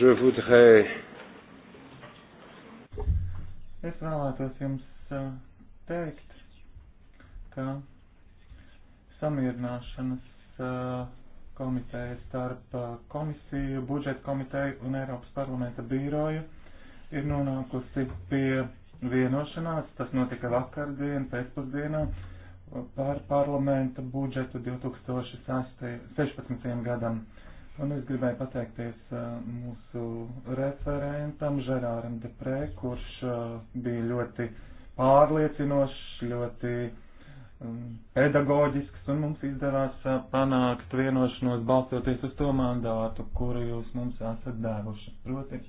Je voudrais. Es vēlētos jums uh, teikt, ka samierināšanas uh, komiteja starp uh, komisiju, budžeta komiteju un Eiropas parlamenta bīroju ir nonākusi pie vienošanās, tas notika vakardien, pēcpusdienā, par parlamenta budžetu 2016. gadam. Un es gribēju pateikties mūsu referentam Žerāram Deprē, kurš bija ļoti pārliecinošs, ļoti pedagoģisks, un mums izdevās panākt vienošanos balstoties uz to mandātu, kuru jūs mums esat devuši. Proti,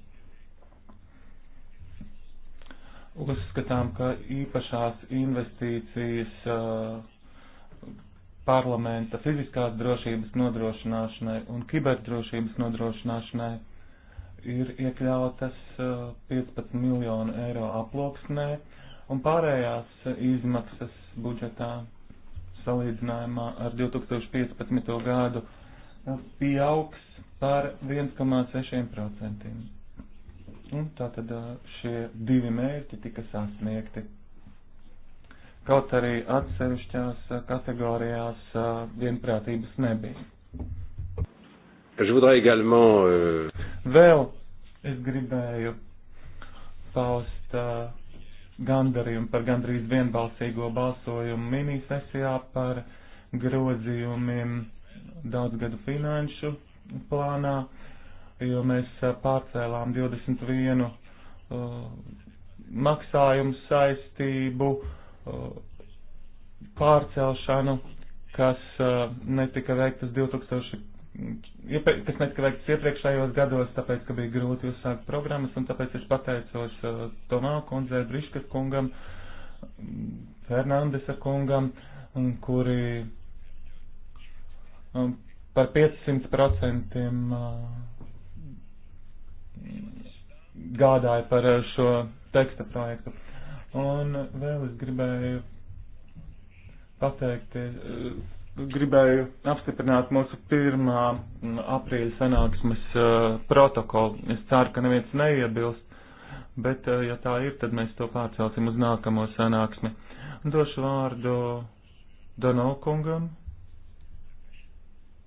uzskatām, ka īpašās investīcijas uh, parlamenta fiziskās drošības nodrošināšanai un kiberdrošības nodrošināšanai ir iekļautas 15 uh, miljonu eiro aploksnē un pārējās izmaksas budžetā salīdzinājumā ar 2015. gadu uh, pieaugs par 1,6%. Un tātad uh, šie divi mērķi tika sasniegti kaut arī atsevišķās eh, kategorijās eh, vienprātības nebija. Également, euh... Vēl es gribēju paust uh, gandarījumu par gandrīz vienbalsīgo balsojumu minisesijā par grozījumiem daudzgadu finanšu plānā, jo mēs uh, pārcēlām 21 uh, maksājumu saistību uh, Uh, pārcelšanu, kas uh, netika veiktas 2000, kas netika veiktas iepriekšējos gados, tāpēc, ka bija grūti uzsākt programmas, un tāpēc es pateicos uh, Tomā kundzē, Briškas kungam, Fernandesa kungam, kuri um, par 500% gādāja par šo teksta projektu. Un vēl es gribēju pateikt, eh, gribēju apstiprināt mūsu pirmā mm, aprīļa sanāksmes eh, protokolu. Es ceru, ka neviens neiebilst, bet eh, ja tā ir, tad mēs to pārcelsim uz nākamo sanāksmi. Došu vārdu Donokungam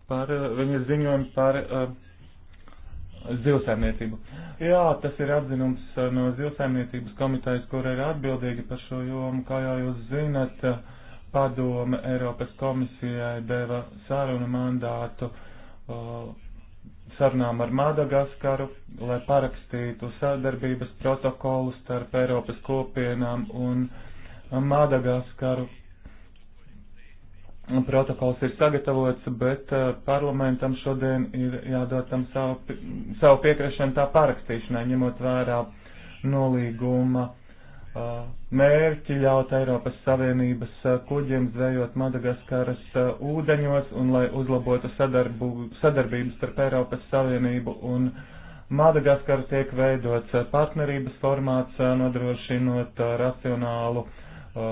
par viņa ziņojumu par uh, zivsēmniecību. Jā, tas ir atzinums eh, no zivsēmniecības komitejas, kur ir atbildīgi par šo jomu. Kā jau jūs zinat, eh, padome Eiropas komisijai deva sarunu mandātu uh, sarunām ar Madagaskaru, lai parakstītu sadarbības protokolu starp Eiropas kopienām un Madagaskaru protokols ir sagatavots, bet eh, parlamentam šodien ir jādod tam savu, savu piekrišanu tā parakstīšanai, ņemot vērā nolīguma eh, mērķi ļaut Eiropas Savienības eh, kuģiem zvejot Madagaskaras ūdeņos un lai uzlabotu sadarbu, sadarbības starp Eiropas Savienību un Madagaskaru tiek veidots partnerības formāts, nodrošinot racionālu uh,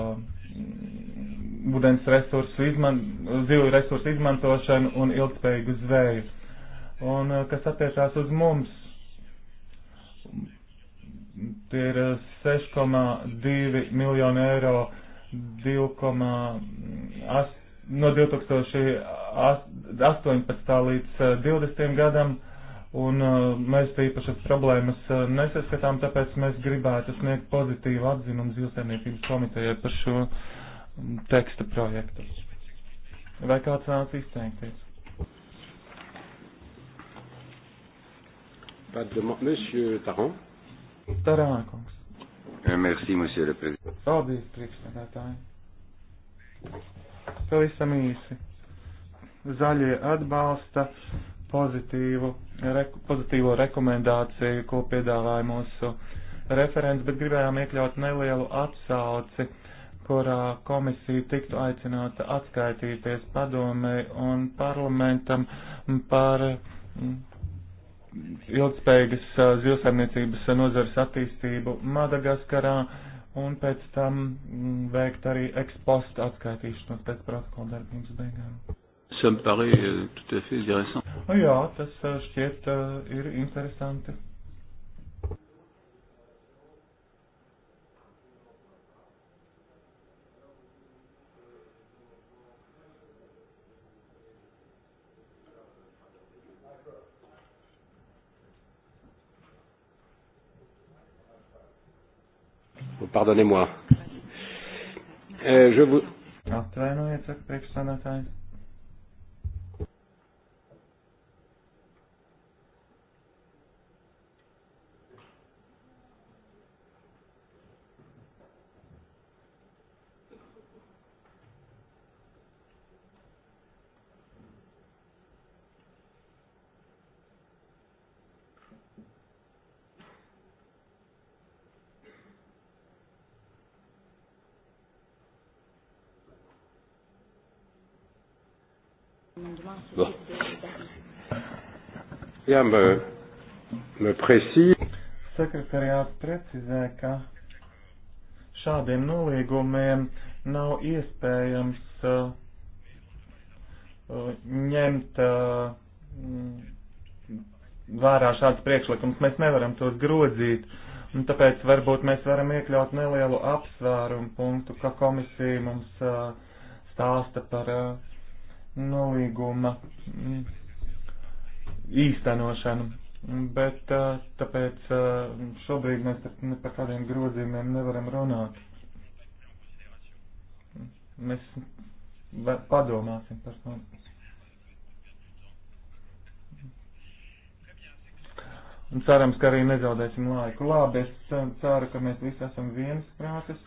ūdens resursu, izman, zivju resursu izmantošanu un ilgspējīgu zvēju. Un eh, kas attiecās uz mums, tie ir 6,2 eh, miljoni eiro 2,8 no 2018. līdz 2020. Eh, gadam un uh, mēs te īpašas problēmas uh, nesaskatām, tāpēc mēs gribētu sniegt pozitīvu atzinumu zilsēmniecības komitejai par šo um, teksta projektu. Vai kāds nāc izteikties? Tarākungs. Eh, merci, monsieur le président. Paldies, priekšsēdētāji. Pavisam īsi. Zaļie atbalsta pozitīvu, reku, pozitīvo rekomendāciju, ko piedāvāja mūsu referents, bet gribējām iekļaut nelielu atsauci, kurā komisija tiktu aicināta atskaitīties padomei un parlamentam par mm, ilgspējīgas zivsaimniecības nozares attīstību Madagaskarā un pēc tam mm, veikt arī ekspostu atskaitīšanos pēc protokola darbības beigām. Ça me paraît euh, tout à fait intéressant. Nu jā, tas eh, šķiet uh, ir interesanti. Oh, pardonnez-moi. Euh, je vous. Atvainojiet, saka priekšsēdētājs. Bon. Jā, me, me presī. Sekretariāts precizē, ka šādiem nolīgumiem nav iespējams uh, uh, ņemt uh, vērā šāds priekšlikums. Mēs nevaram tos grozīt, un tāpēc varbūt mēs varam iekļaut nelielu apsvērumu punktu, ka komisija mums uh, stāsta par uh, nolīguma īstenošanu. Bet uh, tāpēc uh, šobrīd mēs ne par kādiem grozījumiem nevaram runāt. Mēs padomāsim par to. Un cerams, ka arī nezaudēsim laiku. Labi, es ceru, ka mēs visi esam viens prātis.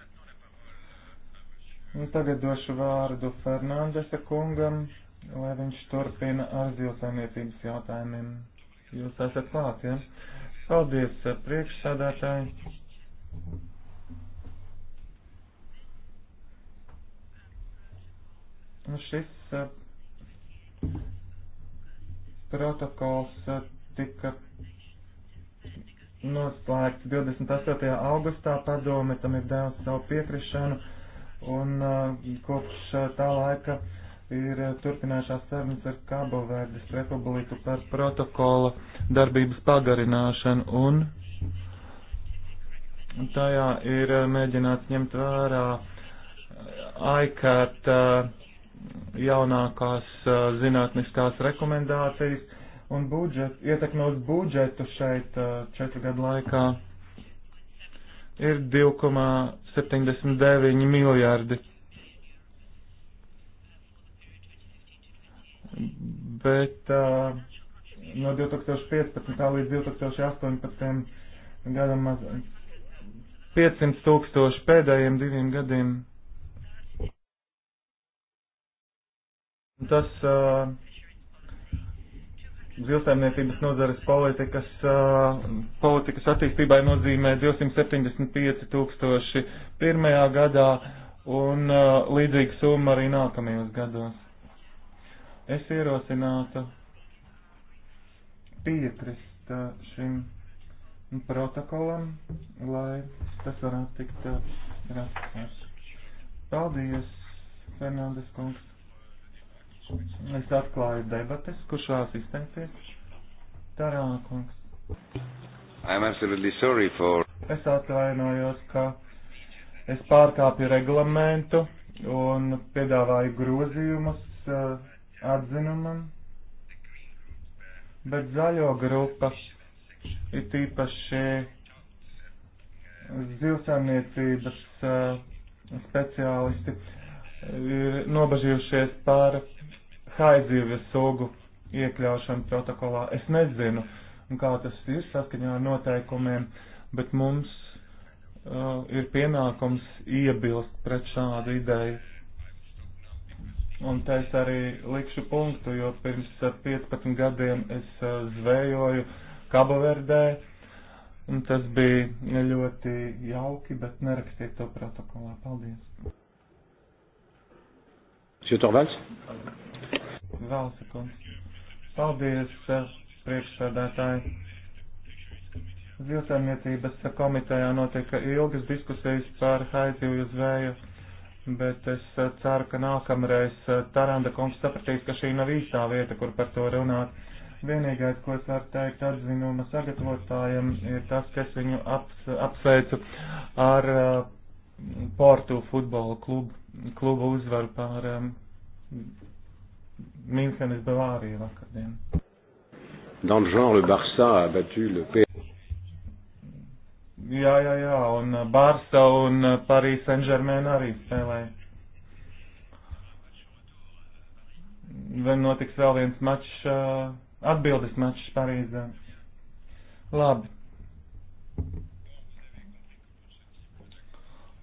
Un nu, tagad došu vārdu Fernandesa kungam, lai viņš turpina ar zilsaimniecības jautājumiem. Jūs esat klāt, ja? Paldies, priekšsādātāji! Nu, šis eh, protokols eh, tika noslēgts 28. augustā, padome tam ir devusi savu piekrišanu un uh, kopš uh, tā laika ir uh, turpinājušās sarunas ar Kabelverdes republiku par protokola darbības pagarināšanu un tajā ir mēģināts ņemt vērā aikārt jaunākās zinātniskās rekomendācijas un budžet, ietekmos budžetu šeit četru gadu laikā ir 2, 79 miljardi. Bet uh, no 2015. līdz 2018. gadam maz 500 tūkstoši pēdējiem diviem gadiem. Tas uh, zilsaimniecības nozares politikas, uh, politikas attīstībai nozīmē 275 tūkstoši pirmajā gadā un uh, līdzīga summa arī nākamajos gados. Es ierosinātu piekrist uh, šim protokolam, lai tas varētu tikt uh, rakstīts. Paldies, Fernandes kungs! Es atklāju debates, kurš šās izteiksies. Tarākungs. I'm absolutely sorry for. Es atvainojos, ka es pārkāpju reglamentu un piedāvāju grozījumus uh, atzinumam, bet zaļo grupa ir tīpaši zivsāniecības uh, eh, speciālisti ir nobažījušies par haidzīvju sugu iekļaušanu protokolā. Es nezinu, kā tas ir saskaņā ar noteikumiem, bet mums uh, ir pienākums iebilst pret šādu ideju. Un te es arī likšu punktu, jo pirms 15 uh, gadiem es uh, zvejoju Kabaverdē, un tas bija ļoti jauki, bet nerakstiet to protokolā. Paldies! Monsieur Torvalds. Valsikums. Paldies, eh, priekšsēdētāji. Zilsēmniecības komitejā notika ilgas diskusijas par haitīvu uz vēju, bet es eh, ceru, ka nākamreiz eh, Taranda kungs sapratīs, ka šī nav īstā vieta, kur par to runāt. Vienīgais, ko es varu teikt atzinuma sagatavotājiem, ir tas, ka es viņu aps, apsveicu ar uh, Portu futbola klubu klubu uzvaru pār um, Minhenes Bavāriju vakardien. Dans le genre, le Barça a battu le PSG. Jā, jā, jā, un uh, Barça un uh, Paris Saint-Germain arī spēlē. Vai notiks vēl viens mačs, uh, atbildes mačs Parīzē? Labi.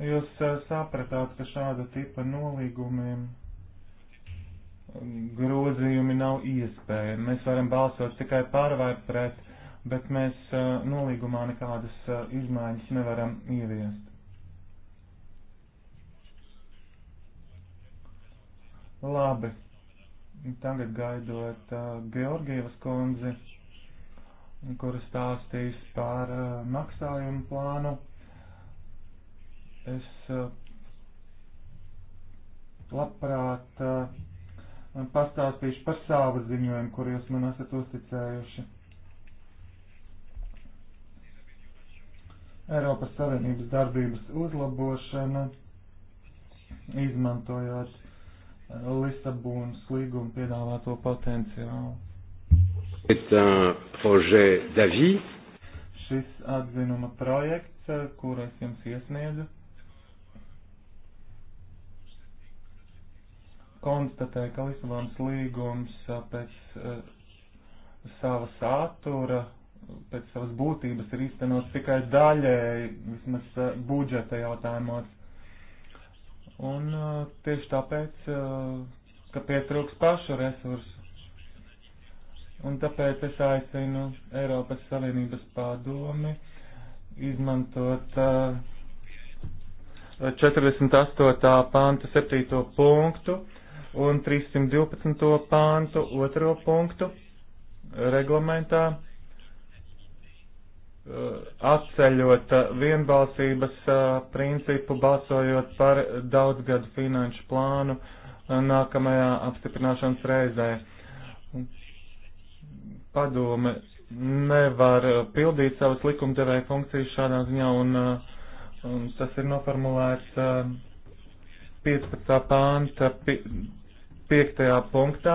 Jūs eh, sapratāt, ka šāda tipa nolīgumiem mm, grozījumi nav iespējami. Mēs varam balsot tikai par vai pret, bet mēs eh, nolīgumā nekādas eh, izmaiņas nevaram ieviest. Labi. Tagad gaidot uh, Georgievas kundzi, kura stāstīs par uh, maksājumu plānu. Es eh, labprāt eh, pastāstīšu par savu ziņojumu, kur jūs man esat uzticējuši. Eiropas Savienības darbības uzlabošana, izmantojot eh, Lisabonas līguma piedāvāto potenciālu. Šis atzinuma projekts, kuru es jums iesniedzu, konstatē, ka Lisabonas līgums pēc sava satura, pēc savas būtības ir īstenots tikai daļēji, vismaz budžeta jautājumos. Un tieši tāpēc, ka pietrūks pašu resursu. Un tāpēc es aicinu Eiropas Savienības padomi izmantot uh, 48. panta 7. punktu un 312. pāntu otro punktu reglamentā uh, atceļot vienbalsības uh, principu balsojot par daudzgadu finanšu plānu uh, nākamajā apstiprināšanas reizē. Padome nevar pildīt savas likumdevēja funkcijas šādā ziņā, un, un tas ir noformulēts 15. pānta 5. punktā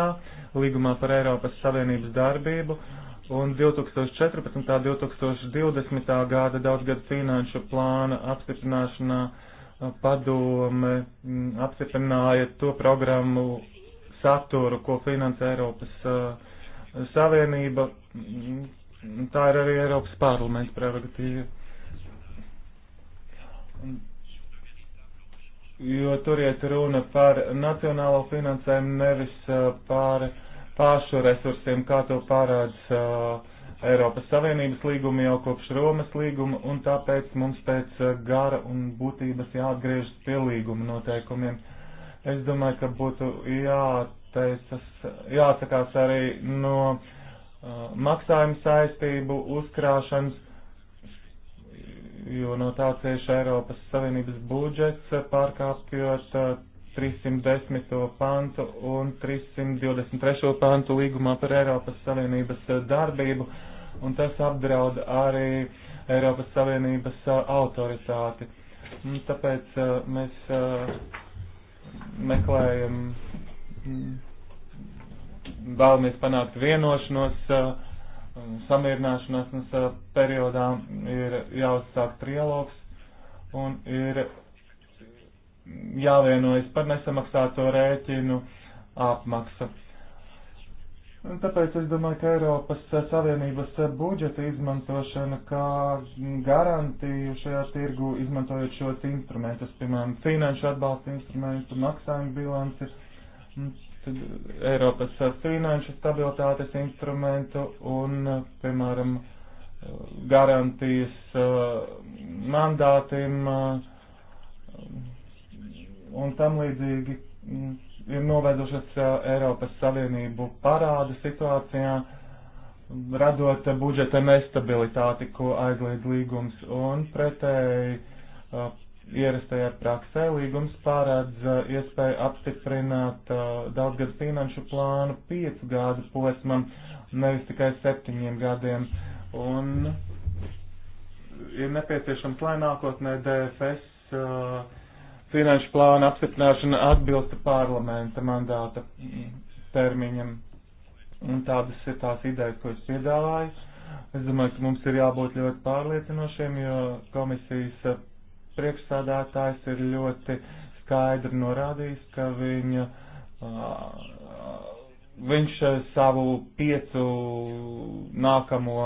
līgumā par Eiropas Savienības darbību un 2014. un 2020. gada daudzgada finanšu plāna apstiprināšanā padome mm, apstiprināja to programmu saturu, ko finansē Eiropas uh, Savienība. Mm, tā ir arī Eiropas parlaments prerogatīva jo tur iet runa par nacionālo finansējumu, nevis uh, par pašu resursiem, kā to pārāds uh, Eiropas Savienības līguma jau kopš Romas līguma, un tāpēc mums pēc uh, gara un būtības jāatgriežas pie līguma noteikumiem. Es domāju, ka būtu jāteicas, jāatsakās arī no maksājuma saistību uzkrāšanas jo no tā cieši Eiropas Savienības budžets pārkāpjot uh, 310. pantu un 323. pantu līgumā par Eiropas Savienības uh, darbību, un tas apdraud arī Eiropas Savienības uh, autoritāti. Un tāpēc mēs meklējam, mm, vēlamies panākt vienošanos samierināšanās periodā ir jāuzsāk trialogs un ir jāvienojas par nesamaksāto rēķinu apmaksu. Un tāpēc es domāju, ka Eiropas Savienības budžeta izmantošana kā garantiju šajā tirgu, izmantojot šos instrumentus, piemēram, finanšu atbalsta instrumentu, maksājumu bilanci, Eiropas eh, finanšu stabilitātes instrumentu un, eh, piemēram, eh, garantijas mandātiem un tam līdzīgi mm, ir novedušas Eiropas Savienību parāda situācijā, radot budžeta nestabilitāti, ko aizliedz līgums, un pretēji ierastajā praksē līgums pārēdz uh, iespēju apstiprināt uh, daudzgadu finanšu plānu piecu gādu posmam, nevis tikai septiņiem gadiem. Un ir nepieciešams, lai nākotnē DFS uh, finanšu plāna apstiprināšana atbilsta parlamenta mandāta termiņam. Un tādas ir tās idejas, ko es piedāvāju. Es domāju, ka mums ir jābūt ļoti pārliecinošiem, jo komisijas priekšsādātājs ir ļoti skaidri norādījis, ka viņa, uh, viņš savu piecu nākamo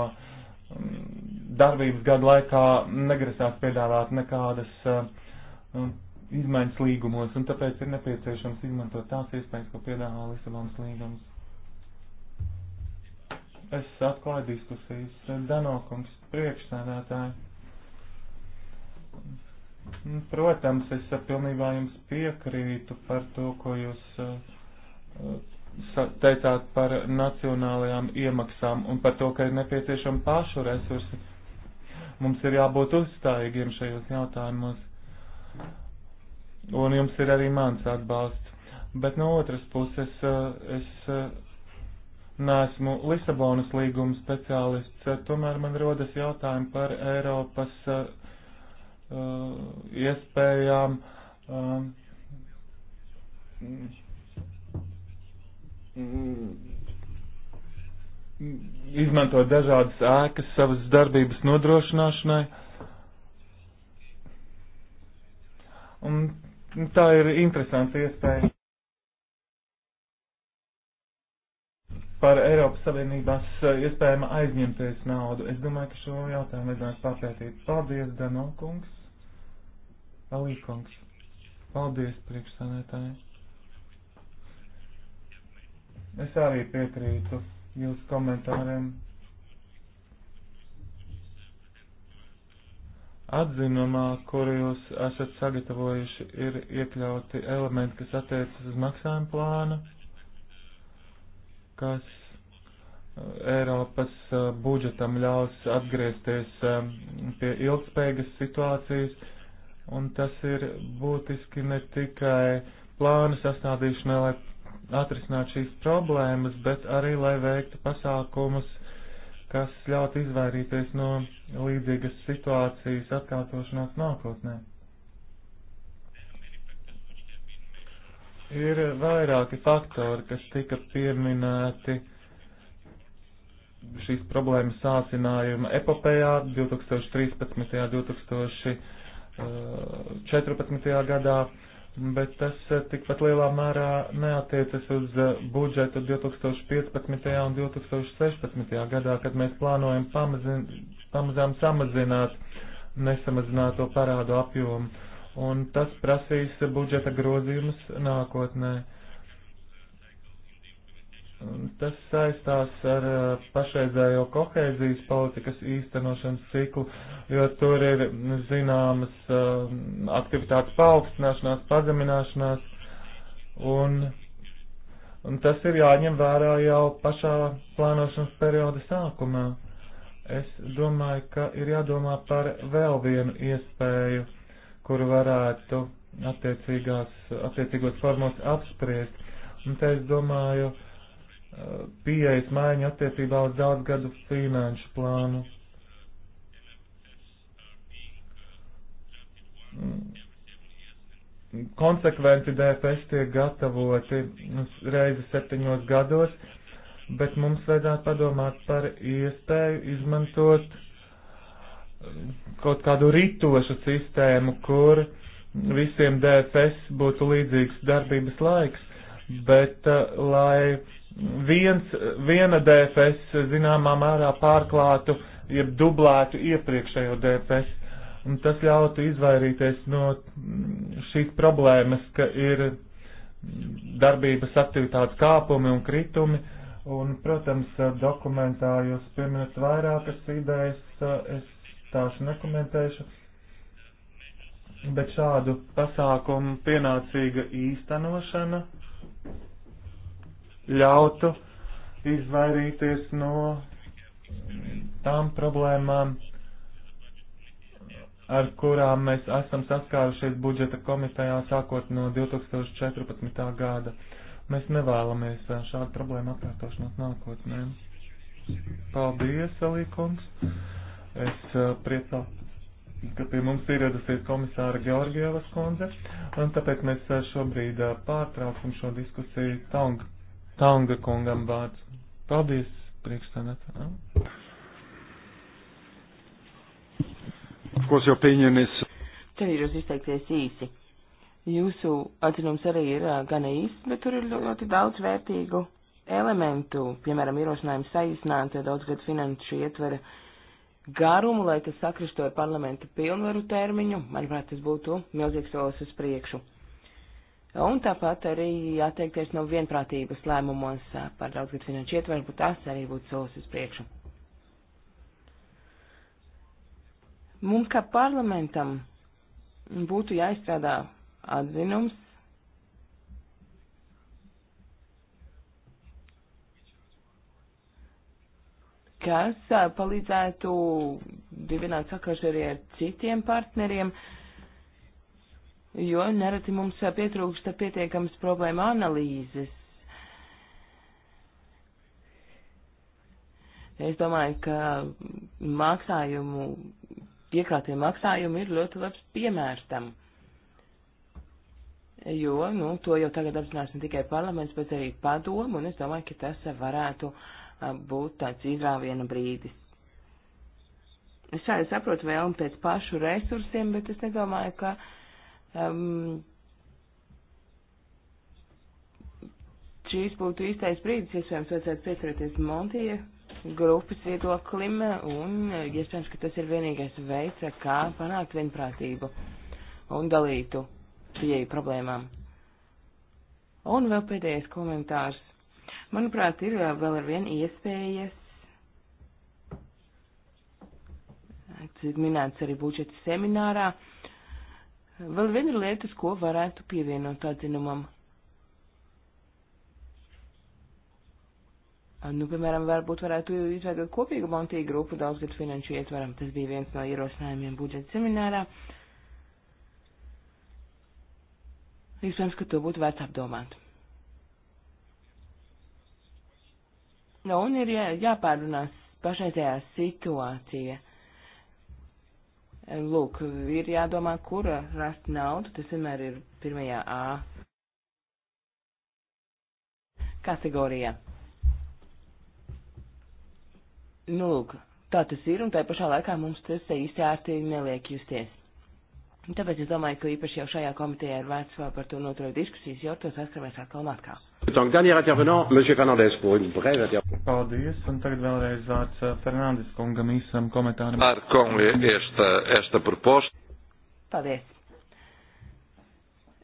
darbības gadu laikā negrasās piedāvāt nekādas uh, izmaiņas līgumos, un tāpēc ir nepieciešams izmantot tās iespējas, ko piedāvā Lisabonas līgums. Es atklāju diskusijas Danokungs priekšsēdētāji. Nu, protams, es pilnībā jums piekrītu par to, ko jūs eh, teicāt par nacionālajām iemaksām un par to, ka ir nepieciešama pašu resursi. Mums ir jābūt uzstājīgiem šajos jautājumos. Un jums ir arī mans atbalsts. Bet no otras puses, eh, es eh, neesmu Lisabonas līguma speciālists, tomēr man rodas jautājumi par Eiropas Uh, iespējām um, izmantot dažādas ēkas savas darbības nodrošināšanai. Un tā ir interesanta iespēja par Eiropas Savienībās uh, iespējama aizņemties naudu. Es domāju, ka šo jautājumu vajadzētu papētīt. Paldies, Danokungs! Alīkungs. Paldies, priekšsēdētāji. Es arī piekrītu jūsu komentāriem. Atzinumā, kuru jūs esat sagatavojuši, ir iekļauti elementi, kas attiecas uz maksājumu plānu, kas uh, Eiropas uh, budžetam ļaus atgriezties um, pie ilgspējīgas situācijas un tas ir būtiski ne tikai plānu sastādīšanai, lai atrisinātu šīs problēmas, bet arī, lai veiktu pasākumus, kas ļaut izvairīties no līdzīgas situācijas atkārtošanās nākotnē. Ir vairāki faktori, kas tika pieminēti šīs problēmas sācinājuma epopējā 2013. un 2014 14. gadā, bet tas eh, tikpat lielā mērā neatiecas uz eh, budžetu 2015. un 2016. gadā, kad mēs plānojam pamazin, pamazām samazināt nesamazināto parādu apjomu, un tas prasīs budžeta grozījumus nākotnē. Uh, Tas saistās ar uh, pašreizējo kohēzijas politikas īstenošanas ciklu, jo tur ir zināmas uh, aktivitātes paaugstināšanās, pazemināšanās, un, un tas ir jāņem vērā jau pašā plānošanas perioda sākumā. Es domāju, ka ir jādomā par vēl vienu iespēju, kuru varētu attiecīgās, attiecīgos formos apspriest. Un te es domāju, uh, pieejas maiņu attiecībā uz daudzgadu finanšu plānu. Konsekventi DFS tiek gatavoti reizi septiņos gados, bet mums vajadzētu padomāt par iespēju izmantot kaut kādu ritošu sistēmu, kur visiem DFS būtu līdzīgs darbības laiks, bet eh, lai viens, viena DFS zināmā mērā pārklātu, jeb dublētu iepriekšējo DFS. Un tas ļautu izvairīties no šīs problēmas, ka ir darbības aktivitātes kāpumi un kritumi. Un, protams, dokumentā jūs pieminat vairākas idejas, es tāšu nekomentēšu, bet šādu pasākumu pienācīga īstenošana ļautu izvairīties no tām problēmām, ar kurām mēs esam saskārušies budžeta komitejā sākot no 2014. gada. Mēs nevēlamies eh, šādu problēmu atkārtošanos nākotnē. Paldies, Alīkungs! Es eh, priecājos ka pie mums ieradusies komisāra Georgievas kundze, un tāpēc mēs eh, šobrīd pārtrauksim šo diskusiju Tong Taunga kungam vārds. Paldies, priekšstādātā. Kos jau pieņēmies? Cenīšos izteikties īsi. Jūsu atzinums arī ir gan īsts, bet tur ir ļoti daudz vērtīgu elementu, piemēram, ierosinājums saīsināt daudzgadu finanšu ietvara garumu, lai tas sakristu ar parlamenta pilnvaru termiņu. Manuprāt, tas būtu milzīgs solis uz priekšu. Un tāpat arī atteikties no vienprātības lēmumos par daudzgad finanšu ietvaru, būtu tas arī būtu solis uz priekšu. Mums kā parlamentam būtu jāizstrādā atzinums kas palīdzētu divināt sakars arī ar citiem partneriem, uh, jo nereti mums pietrūksta pietiekamas problēma analīzes. Es domāju, ka maksājumu, iekrātie maksājumi ir ļoti labs piemērs tam. Jo, nu, to jau tagad apzinās ne tikai parlaments, bet arī padomu, un es domāju, ka tas varētu būt tāds izrāviena brīdis. Es šādi saprotu vēlmi pēc pašu resursiem, bet es nedomāju, ka uh, Um, šīs būtu īstais brīdis, iespējams, vajadzētu pieturēties Montija grupas viedoklim, un e, iespējams, ka tas ir vienīgais veids, kā panākt vienprātību un dalītu pieeju problēmām. Un vēl pēdējais komentārs. Manuprāt, ir e, vēl ar vienu iespējas. Minēts arī budžeta seminārā. Uh, Vēl viena lieta, uz ko varētu pievienot atzinumam. Nu, piemēram, varbūt varētu izveidot kopīgu Baltiju grupu daudzgadu finanšu ietvaram. Tas bija viens no ierosinājumiem budžeta seminārā. Iespējams, ka to būtu vērts apdomāt. Nu, un ir jā, jāpārunās pašreizējā situācija. Lūk, ir jādomā, kura rast naudu, tas vienmēr ir pirmajā A kategorijā. Nu, lūk, tā tas ir, un tā pašā laikā mums tas īsti ārtīgi neliek justies. Un tāpēc es domāju, ka īpaši jau šajā komitejā ir vērts vēl par to noturēt diskusijas, jo to saskaramies atkal un atkal. Paldies, un tagad vēlreiz vārds uh, Fernandes kungam īsam komentāram. Ar kungi esta, esta proposta. Paldies.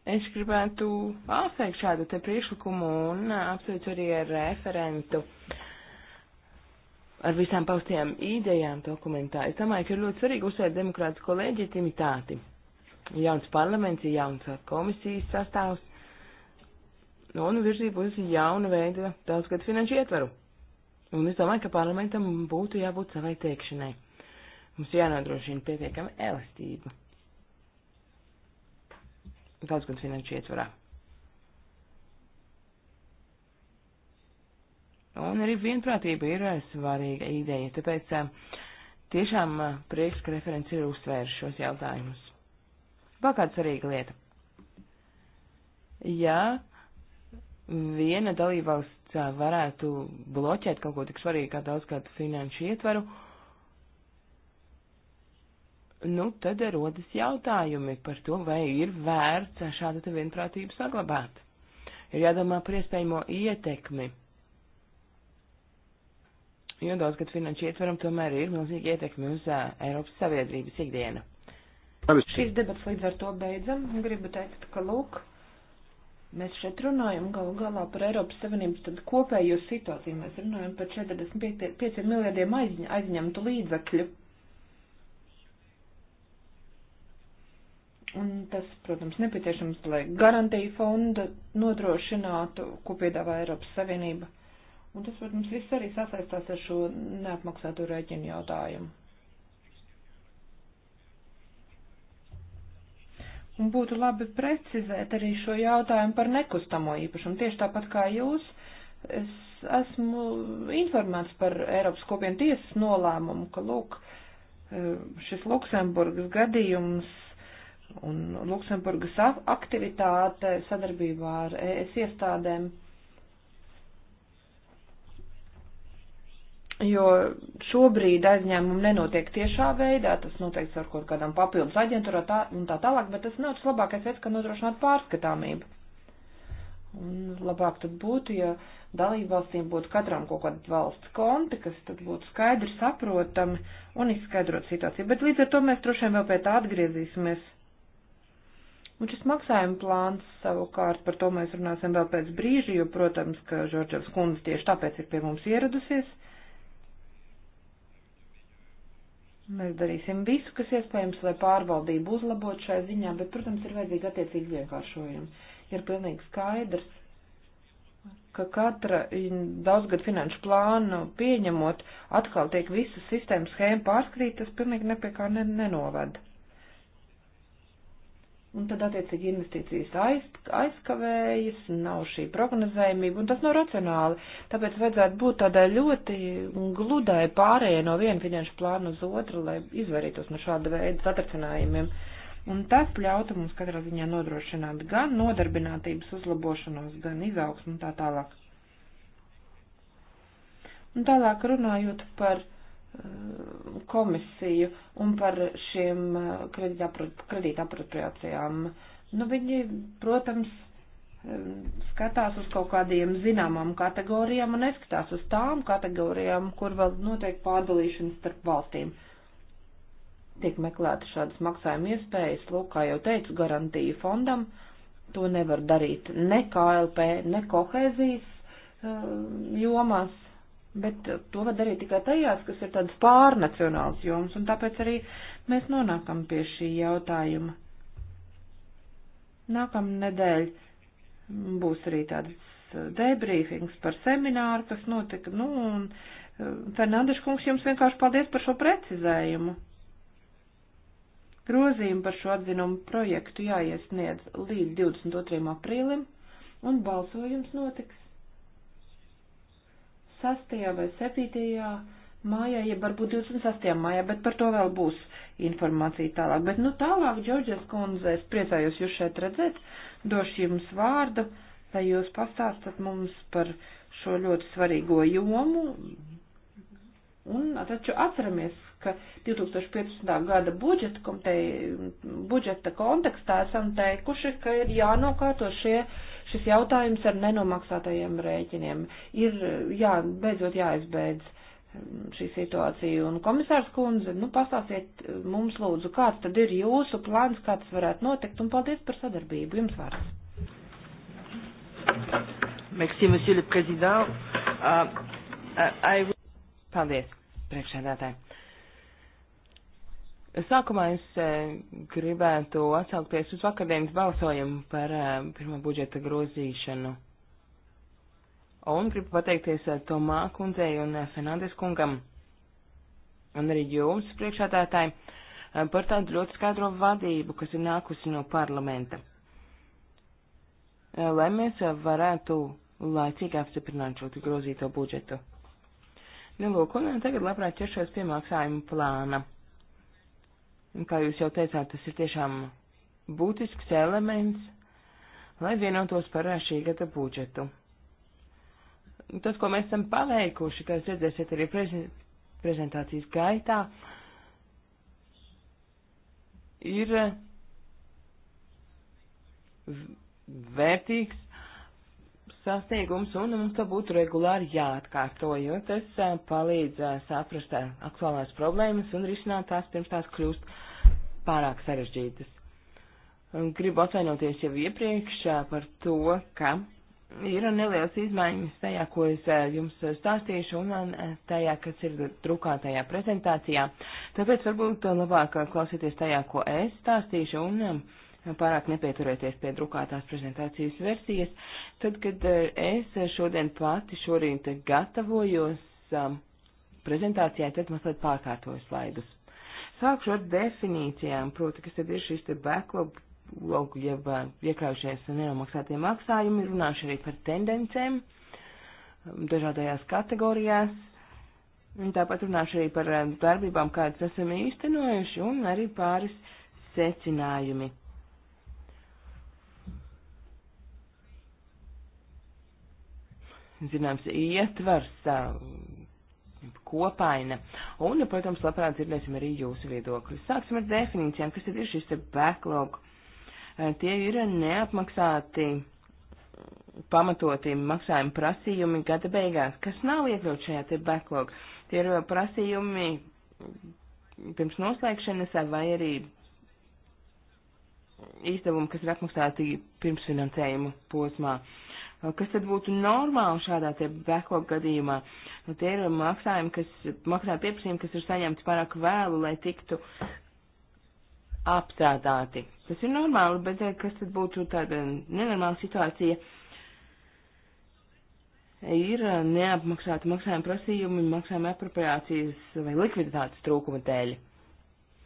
Es gribētu apsveikt šādu te priekšlikumu un uh, apsveicu arī ar referentu ar visām paustajām idejām dokumentā. Es domāju, ka ir ļoti svarīgi uzsvērt demokrātisko leģitimitāti jauns parlaments, ir jauns komisijas sastāvs un virzību uz jaunu veidu daudzgadu finanšu ietvaru. Un es domāju, ka parlamentam būtu jābūt savai teikšanai. Mums jānodrošina pietiekama elastība daudzgadu finanšu ietvarā. Un arī vienprātība ir svarīga ideja, tāpēc tiešām prieks, ka referents ir uzsvērs šos jautājumus. Vēl kāda svarīga lieta. Ja viena dalībvalsts varētu bloķēt kaut ko tik svarīgu kā daudzgadu finanšu ietvaru, nu tad rodas jautājumi par to, vai ir vērts šādu te vienprātību saglabāt. Ir jādomā par iespējamo ietekmi. Jo daudz, kad finanšu ietveram, tomēr ir milzīga ietekme uz uh, Eiropas Savienības ikdienu. Šīs debats līdz ar to beidzam. Gribu teikt, ka lūk, mēs šeit runājam galu galā par Eiropas Savienības tad kopējo situāciju. Mēs runājam par 45 miljardiem aizņ, aizņemtu līdzekļu. Un tas, protams, nepieciešams, lai garantija fonda nodrošinātu, ko piedāvā Eiropas Savienība. Un tas, protams, viss arī sasaistās ar šo neapmaksāto rēķinu jautājumu. Būtu labi precizēt arī šo jautājumu par nekustamo īpašumu. Tieši tāpat kā jūs, es esmu informēts par Eiropas kopienu tiesas nolēmumu, ka, lūk, e, šis Luksemburgas gadījums un Luksemburgas aktivitāte sadarbībā ar ES iestādēm jo šobrīd aizņēmumi nenotiek tiešā veidā, tas noteikti ar kaut kādām papildus aģentūrā tā, un tā tālāk, bet tas nav tas labākais veids, kā nodrošināt pārskatāmību. Un labāk tad būtu, ja dalībvalstīm būtu katram kaut kāda valsts konti, kas tad būtu skaidri saprotami un izskaidrot situāciju. Bet līdz ar to mēs droši vien vēl pie tā atgriezīsimies. Un šis maksājuma plāns savukārt, par to mēs runāsim vēl pēc brīža, jo, protams, ka Žorģevs kundze tieši tāpēc ir pie mums ieradusies. Mēs darīsim visu, kas iespējams, lai pārvaldību uzlabotu šai ziņā, bet, protams, ir vajadzīgi attiecīgi vienkāršojumi. Ir pilnīgi skaidrs, ka katra daudzgad finanšu plānu pieņemot, atkal tiek visa sistēma schēma pārskrīt, tas pilnīgi nepie kā nenovada. Un tad, attiecīgi, investīcijas aiz, aizkavējas, nav šī prognozējumība, un tas nav racionāli. Tāpēc vajadzētu būt tādai ļoti gludai pārējai no viena finanšu plāna uz otru, lai izvairītos no šāda veida satracinājumiem. Un tas ļautu mums katrā ziņā nodrošināt gan nodarbinātības uzlabošanos, gan izaugsmu un tā tālāk. Un tālāk runājot par komisiju un par šiem eh, kredītapropriācijām. Nu, viņi, protams, eh, skatās uz kaut kādiem zināmām kategorijām un neskatās uz tām kategorijām, kur vēl notiek pārdalīšana starp valstīm. Tiek meklēta šādas maksājuma iespējas, lūk, kā jau teicu, garantija fondam. To nevar darīt ne KLP, ne kohēzijas eh, jomās Bet uh, to var darīt tikai tajās, kas ir tādas pārnacionāls joms, un tāpēc arī mēs nonākam pie šī jautājuma. Nākamā nedēļa būs arī tāds uh, debriefings par semināru, kas notika, nu, un uh, Fernandeša kungs jums vienkārši paldies par šo precizējumu. Grozījumi par šo atzinumu projektu jāiesniedz līdz 22. aprīlim, un balsojums notiks 6. vai 7. mājā, ja varbūt 26. mājā, bet par to vēl būs informācija tālāk. Bet nu tālāk, Džordžas kundze, es priecājos jūs šeit redzēt, došu jums vārdu, lai jūs pastāstat mums par šo ļoti svarīgo jomu. Un taču atceramies, ka 2015. gada budžeta, komiteja, budžeta kontekstā esam teikuši, ka ir jānokārto šie uh, šis jautājums ar nenomaksātajiem rēķiniem. Ir jā, beidzot jāizbeidz mm, šī situācija. Un komisārs kundze, nu pastāstiet mums lūdzu, kāds tad ir jūsu plāns, kāds varētu notikt, un paldies par sadarbību. Jums vārds. Merci, monsieur le président. Uh, uh, I... Paldies, priekšsēdētāji. Sākumā es e, gribētu atsaukties uz vakardienas balsojumu par e, pirmā budžeta grozīšanu. Un gribu pateikties e, Tomā kundzei un Fernandes kungam un arī jums priekšādātāji par tādu ļoti skaidro vadību, kas ir nākusi no parlamenta. Lai mēs varētu laicīgi apstiprināt šo grozīto budžetu. Nu, lūk, un tagad labprāt ķeršos pie maksājuma plāna. Kā jūs jau teicāt, tas ir tiešām būtisks elements, lai vienotos par šī gada budžetu. Tas, ko mēs esam paveikuši, kā jūs redzēsiet arī prezentācijas gaitā, ir vērtīgs sasniegums, un mums to būtu regulāri jāatkārto, jo tas eh, palīdz eh, saprast eh, aktuālās problēmas un risināt tās pirms tās kļūst pārāk sarežģītas. Gribu atvainoties jau iepriekš par to, ka ir nelielas izmaiņas tajā, ko es jums stāstīšu, un tajā, kas ir drukātajā prezentācijā. Tāpēc varbūt labāk klausieties tajā, ko es stāstīšu, un Nu, pārāk nepieturēties pie drukātās prezentācijas versijas. Tad, kad eh, es šodien pati šorīt gatavojos um, prezentācijai, tad mazliet pārkārtoju slaidus. Sākšu ar definīcijām, proti, kas tad ir šis te backlog, log, jeb um, iekļaujušies nenomaksātie maksājumi, runāšu arī par tendencēm um, dažādajās kategorijās, un tāpat runāšu arī par um, darbībām, kādas esam īstenojuši, un arī pāris secinājumi. zināms, ietvars, kopaina. Un, protams, labprāt dzirdēsim arī jūsu viedokļus. Sāksim ar definīcijām, kas tad ir šis backlog. Tie ir neapmaksāti pamatoti maksājuma prasījumi gada beigās, kas nav iekļaut šajā te backlog. Tie ir prasījumi pirms noslēgšanas vai arī izdevumi, kas ir apmaksāti pirms finansējuma posmā. Uh, Kas tad būtu normāli šādā te backlog gadījumā? Nu, tie ir maksājumi, kas, maksājumi pieprasījumi, kas ir saņemti pārāk vēlu, lai tiktu apstrādāti. Tas ir normāli, bet kas tad būtu tāda nenormāla situācija? ir neapmaksāta maksājuma prasījuma un maksājuma apropriācijas vai likviditātes trūkuma dēļ.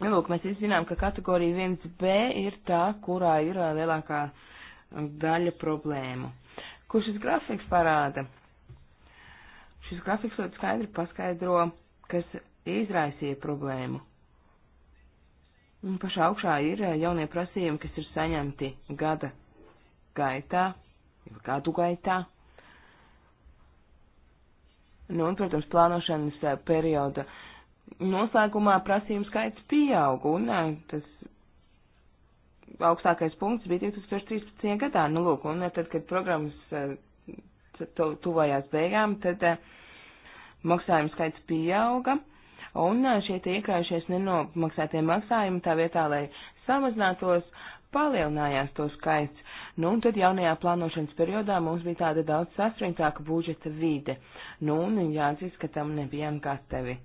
Nu, lūk, mēs visi zinām, ka kategorija 1B ir tā, kurā ir lielākā daļa problēmu ko šis grafiks parāda. Šis grafiks ļoti skaidri paskaidro, kas izraisīja problēmu. Un pašā augšā ir eh, jaunie prasījumi, kas ir saņemti gada gaitā, gadu gaitā. Nu, un, protams, plānošanas eh, perioda noslēgumā prasījums skaits pieauga, un eh, tas augstākais punkts bija 2013. gadā. Nu, lūk, un eh, tad, kad programmas eh, tuvojās beigām, tad eh, maksājumu skaits pieauga. Un šie iekājušies nenomaksātie maksājumi tā vietā, lai samazinātos, palielinājās to skaits. Nu, un tad jaunajā plānošanas periodā mums bija tāda daudz saspringtāka budžeta vide. Nu, un jāatzīst, ka tam nebijām gatavi.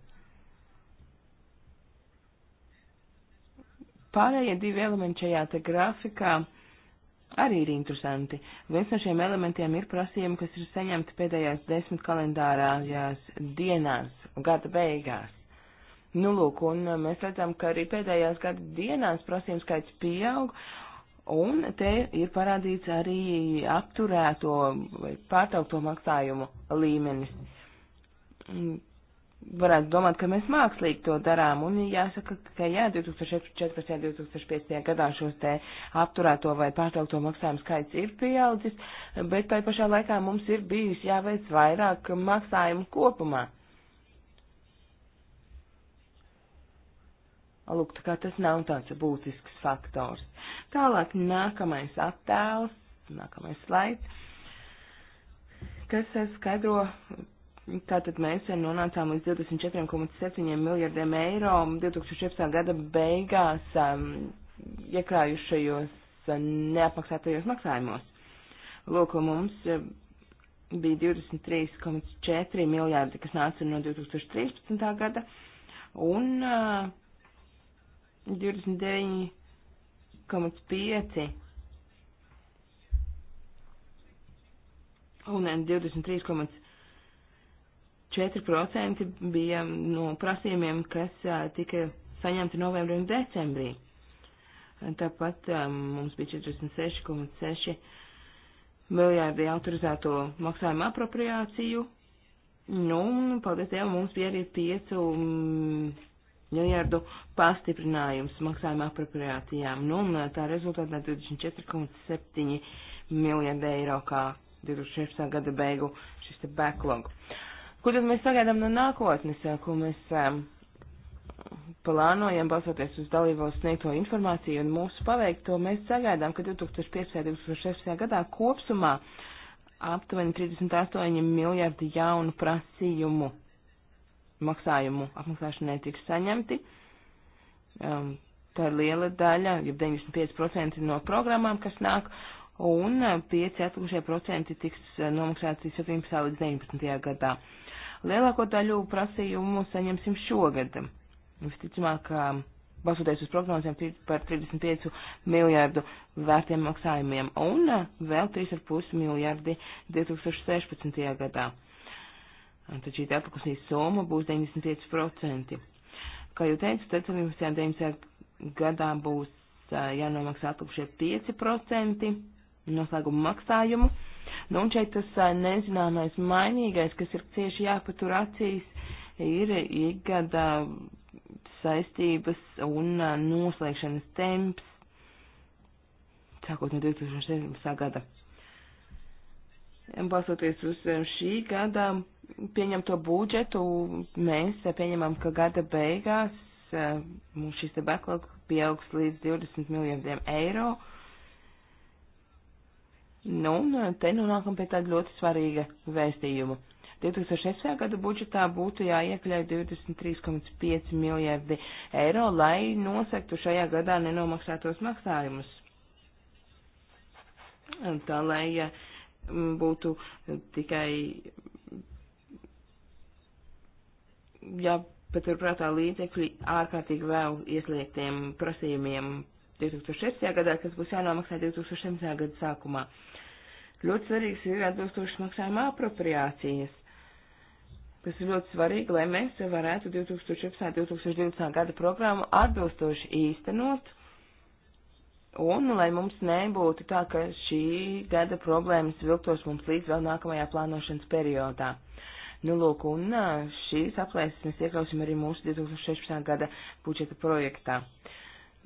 Pārējie divi elementi šajā te grafikā arī ir interesanti. Viens no šiem elementiem ir prasījumi, kas ir saņemti pēdējās desmit kalendārās dienās, gada beigās. Nu, lūk, un uh, mēs redzam, ka arī pēdējās gada dienās prasījums skaits pieaug, un te ir parādīts arī apturēto vai pārtraukto maksājumu līmenis varētu domāt, ka mēs mākslīgi to darām, un jāsaka, ka jā, 2014. un 2015. gadā šos te apturēto vai pārtraukto maksājumu skaits ir pieaudzis, bet tai pašā laikā mums ir bijis jāveic vairāk maksājumu kopumā. Lūk, tā kā tas nav tāds būtisks faktors. Tālāk nākamais attēls, nākamais slaids, kas skaidro Tātad mēs nonācām līdz 24,7 miljardiem eiro 2014. gada beigās um, iekrājušajos um, neapmaksātajos maksājumos. Lūk, mums um, bija 23,4 miljārdi, kas nāca no 2013. gada, un uh, 29,5 un 23,7 um, 4% bija no prasījumiem, kas tika saņemti novembrī un decembrī. Tāpat mums bija 46,6 miljārdi autorizēto maksājumu apropriāciju. Nu, un, paldies Dievam, mums bija arī 5 mm, miljardu pastiprinājums maksājumu apropriācijām. Nu, un tā rezultātā 24,7 miljardi eiro kā 2016. gada beigu šis te backlog. Uh, Ko tad mēs sagaidām no nākotnes, eh, ko mēs eh, plānojam, balsoties uz dalībvalsts sniegto informāciju un mūsu paveikto, mēs sagaidām, ka 2015. un 2016. gadā kopsumā aptuveni 38 miljardi jaunu prasījumu maksājumu apmaksāšanai tiks saņemti. Um, tā ir liela daļa, jau 95% no programmām, kas nāk, un 5 eh, atlikušie procenti tiks nomaksāti 17. līdz 19. gadā. Uh, lielāko daļu prasījumu saņemsim šogad. Visticamāk, balsoties uz prognozēm par 35 miljārdu vērtiem maksājumiem un eh, vēl 3,5 miljārdi 2016. gadā. Tad šī atlikusīs summa būs 95%. Kā jau teicu, tad 17. 90. gadā būs eh, jānomaksā atlikušie 5% noslēguma maksājumu Nu, un šeit tas nezināmais mainīgais, kas ir cieši jāpatur acīs, ir ikgada saistības un noslēgšanas temps, sākot no 2017. gada. Balsoties uz šī gada pieņemto budžetu, mēs pieņemam, ka gada beigās mums šis backlog pieaugs līdz 20 miljardiem eiro. Nu, un eh, te nonākam pie tāda ļoti svarīga vēstījuma. 2006. gada budžetā būtu jāiekļauj 23,5 miljardi eiro, lai nosektu šajā gadā nenomaksātos maksājumus. Tā lai eh, būtu eh, tikai jāpaturprātā līdzekļi ārkārtīgi vēl iesliegtiem prasījumiem 2006. gadā, kas būs jānomaksā 2007. gada sākumā. Ļoti svarīgs ir atbilstošas maksājuma apropriācijas, kas ir ļoti svarīgi, lai mēs varētu 2014-2020 gada programmu atbilstoši īstenot, un lai mums nebūtu tā, ka šī gada problēmas vilktos mums līdz vēl nākamajā plānošanas periodā. Nu, lūk, un šīs aplēses mēs iekļausim arī mūsu 2016. gada budžeta projektā. Uh,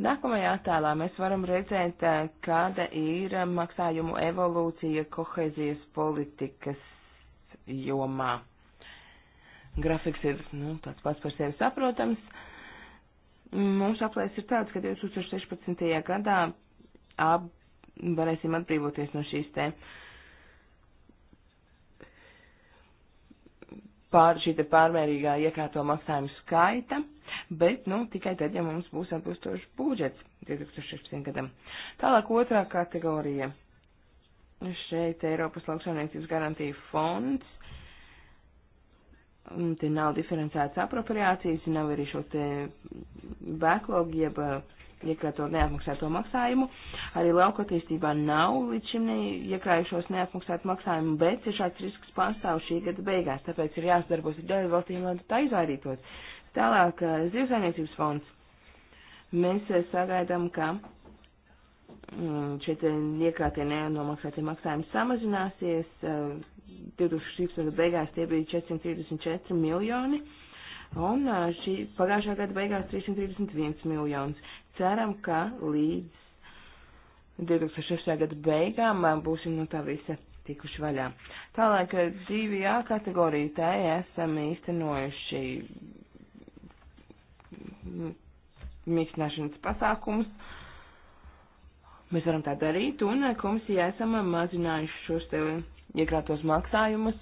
Nākamajā attēlā mēs varam redzēt, eh, kāda ir maksājumu evolūcija kohēzijas politikas jomā. Grafiks ir nu, tāds pats par sevi saprotams. Mums aplēs ir tāds, ka 2016. gadā ab, varēsim atbrīvoties no šīs te pār, šī te pārmērīgā iekārto maksājumu skaita bet, nu, tikai tad, ja mums būs atbilstošs budžets 2016. gadam. Tālāk otrā kategorija. Šeit Eiropas lauksaimniecības garantija fonds. Te nav diferencētas apropriācijas, nav arī šo te backlog, jeb uh, iekrāto neapmaksāto maksājumu. Arī lauka attīstībā nav līdz šim iekrājušos neapmaksātu maksājumu, bet šāds risks pastāv šī gada beigās, tāpēc ir jāsadarbojas ar dalībvalstīm, lai tā izvairītos. Tālāk, zivsainiecības fonds. Mēs sagaidām, ka šeit iekrātie nenomaksātie maksājumi samazināsies. 2016. beigās tie bija 434 miljoni, un šī pagājušā gada beigās 331 miljonus. Ceram, ka līdz 2006. gada beigām būsim no tā visa tikuši vaļā. Tālāk, 2A kategorija, tā esam īstenojuši mīkstināšanas pasākums. Mēs varam tā darīt, un komisijā esam mazinājuši šos te iekrātos maksājumus,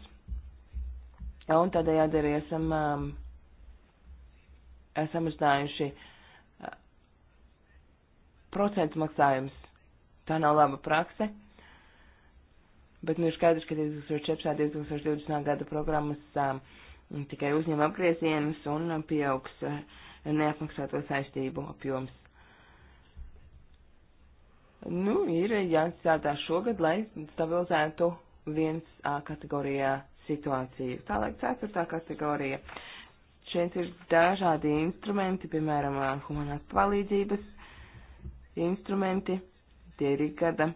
un tādējādi arī esam, um, esam uzdājuši uh, procentu maksājumus. Tā nav laba prakse, bet nu ir skaidrs, ka 2014. un 2020. gada programmas um, tikai uzņem apgriezienus un um, pieaugs. Uh, neapmaksāto saistību apjoms. Nu, ir jāstrādā šogad, lai stabilizētu viens A kategorijā situāciju. Tālāk ceturtā kategorija. Šeit ir dažādi instrumenti, piemēram, humanās palīdzības instrumenti, tie ir gada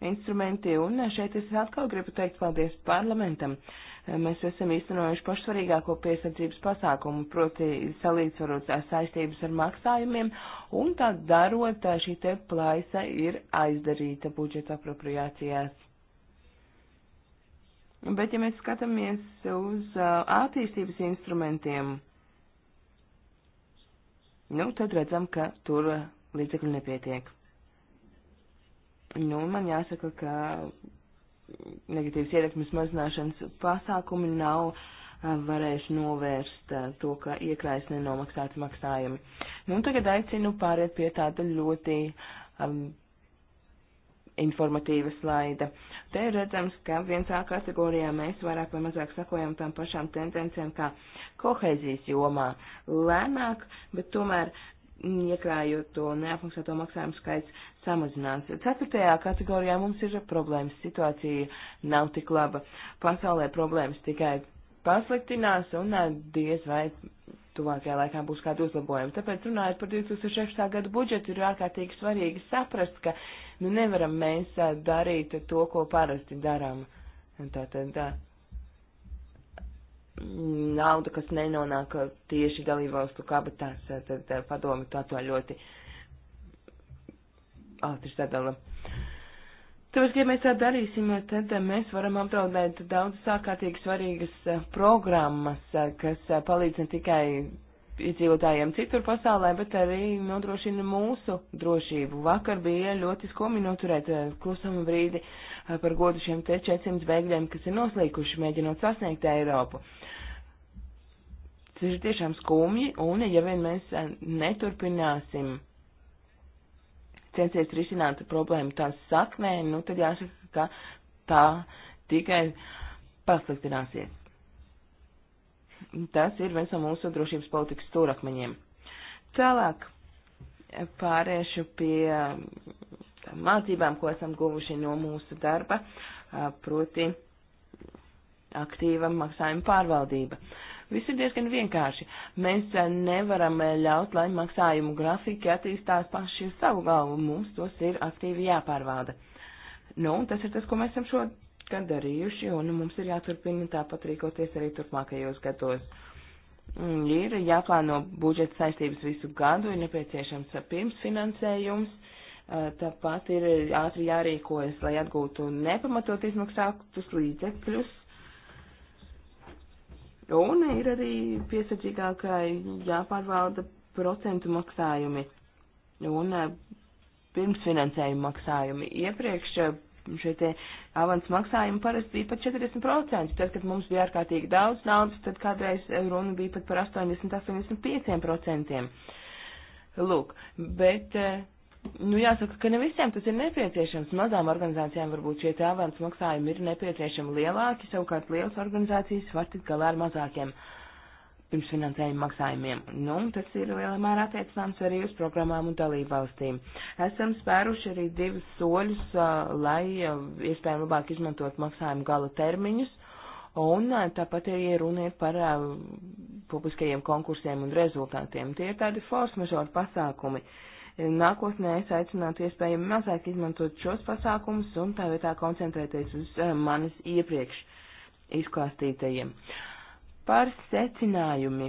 instrumenti, un šeit es atkal gribu teikt paldies parlamentam. Uh, mēs esam īstenojuši pašsvarīgāko piesardzības pasākumu, proti salīdzvarot saistības ar maksājumiem, un tā darot, šī te plaisa ir aizdarīta budžeta apropriācijās. Bet, ja mēs skatāmies uz attīstības instrumentiem, nu, tad redzam, ka tur līdzekļu nepietiek. Nu, man jāsaka, ka negatīvas ietekmes mazināšanas pasākumi nav eh, varējuši novērst eh, to, ka iekrājas nenomaksāts maksājumi. Nu, tagad aicinu pāriet pie tāda ļoti um, informatīva slaida. Te ir redzams, ka viens A kategorijā mēs vairāk vai mazāk sakojam tām pašām tendencēm kā kohēzijas jomā. Lēnāk, bet tomēr mm, iekrājot to neapmaksāto maksājumu skaits samazināts. Ceturtajā kategorijā mums ir problēmas, situācija nav tik laba. Pasaulē problēmas tikai pasliktinās un eh, diez vai tuvākajā laikā būs kāda uzlabojuma. Tāpēc runājot par 2016. gadu budžetu, ir ārkārtīgi svarīgi saprast, ka nu nevaram mēs eh, darīt to, ko parasti darām. Tātad tā, eh, nauda, kas nenonāk tieši dalībvalstu kabatās, tad padomi to tā ļoti valstis sadala. Tāpēc, ja mēs tā darīsim, tad mēs varam apdraudēt daudz sākārtīgi svarīgas eh, programmas, eh, kas eh, palīdz ne tikai iedzīvotājiem citur pasaulē, bet arī nodrošina mūsu drošību. Vakar bija ļoti skumji noturēt klusumu brīdi par godu šiem te 400 bēgļiem, kas ir noslīkuši, mēģinot sasniegt Eiropu. Tas ir tiešām skumji, un ja vien mēs neturpināsim censies risināt problēmu tās saknē, nu tad jāsaka, ka tā tikai pasliktināsies. Tas ir viens no mūsu drošības politikas stūrakmeņiem. Tālāk pāriešu pie um, mācībām, ko esam guvuši no mūsu darba, uh, proti aktīva maksājuma pārvaldība. Uh, Viss ir diezgan vienkārši. Mēs eh, nevaram eh, ļaut, lai maksājumu grafiki attīstās paši uz savu galvu. Mums tos ir aktīvi jāpārvalda. Nu, un tas ir tas, ko mēs esam šogad darījuši, un mums ir jāturpina tāpat rīkoties arī turpmākajos gados. Mm, ir jāplāno budžeta saistības visu gadu, ir nepieciešams pirmsfinansējums eh, tāpat ir ātri jārīkojas, lai atgūtu nepamatot izmaksātus līdzekļus. Un ir arī piesardzīgākai jāpārvalda procentu maksājumi un eh, pirmsfinansējuma maksājumi. Iepriekš eh, šie tie avans maksājumi parasti bija pat 40%. Tad, kad mums bija ārkārtīgi daudz naudas, tad kādreiz eh, runa bija pat par 80-85%. Lūk, bet. Uh, Nu, jāsaka, ka ne visiem tas ir nepieciešams. Mazām organizācijām varbūt šie tēvāns maksājumi ir nepieciešami lielāki, savukārt lielas organizācijas var tikt galā ar mazākiem pirmsfinansējuma maksājumiem. Nu, tas ir lielā mērā attiecināms arī uz programmām un dalību valstīm. Esam spēruši arī divus soļus, lai iespējami labāk izmantot maksājumu gala termiņus. Un tāpat ir runa par publiskajiem konkursiem un rezultātiem. Tie ir tādi force majeure pasākumi. Uh, Nākotnē es aicinātu iespējami mazāk izmantot šos pasākumus un tā vietā koncentrēties uz eh, manis iepriekš izklāstītajiem. Par secinājumi,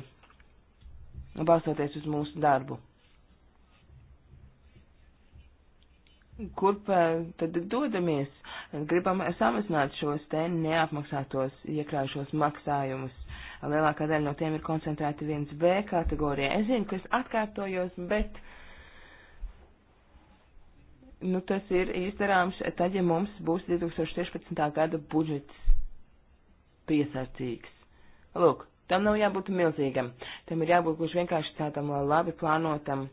balstoties uz mūsu darbu. Kurp tad dodamies? Gribam samazināt šos te neapmaksātos iekļaujušos maksājumus. Lielākā daļa no tiem ir koncentrēta viens B kategorijā. Es zinu, ka es atkārtojos, bet uh, nu, tas ir izdarāms tad, ja mums būs 2016. gada budžets piesardzīgs. Lūk, tam nav jābūt milzīgam, tam ir jābūt kurš vienkārši tādam labi plānotam,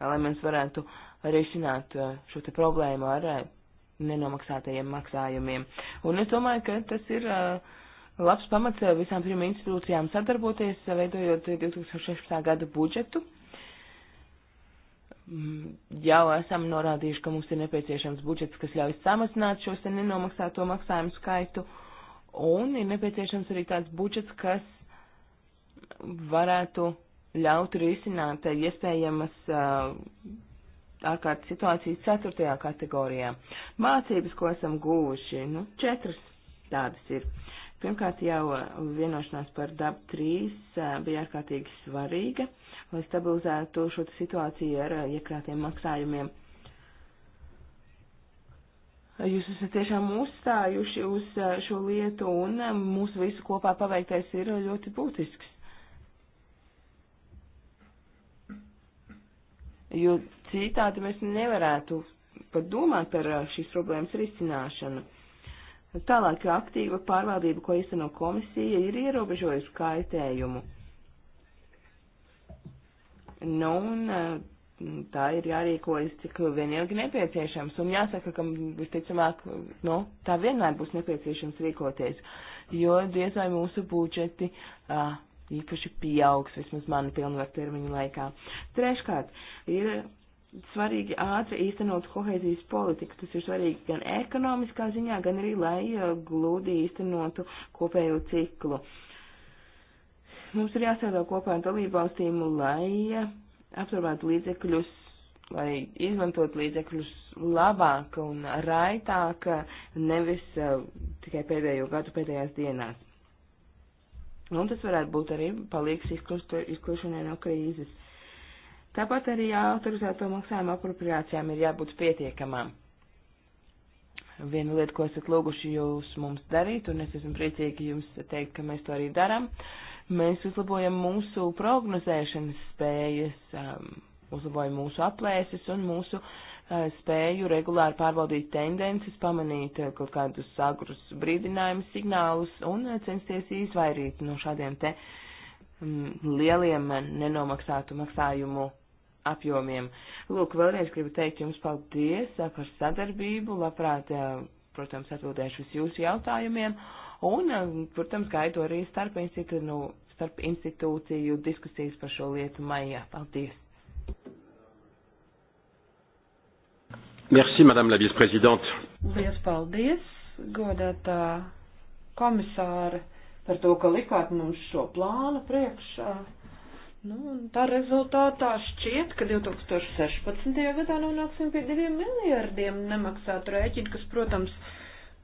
lai mēs varētu risināt uh, šo te problēmu ar uh, nenomaksātajiem maksājumiem. Un es domāju, ka tas ir uh, labs pamats visām trim institūcijām sadarboties, veidojot 2016. gada budžetu Mm, jau esam norādījuši, ka mums ir nepieciešams budžets, kas ļauj samazināt šos nenomaksāto maksājumu skaitu, un ir nepieciešams arī tāds budžets, kas varētu ļaut risināt iespējamas uh, ārkārtas situācijas ceturtajā kategorijā. Mācības, ko esam guvuši, nu, četras tādas ir. Pirmkārt, jau vienošanās par DAB 3 uh, bija ārkārtīgi svarīga lai stabilizētu šo situāciju ar eh, iekrātiem maksājumiem. Jūs esat tiešām uzstājuši uz eh, šo lietu, un eh, mūsu visu kopā paveiktais ir ļoti būtisks. Jo citādi mēs nevarētu pat domāt par šīs problēmas risināšanu. Tālāk aktīva pārvaldība, ko izsano komisija, ir ierobežojusi kaitējumu. Nu, un eh, tā ir jārīkojas, cik vien ilgi nepieciešams. Un jāsaka, ka visticamāk, nu, tā vienmēr būs nepieciešams rīkoties, jo diez vai mūsu budžeti uh, īpaši pieaugs, vismaz manu pilnvaru termiņu laikā. Treškārt, ir svarīgi ātri īstenot kohēzijas politiku. Tas ir svarīgi gan ekonomiskā ziņā, gan arī, lai eh, glūdi īstenotu kopējo ciklu. Uh, Mums ir jāstrādā kopā ar dalībvalstīm, lai apturētu līdzekļus, lai izmantot līdzekļus labāk un raitāk, nevis eh, tikai pēdējo gadu pēdējās dienās. Un tas varētu būt arī palīgs izkļūšanai no krīzes. Tāpat arī autorizēto maksājumu apropriācijām ir jābūt pietiekamām. Viena lieta, ko esat lūguši jūs mums darīt, un es esmu priecīgi jums teikt, ka mēs to arī darām, uh, Mēs uzlabojam mūsu prognozēšanas spējas, um, uzlabojam mūsu aplēses un mūsu uh, spēju regulāri pārbaudīt tendences, pamanīt uh, kaut kādus sagrus brīdinājumus, signālus un uh, censties izvairīt no šādiem te um, lieliem uh, nenomaksātu maksājumu apjomiem. Lūk, vēlreiz gribu teikt jums paldies uh, par sadarbību, labprāt, uh, protams, atbildēšu uz jūsu jautājumiem un, protams, gaidu arī starp institūciju starp institūciju diskusijas par šo lietu maijā. Paldies! Merci, Madame la Vice-Présidente. Liels paldies, godātā komisāra, par to, ka likāt mums šo plānu priekšā. Nu, tā rezultātā šķiet, ka 2016. gadā nonāksim pie diviem miljardiem nemaksātu rēķinu, kas, protams,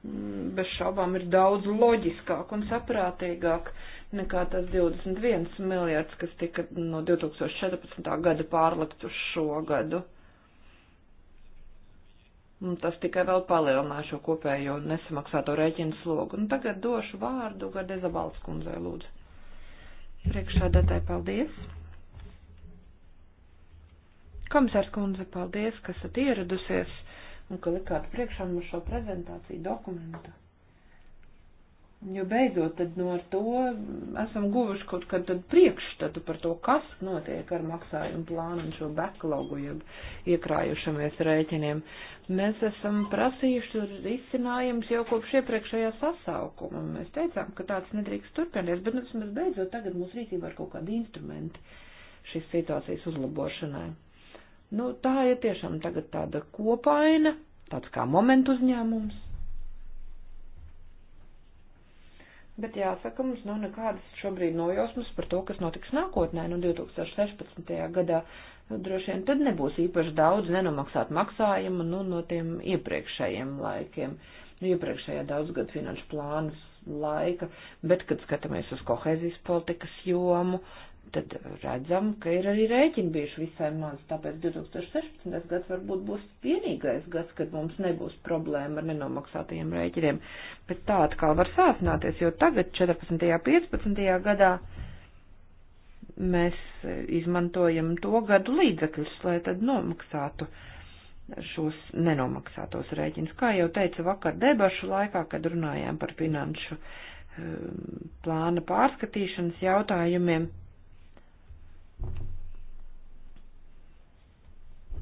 mm, bez šaubām ir daudz loģiskāk un saprātīgāk. Uh, nekā tas 21 miljards, kas tika no 2014. gada pārlikt uz šo gadu. Un tas tikai vēl palielināja šo kopējo nesamaksāto rēķinu slogu. Un tagad došu vārdu Gardeza Balskundzē, lūdzu. Priekšādātāji, paldies! Komisārs kundze, paldies, ka esat ieradusies un ka likāt priekšā mums šo prezentāciju dokumentu. Jo beidzot, tad no nu ar to esam guvuši kaut kad tad priekšstatu par to, kas notiek ar maksājumu plānu un šo backlogu, jeb iekrājušamies rēķiniem. Mēs esam prasījuši risinājums jau kopš iepriekšējā sasaukuma. Mēs teicām, ka tāds nedrīkst turpināties, bet nu, mēs beidzot tagad mūs rīcībā ir kaut kādi instrumenti šīs situācijas uzlabošanai. Nu, tā ir tiešām tagad tāda kopaina, tāds kā momentu uzņēmums Bet jāsaka, mums nav nekādas šobrīd nojausmas par to, kas notiks nākotnē, nu 2016. gadā. Nu, droši vien tad nebūs īpaši daudz nenomaksāt maksājumu nu, no tiem iepriekšējiem laikiem, nu, iepriekšējā daudzgad finanšu plānas laika, bet, kad skatāmies uz kohēzijas politikas jomu, tad redzam, ka ir arī rēķini bijuši visai maz, tāpēc 2016. gads varbūt būs vienīgais gads, kad mums nebūs problēma ar nenomaksātajiem rēķiniem, bet tā atkal var sāsināties, jo tagad 14. 15. gadā mēs izmantojam to gadu līdzekļus, lai tad nomaksātu šos nenomaksātos rēķinus. Kā jau teicu vakar debašu laikā, kad runājām par finanšu eh, plāna pārskatīšanas jautājumiem,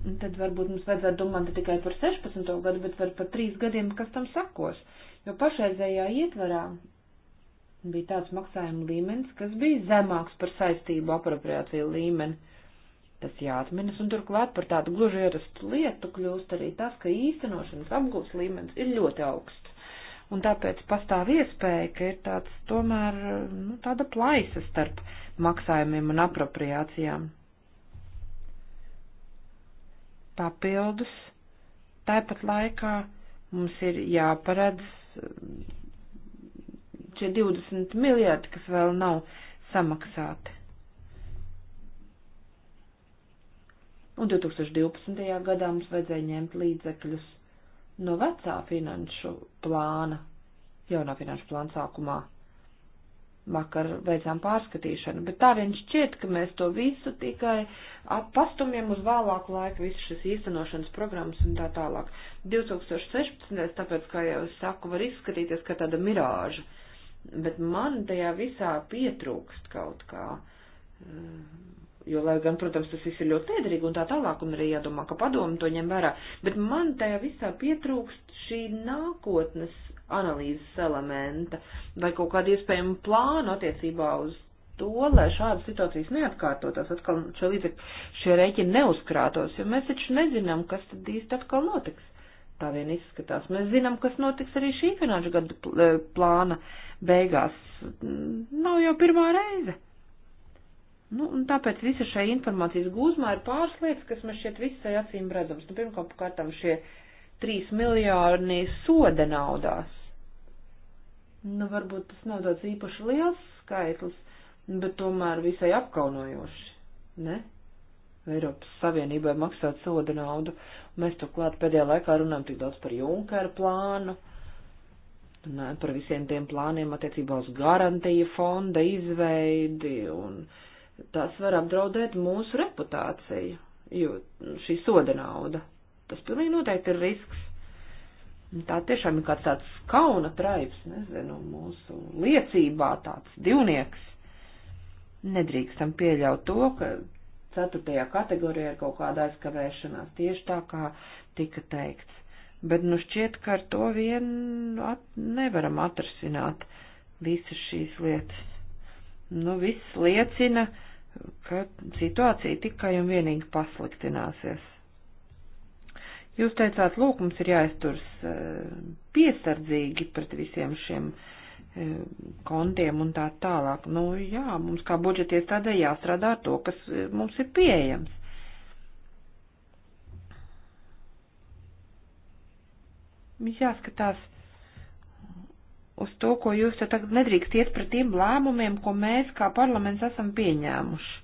Un tad varbūt mums vajadzētu domāt tikai par 16. gadu, bet var par 3 gadiem, kas tam sakos, jo pašreizējā ietvarā bija tāds maksājuma līmenis, kas bija zemāks par saistību apropriāciju līmeni. Tas jāatminas, un turklāt par tādu gluži ierastu lietu kļūst arī tas, ka īstenošanas apgūst līmenis ir ļoti augsts. Un tāpēc pastāv iespēja, ka ir tāds tomēr, nu, tāda plaisa starp uh, maksājumiem un apropriācijām. Papildus, tāpat laikā mums ir jāparedz mm, šie 20 miljardi, kas vēl nav samaksāti. Un 2012. gadā mums vajadzēja ņemt līdzekļus no vecā finanšu plāna, jaunā finanšu plāna sākumā vakar veicām pārskatīšanu, bet tā vien šķiet, ka mēs to visu tikai pastumjam uz vēlāku laiku, visu šis īstenošanas programmas un tā tālāk. 2016. tāpēc, kā jau es saku, var izskatīties, ka tāda mirāža, bet man tajā visā pietrūkst kaut kā. Eh, jo, lai gan, protams, tas viss ir ļoti liederīgi un tā tālāk, un arī jādomā, ka padomu to ņem vērā, bet man tajā visā pietrūkst šī nākotnes analīzes elementa vai kaut kādu iespējamu plānu attiecībā uz to, lai šādas situācijas neatkārtotos, atkal šie līdzekļi, šie rēķini neuzkrātos, jo mēs taču nezinām, kas tad īsti atkal notiks. Tā vien izskatās. Mēs zinām, kas notiks arī šī finanšu gada e, plāna beigās. Nav jau pirmā reize. Nu, un tāpēc visa šai informācijas gūzmā ir pāris lietas, kas man šķiet visai acīm redzams. Nu, pirmkārt, šie trīs miljārdi soda naudās. Nu, varbūt tas nav tāds īpaši liels skaitlis, bet tomēr visai apkaunojoši, ne? Eiropas Savienībai maksāt soda naudu. Mēs turklāt pēdējā laikā runājam tik daudz par Junkera plānu, ne, par visiem tiem plāniem attiecībā uz garantija fonda izveidi, un tas var apdraudēt mūsu reputāciju, jo šī soda nauda, tas pilnīgi noteikti ir risks. Tā tiešām ir kā tāds kauna traips, nezinu, mūsu liecībā tāds divnieks. Nedrīkstam pieļaut to, ka ceturtajā kategorijā ir kaut kāda aizkavēšanās, tieši tā kā tika teikts. Bet nu šķiet, ka ar to vien at, nevaram atrasināt visas šīs lietas. Nu, viss liecina, ka situācija tikai un vienīgi pasliktināsies. Jūs teicāt, lūk, mums ir jāizturas eh, piesardzīgi pret visiem šiem eh, kontiem un tā tālāk. Nu, jā, mums kā budžeta iestādē jāstrādā ar to, kas eh, mums ir pieejams. Jāskatās uz to, ko jūs tagad nedrīkst iet pret tiem lēmumiem, ko mēs kā parlaments esam pieņēmuši.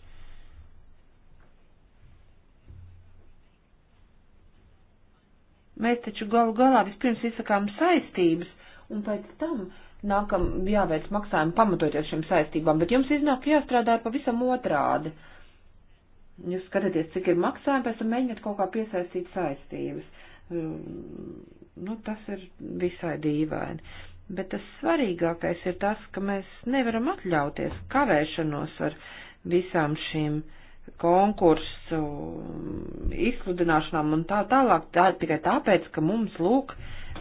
Mēs taču galu galā vispirms izsakām saistības, un pēc tam nākam jāveic maksājumi pamatoties šīm saistībām, bet jums iznāk jāstrādā pavisam otrādi. Jūs skatāties, cik ir maksājumi, pēc tam mēģiniet kaut kā piesaistīt saistības. Mm, nu, tas ir visai dīvaini. Bet tas svarīgākais ir tas, ka mēs nevaram atļauties kavēšanos ar visām šīm uh, konkursu izsludināšanām un tā tālāk, tā, tikai tāpēc, ka mums, lūk,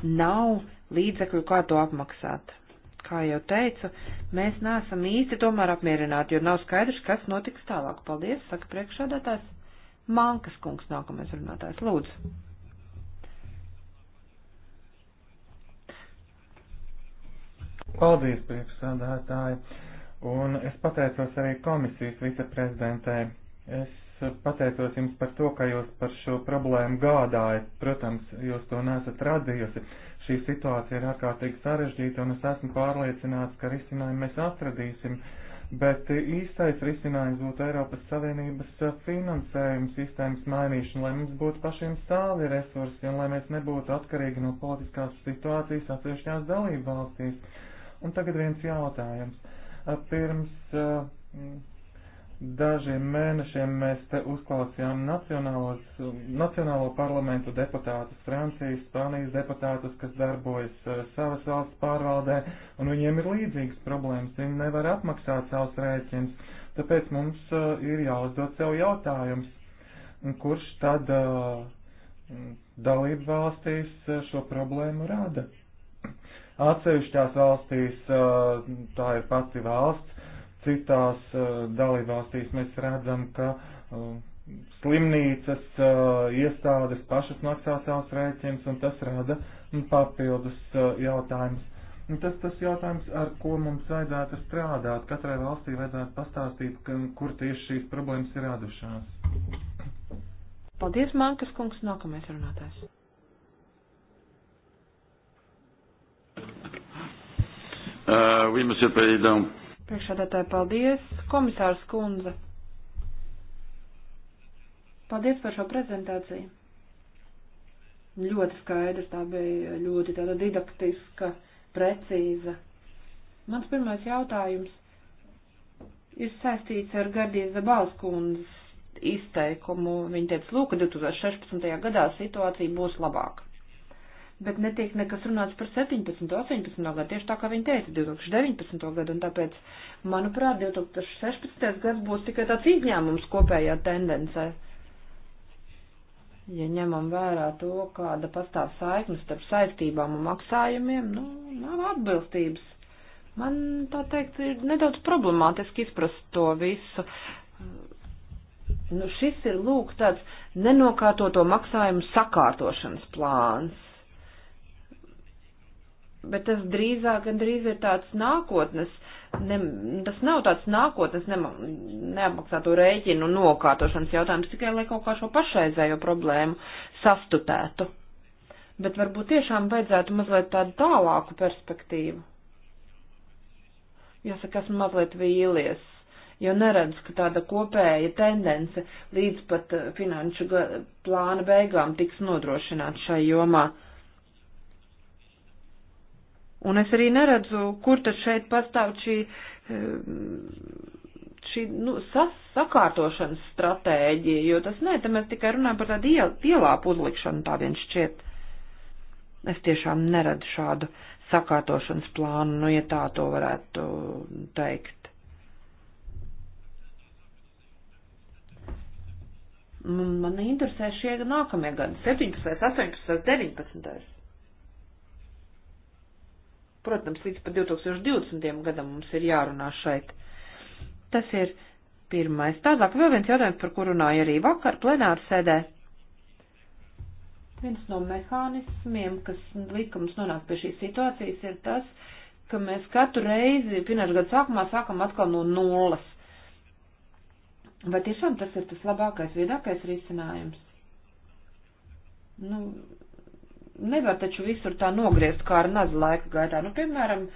nav līdzekļu, kā to apmaksāt. Kā jau teicu, mēs neesam īsti tomēr apmierināti, jo nav skaidrs, kas notiks tālāk. Paldies, saka priekšādātājs Mankas kungs, nākamais runātājs. Lūdzu. Paldies, priekšsādātāji, un es pateicos arī komisijas viceprezidentē Es pateicos jums par to, ka jūs par šo problēmu gādājat. Protams, jūs to nesat radījusi. Šī situācija ir ārkārtīgi sarežģīta, un es esmu pārliecināts, ka risinājumu mēs atradīsim. Bet īstais risinājums būtu Eiropas Savienības finansējuma sistēmas mainīšana, lai mums būtu pašiem savi resursi un lai mēs nebūtu atkarīgi no politiskās situācijas atsevišķās dalību valstīs. Un tagad viens jautājums. Pirms Dažiem mēnešiem mēs te uzklausījām Nacionālo parlamentu deputātus, Francijas, Spānijas deputātus, kas darbojas uh, savas valsts pārvaldē, un viņiem ir līdzīgas problēmas, viņi nevar apmaksāt savus rēķinus. Tāpēc mums uh, ir jāuzdod sev jautājums, kurš tad uh, dalību valstīs šo problēmu rada. Atsevišķās valstīs tā ir pati valsts, Citās uh, dalībvalstīs mēs redzam, ka um, slimnīcas uh, iestādes pašas maksā savus rēķinus, un tas rada nu, papildus uh, jautājumus. Tas tas jautājums, ar ko mums vajadzētu strādāt. Katrai valstī vajadzētu pastāstīt, ka, kur tieši šīs problēmas ir radušās. Paldies, Mankas kungs, nākamais runātājs. Uh, oui, monsieur le président. Priekšādātāji, paldies. Komisārs Kunze. Paldies par šo prezentāciju. Ļoti skaidrs, tā bija ļoti tāda didaktiska, precīza. Mans pirmais jautājums ir saistīts ar Gardijas Zabals kundzes izteikumu. Viņa teica, lūk, 2016. gadā situācija būs labāka bet netiek nekas runāts par 17, 18 gadu, tieši tā kā viņi teica, 2019 gadu, un tāpēc, manuprāt, 2016 gads būs tikai tāds izņēmums kopējā tendencē. Ja ņemam vērā to, kāda pastāv saiknes starp saistībām un maksājumiem, nu, nav atbilstības. Man, tā teikt, ir nedaudz problemātiski izprast to visu. Nu, šis ir lūk tāds nenokārtoto maksājumu sakārtošanas plāns bet tas drīzāk gandrīz ir tāds nākotnes, ne, tas nav tāds nākotnes ne, neapmaksāto rēķinu nokārtošanas jautājums, tikai lai kaut kā šo pašreizējo problēmu sastutētu. Bet varbūt tiešām vajadzētu mazliet tādu tālāku perspektīvu. Jāsaka, esmu mazliet vīlies, jo neredz, ka tāda kopēja tendence līdz pat finanšu plāna beigām tiks nodrošināta šai jomā. Un es arī neredzu, kur tad šeit pastāv šī, eh, šī nu, sas, sakārtošanas stratēģija, jo tas nē, te mēs tikai runājam par tādu ielāpu uzlikšanu, tā viens šķiet. Es tiešām neredzu šādu sakārtošanas plānu, nu, ja tā to varētu teikt. Man interesē šie nākamie gadi - 17, 18, 19. Protams, līdz pat 2020. gadam mums ir jārunā šeit. Tas ir pirmais. Tālāk vēl viens jautājums, par kuru runāju arī vakar plenāru sēdē. Viens no mehānismiem, kas lika mums nonākt pie šīs situācijas, ir tas, ka mēs katru reizi finanšu gadu sākumā sākam atkal no nulles. Vai tiešām tas ir tas labākais, viedākais risinājums? Nu, nevar taču visur tā nogriezt kā ar nazu laika gaitā. Nu, piemēram,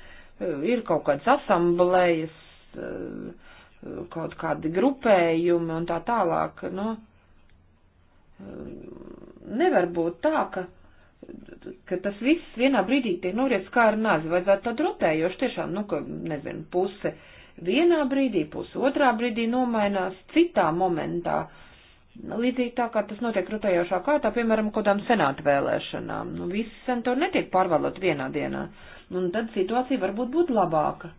eh, ir kaut kādas asamblejas, eh, kaut kādi grupējumi un tā tālāk. Nu, eh, nevar būt tā, ka, ka tas viss vienā brīdī tiek nogriezt kā ar nazi. Vajadzētu tādu rotējošu tiešām, nu, ka, nezinu, puse vienā brīdī, puse otrā brīdī nomainās citā momentā. Uh, Līdzīgi tā kā tas notiek rotējošā kārtā, piemēram, kodām senāta vēlēšanām. Nu, visi senatori netiek pārvalot vienā dienā. Un tad situācija varbūt būtu labāka.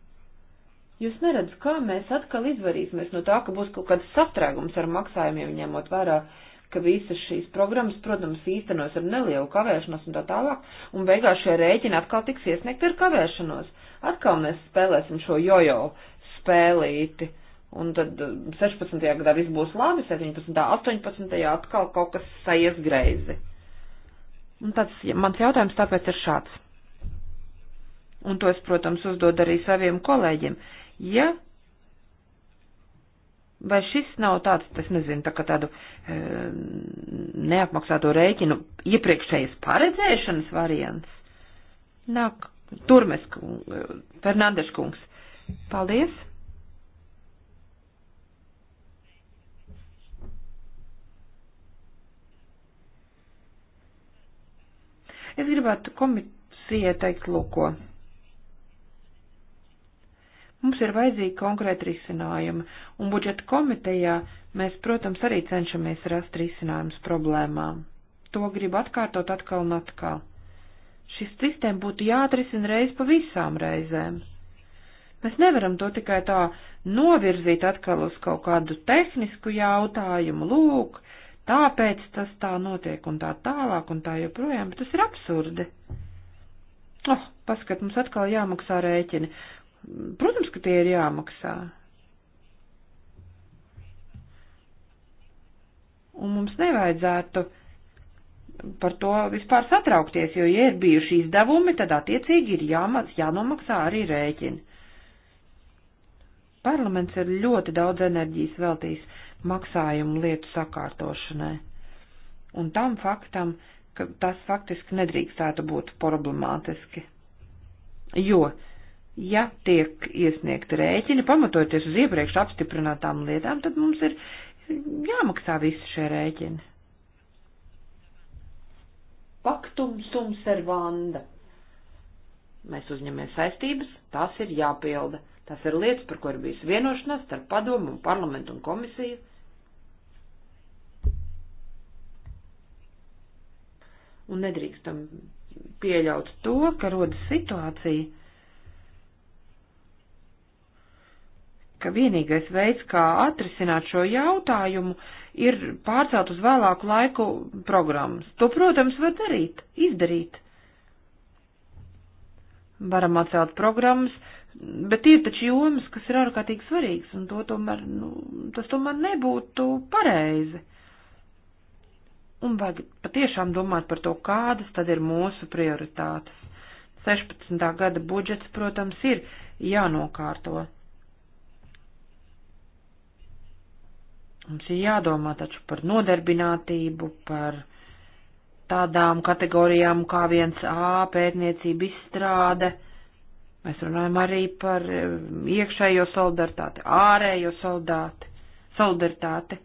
Jūs neredzat, kā mēs atkal izvarīsimies no tā, ka būs kaut kāds sastrēgums ar maksājumiem, ņemot vērā, ka visas šīs programmas, protams, īstenos ar nelielu kavēšanos un tā tālāk, un beigās šie rēķini atkal tiks iesniegt ar kavēšanos. Atkal mēs spēlēsim šo jojo spēlīti. Uh, Un tad 16. Eh, gadā viss būs labi, 17. 18. atkal kaut kas saies greizi. Un tāds mans jautājums tāpēc ir šāds. Un to es, protams, uzdod arī saviem kolēģiem. Ja Vai šis nav tāds, es nezinu, tā kā tādu e, neapmaksāto rēķinu iepriekšējas paredzēšanas variants? Nāk, Turmes, eh, Fernandeša kungs. Paldies! Es gribētu komisijai teikt, lūko. Mums ir vajadzīgi konkrēti risinājumi, un budžeta komitejā mēs, protams, arī cenšamies rast risinājumus problēmām. To gribu atkārtot atkal un atkal. Šis sistēma būtu jāatrisina reiz pa visām reizēm. Mēs nevaram to tikai tā novirzīt atkal uz kaut kādu tehnisku jautājumu, lūk, uh, tāpēc tas tā notiek un tā tālāk un tā joprojām, bet tas ir absurdi. Oh, paskat, mums atkal jāmaksā rēķini. Protams, ka tie ir jāmaksā. Un mums nevajadzētu par to vispār satraukties, jo, ja ir bijuši izdevumi, tad attiecīgi ir jāmaz, jānomaksā arī rēķini. Parlaments ir ļoti daudz enerģijas veltījis maksājumu lietu sakārtošanai. Un tam faktam, ka tas faktiski nedrīkstētu būt problemātiski. Jo, ja tiek iesniegti rēķini, pamatojoties uz iepriekš apstiprinātām lietām, tad mums ir jāmaksā visi šie rēķini. Paktum sum servanda. Mēs uzņemamies saistības, tās ir jāpilda. Tas ir lietas, par ko ir bijusi vienošanās starp padomu un parlamentu un komisiju. un nedrīkstam pieļaut to, ka rodas situācija, ka vienīgais veids, kā atrisināt šo jautājumu, ir pārcelt uz vēlāku laiku programmas. To, protams, var darīt, izdarīt. Varam atcelt programmas, bet ir taču jomas, kas ir ārkārtīgi svarīgas, un to tomēr, nu, tas tomēr nebūtu pareizi un vajag patiešām domāt par to, kādas tad ir mūsu prioritātes. 16. gada budžets, protams, ir jānokārto. Mums ir jādomā taču par nodarbinātību, par tādām kategorijām kā viens A pētniecība izstrāde. Mēs runājam arī par eh, iekšējo solidaritāti, ārējo solidaritāti. solidaritāti.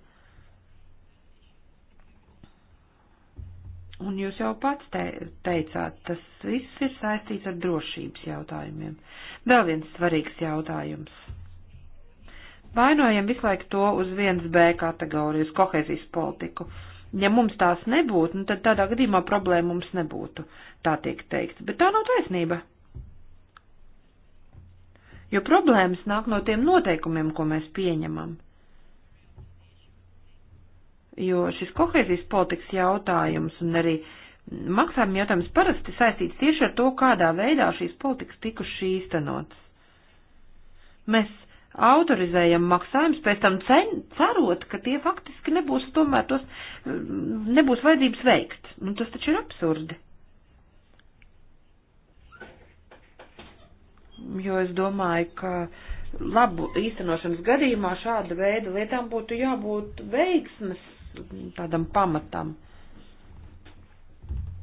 Un jūs jau pats te, teicāt, tas viss ir saistīts ar drošības jautājumiem. Vēl viens svarīgs jautājums. Vainojam visu laiku to uz 1B kategoriju, uz kohezijas politiku. Ja mums tās nebūtu, nu tad tādā gadījumā problēma mums nebūtu, tā tiek teikts, bet tā nav taisnība. Jo problēmas nāk no tiem noteikumiem, ko mēs pieņemam jo šis kohēzijas politikas jautājums un arī maksājuma jautājums parasti saistīts tieši ar to, kādā veidā šīs politikas tikuši īstenotas. Mēs autorizējam maksājumus, pēc tam cen, cerot, ka tie faktiski nebūs tomēr tos, nebūs vajadzības veikt. Nu, tas taču ir absurdi. Jo es domāju, ka labu īstenošanas gadījumā šāda veida lietām būtu jābūt veiksmes tādam pamatam.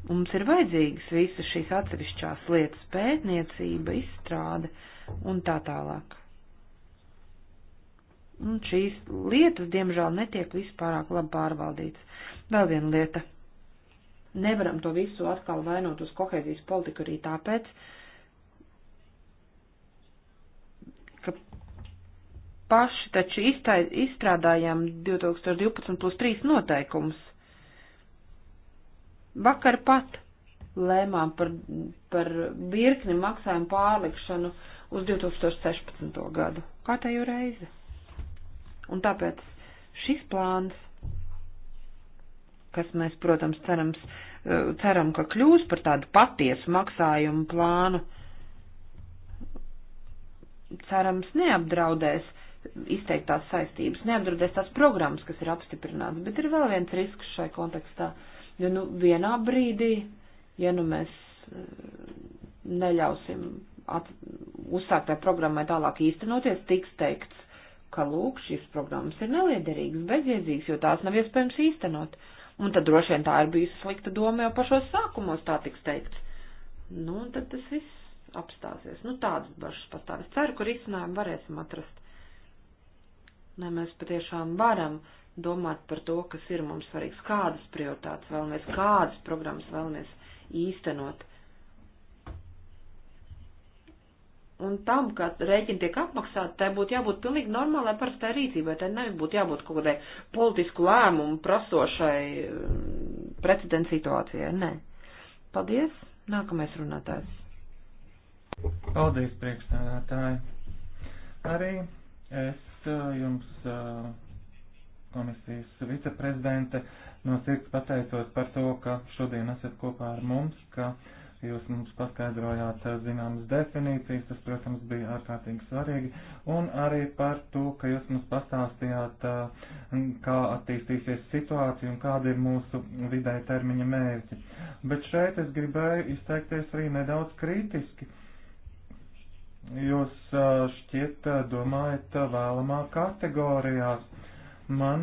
Un mums ir vajadzīgas visas šīs atsevišķās lietas - pētniecība, izstrāde un tā tālāk. Un šīs lietas, diemžēl, netiek vispārāk labi pārvaldītas. Vēl viena lieta. Nevaram to visu atkal vainot uz kohēzijas politiku arī tāpēc, uh, paši taču iztaiz, izstrādājām 2012 plus 3 noteikumus. Vakar pat lēmām par, par virkni maksājumu pārlikšanu uz 2016. gadu. Kā tā jau reize? Un tāpēc šis plāns, kas mēs, protams, cerams, ceram, ka kļūs par tādu patiesu maksājumu plānu, cerams, neapdraudēs izteiktās saistības, neapdraudēs tās programmas, kas ir apstiprinātas, bet ir vēl viens risks šai kontekstā, jo nu vienā brīdī, ja nu mēs eh, neļausim at, uzsāktai programmai tālāk īstenoties, tiks teikts, ka lūk, šīs programmas ir neliederīgas, bezjēdzīgas, jo tās nav iespējams īstenot. Un tad droši vien tā ir bijusi slikta doma jau pašos sākumos, tā tiks teikts. Nu, un tad tas viss apstāsies. Nu, tādas bažas pastāv. Es ceru, ka risinājumu varēsim atrast lai mēs patiešām varam domāt par to, kas ir mums svarīgs, kādas prioritātes vēlamies, kādas programmas vēlamies īstenot. Un tam, ka rēķini tiek apmaksāti, tai būtu jābūt pilnīgi normālai parastai rīcībai, tai nebūtu jābūt kaut kādai politisku lēmumu prasošai mm, precedenta situācijai, nē. Paldies, nākamais runātājs. Paldies, priekšstādātāji. Arī es jums, komisijas viceprezidente, no sirds pateicos par to, ka šodien esat kopā ar mums, ka jūs mums paskaidrojāt zināmas definīcijas, tas, protams, bija ārkārtīgi svarīgi, un arī par to, ka jūs mums pastāstījāt, kā attīstīsies situācija un kāda ir mūsu vidēja termiņa mērķi. Bet šeit es gribēju izteikties arī nedaudz kritiski Jūs šķiet domājat vēlamā kategorijās. Man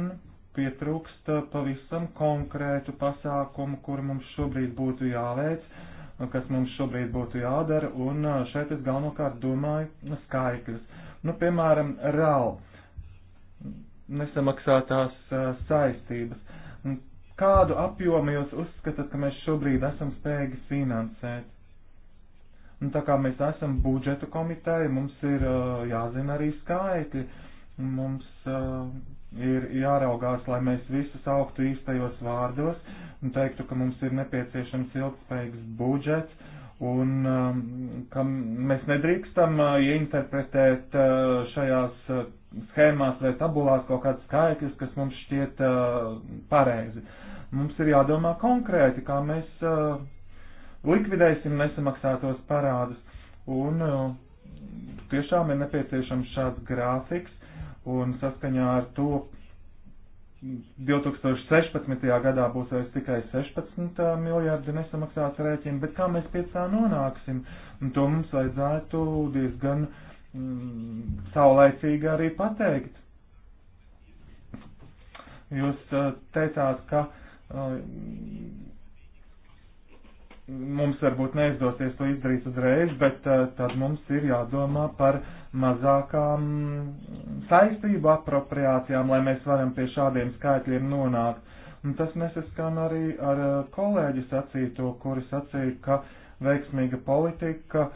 pietrūkst pavisam konkrētu pasākumu, kur mums šobrīd būtu jāveic, kas mums šobrīd būtu jādara, un šeit es galvenokārt domāju skaitļus. Nu, piemēram, RAL nesamaksātās saistības. Kādu apjomu jūs uzskatāt, ka mēs šobrīd esam spējīgi finansēt? Un nu, tā kā mēs esam budžeta komiteja, mums ir uh, jāzina arī skaitļi. Mums uh, ir jāraugās, lai mēs visu sauktu īstajos vārdos un teiktu, ka mums ir nepieciešams ilgspējīgs budžets un um, ka mēs nedrīkstam uh, interpretēt uh, šajās uh, schēmās vai tabulās kaut kādas skaitļus, kas mums šķiet uh, pareizi. Mums ir jādomā konkrēti, kā mēs uh, likvidēsim nesamaksātos parādus. Un uh, tiešām ir nepieciešams šāds grāfiks, un saskaņā ar to 2016. gadā būs vairs tikai 16 uh, miljardi nesamaksāts rēķini, bet kā mēs pie tā nonāksim? Un to mums vajadzētu diezgan mm, saulaicīgi arī pateikt. Jūs uh, teicāt, ka mums varbūt neizdosies to izdarīt uzreiz, bet uh, tad mums ir jādomā par mazākām saistību apropriācijām, lai mēs varam pie šādiem skaitļiem nonākt. Un tas nesaskan arī ar eh, kolēģi sacīto, kuri sacīja, ka veiksmīga politika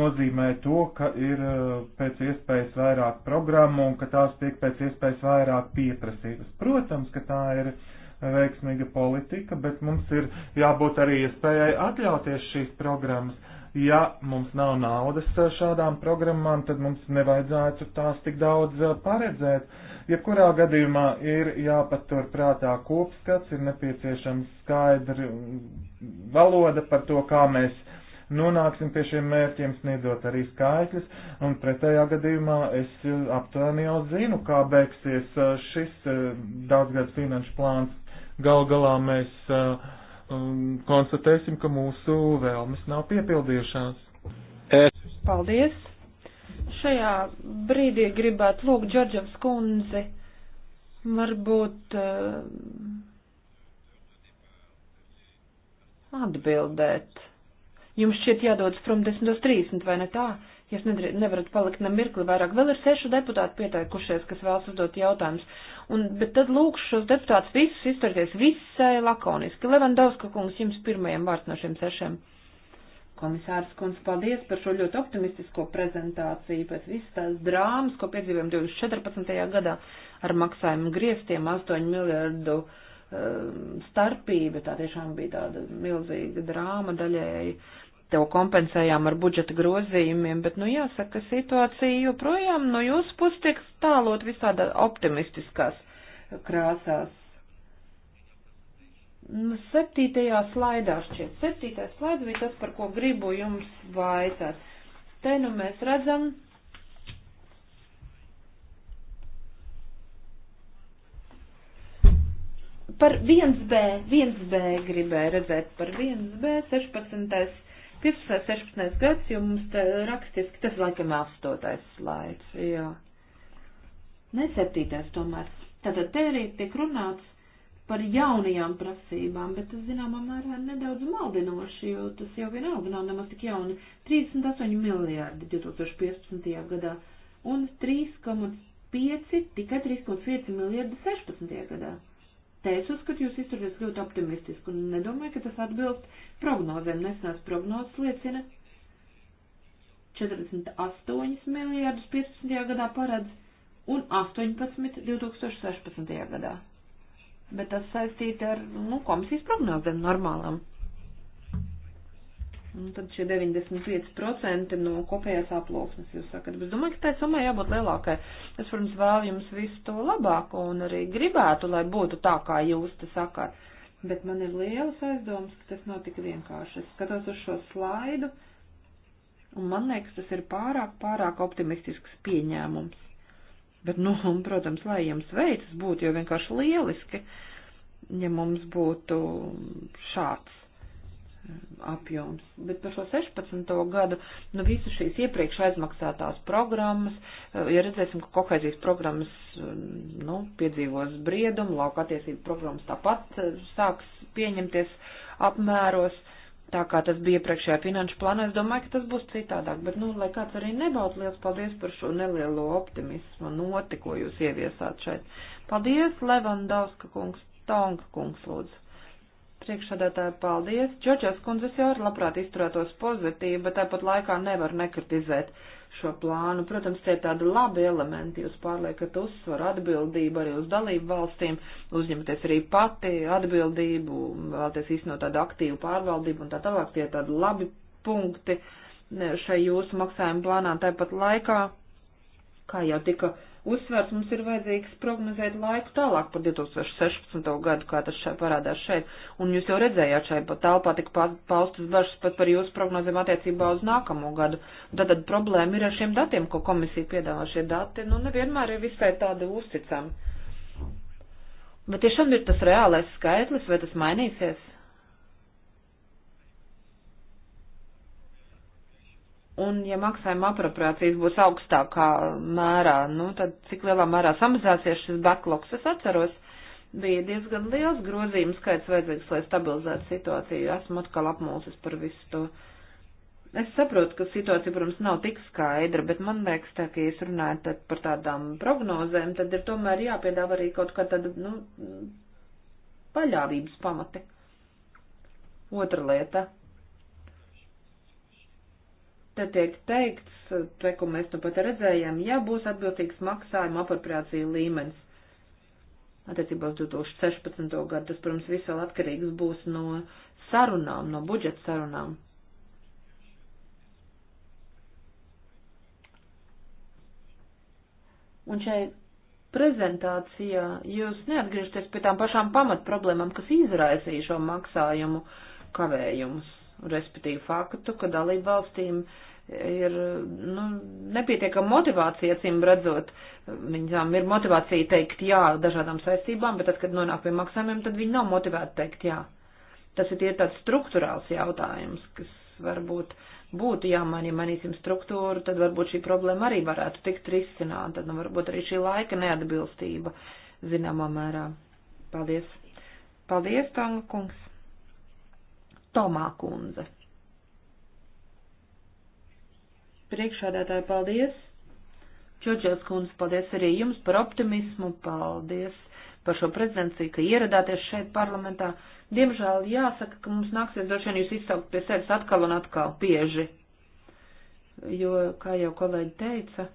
nozīmē to, ka ir eh, pēc iespējas vairāk programmu un ka tās tiek pēc iespējas vairāk pieprasības. Protams, ka tā ir uh, veiksmīga politika, bet mums ir jābūt arī iespējai atļauties šīs programmas. Ja mums nav naudas šādām programmām, tad mums nevajadzētu tās tik daudz eh, paredzēt. Jebkurā gadījumā ir jāpatur prātā kopskats, ir nepieciešams skaidri mm, valoda par to, kā mēs nonāksim pie šiem mērķiem, sniedzot arī skaitļus, un pretējā gadījumā es eh, aptuveni jau zinu, kā beigsies eh, šis daudzgads finanšu plāns gal galā mēs uh, um, konstatēsim, ka mūsu vēlmes nav piepildījušās. Paldies! Šajā brīdī gribētu lūgt Džordževs kundzi, varbūt uh, atbildēt. Jums šķiet jādodas prom 10.30, vai ne tā? Uh, Jūs nevarat palikt ne mirkli vairāk. Vēl ir sešu deputātu pieteikušies, kas vēlas uzdot jautājumus. Un, bet tad lūkšu šos deputātus visus izturties visai lakoniski. Levandovska kungs, jums pirmajam vārds no šiem sešiem. Komisārs Kunds, paldies par šo ļoti optimistisko prezentāciju pēc visas tās drāmas, ko piedzīvojam 2014. gadā ar maksājumu griestiem 8 miljardu um, starpība. Tā tiešām bija tāda milzīga drāma daļēji to kompensējām ar budžeta grozījumiem, bet, nu, jāsaka, situācija joprojām no jūsu puses tiek stālot visādā optimistiskās krāsās. Nu, septītajā slaidā šķiet, septītais slaids bija tas, par ko gribu jums vaicāt. Te nu mēs redzam. Par 1B, 1B gribēju redzēt, par 1B 16 15. 16. gads, jo mums te rakstiski, tas laikam 8. slaids, jā. Ne 7. tomēr. Tātad te arī tiek runāts par jaunajām prasībām, bet tas, zināmā mērā, nedaudz maldinoši, jo tas jau vienalga nav nemaz tik jauni. 38 miljārdi 2015. gadā un 3,5, tikai 3,5 miljardi 16. gadā. Te es uzskatu, jūs izturaties ļoti optimistiski un nedomāju, ka tas atbilst prognozēm. Nesenās prognozes liecina 48 miljārdus 15. gadā paredz un 18 2016. gadā. Bet tas saistīti ar, nu, komisijas prognozēm normālam. Nu, tad šie 95% no kopējās aploksnes jūs sakat. Bet es domāju, ka tai summai jābūt lielākai. Es, protams, vēlu jums visu to labāko un arī gribētu, lai būtu tā, kā jūs te sakāt. Bet man ir lielas aizdomas, ka tas nav tik vienkārši. Es skatos uz šo slaidu un man liekas, tas ir pārāk, pārāk optimistisks pieņēmums. Bet, nu, un, protams, lai jums veicas būtu jau vienkārši lieliski, ja mums būtu šāds apjoms. Bet par šo 16. gadu, nu visu šīs iepriekš aizmaksātās programmas, eh, ja redzēsim, ka kohēzijas programmas, eh, nu, piedzīvos briedumu, lauka attiecību programmas tāpat eh, sāks pieņemties apmēros, tā kā tas bija iepriekšējā finanšu plānā, es domāju, ka tas būs citādāk. Bet, nu, lai kāds arī nebaut, liels paldies par šo nelielo optimismu noti, ko jūs ieviesāt šeit. Paldies, Levandauska kungs, Tonka kungs, lūdzu. Priekšsādātāji, paldies. Džordžas kundzes jau ar labprāt izturētos pozitīvi, bet tāpat laikā nevar nekritizēt šo plānu. Protams, tie ir tādi labi elementi, jūs pārliekat uzsvaru atbildību arī uz dalību valstīm, uzņemties arī pati atbildību, vēlaties īstenot tādu aktīvu pārvaldību un tā tālāk, tie ir tādi labi punkti šai jūsu maksājuma plānā. Tāpat laikā, kā jau tika uzsvars mums ir vajadzīgs prognozēt laiku tālāk par 2016. gadu, kā tas šeit parādās šeit. Un jūs jau redzējāt šeit pat telpā tik paustas bažas pat par jūsu prognozēm attiecībā uz nākamo gadu. Tad, tad problēma ir ar šiem datiem, ko komisija piedāvā šie dati, nu nevienmēr ir visai tādi uzticami. Bet tiešām ir tas reālais skaitlis, vai tas mainīsies? Un, ja maksājuma apropriācijas būs augstākā mērā, nu, tad cik lielā mērā samazāsies šis backlogs? Es atceros, bija diezgan liels grozījums skaits vajadzīgs, lai stabilizētu situāciju. Esmu atkal apmulsis par visu to. Es saprotu, ka situācija, protams, nav tik skaidra, bet man liekas, tā, ka, ja jūs runājat par tādām prognozēm, tad ir tomēr jāpiedāvā arī kaut kā tāda, nu, paļāvības pamati. Otra lieta Te tiek teikts, te, ko mēs nu pat redzējām, ja būs atbilstīgs maksājuma apropriācija līmenis. Attiecībā uz 2016. gadu tas, protams, viss vēl atkarīgs būs no sarunām, no budžeta sarunām. Un šeit prezentācijā jūs neatgriežaties pie tām pašām pamatproblēmām, kas izraisīja šo maksājumu kavējumus respektīvi faktu, ka dalību valstīm ir nu, nepietiekama motivācija, acīm redzot, viņām ir motivācija teikt jā dažādām saistībām, bet tad, kad nonāk pie maksājumiem, tad viņi nav motivēti teikt jā. Tas ir tāds struktūrāls jautājums, kas varbūt būtu jāmaina, ja mainīsim struktūru, tad varbūt šī problēma arī varētu tikt risināta, tad nu, varbūt arī šī laika neatbilstība zināmā mērā. Paldies! Paldies, Tanga kungs! Tomā kundze. Priekšādātāji, paldies! Čočels kundze, paldies arī jums par optimismu, paldies par šo prezidenciju, ka ieradāties šeit parlamentā. Diemžēl jāsaka, ka mums nāksies droši vien jūs izsaukt pie sevis atkal un atkal bieži, jo, kā jau kolēģi teica,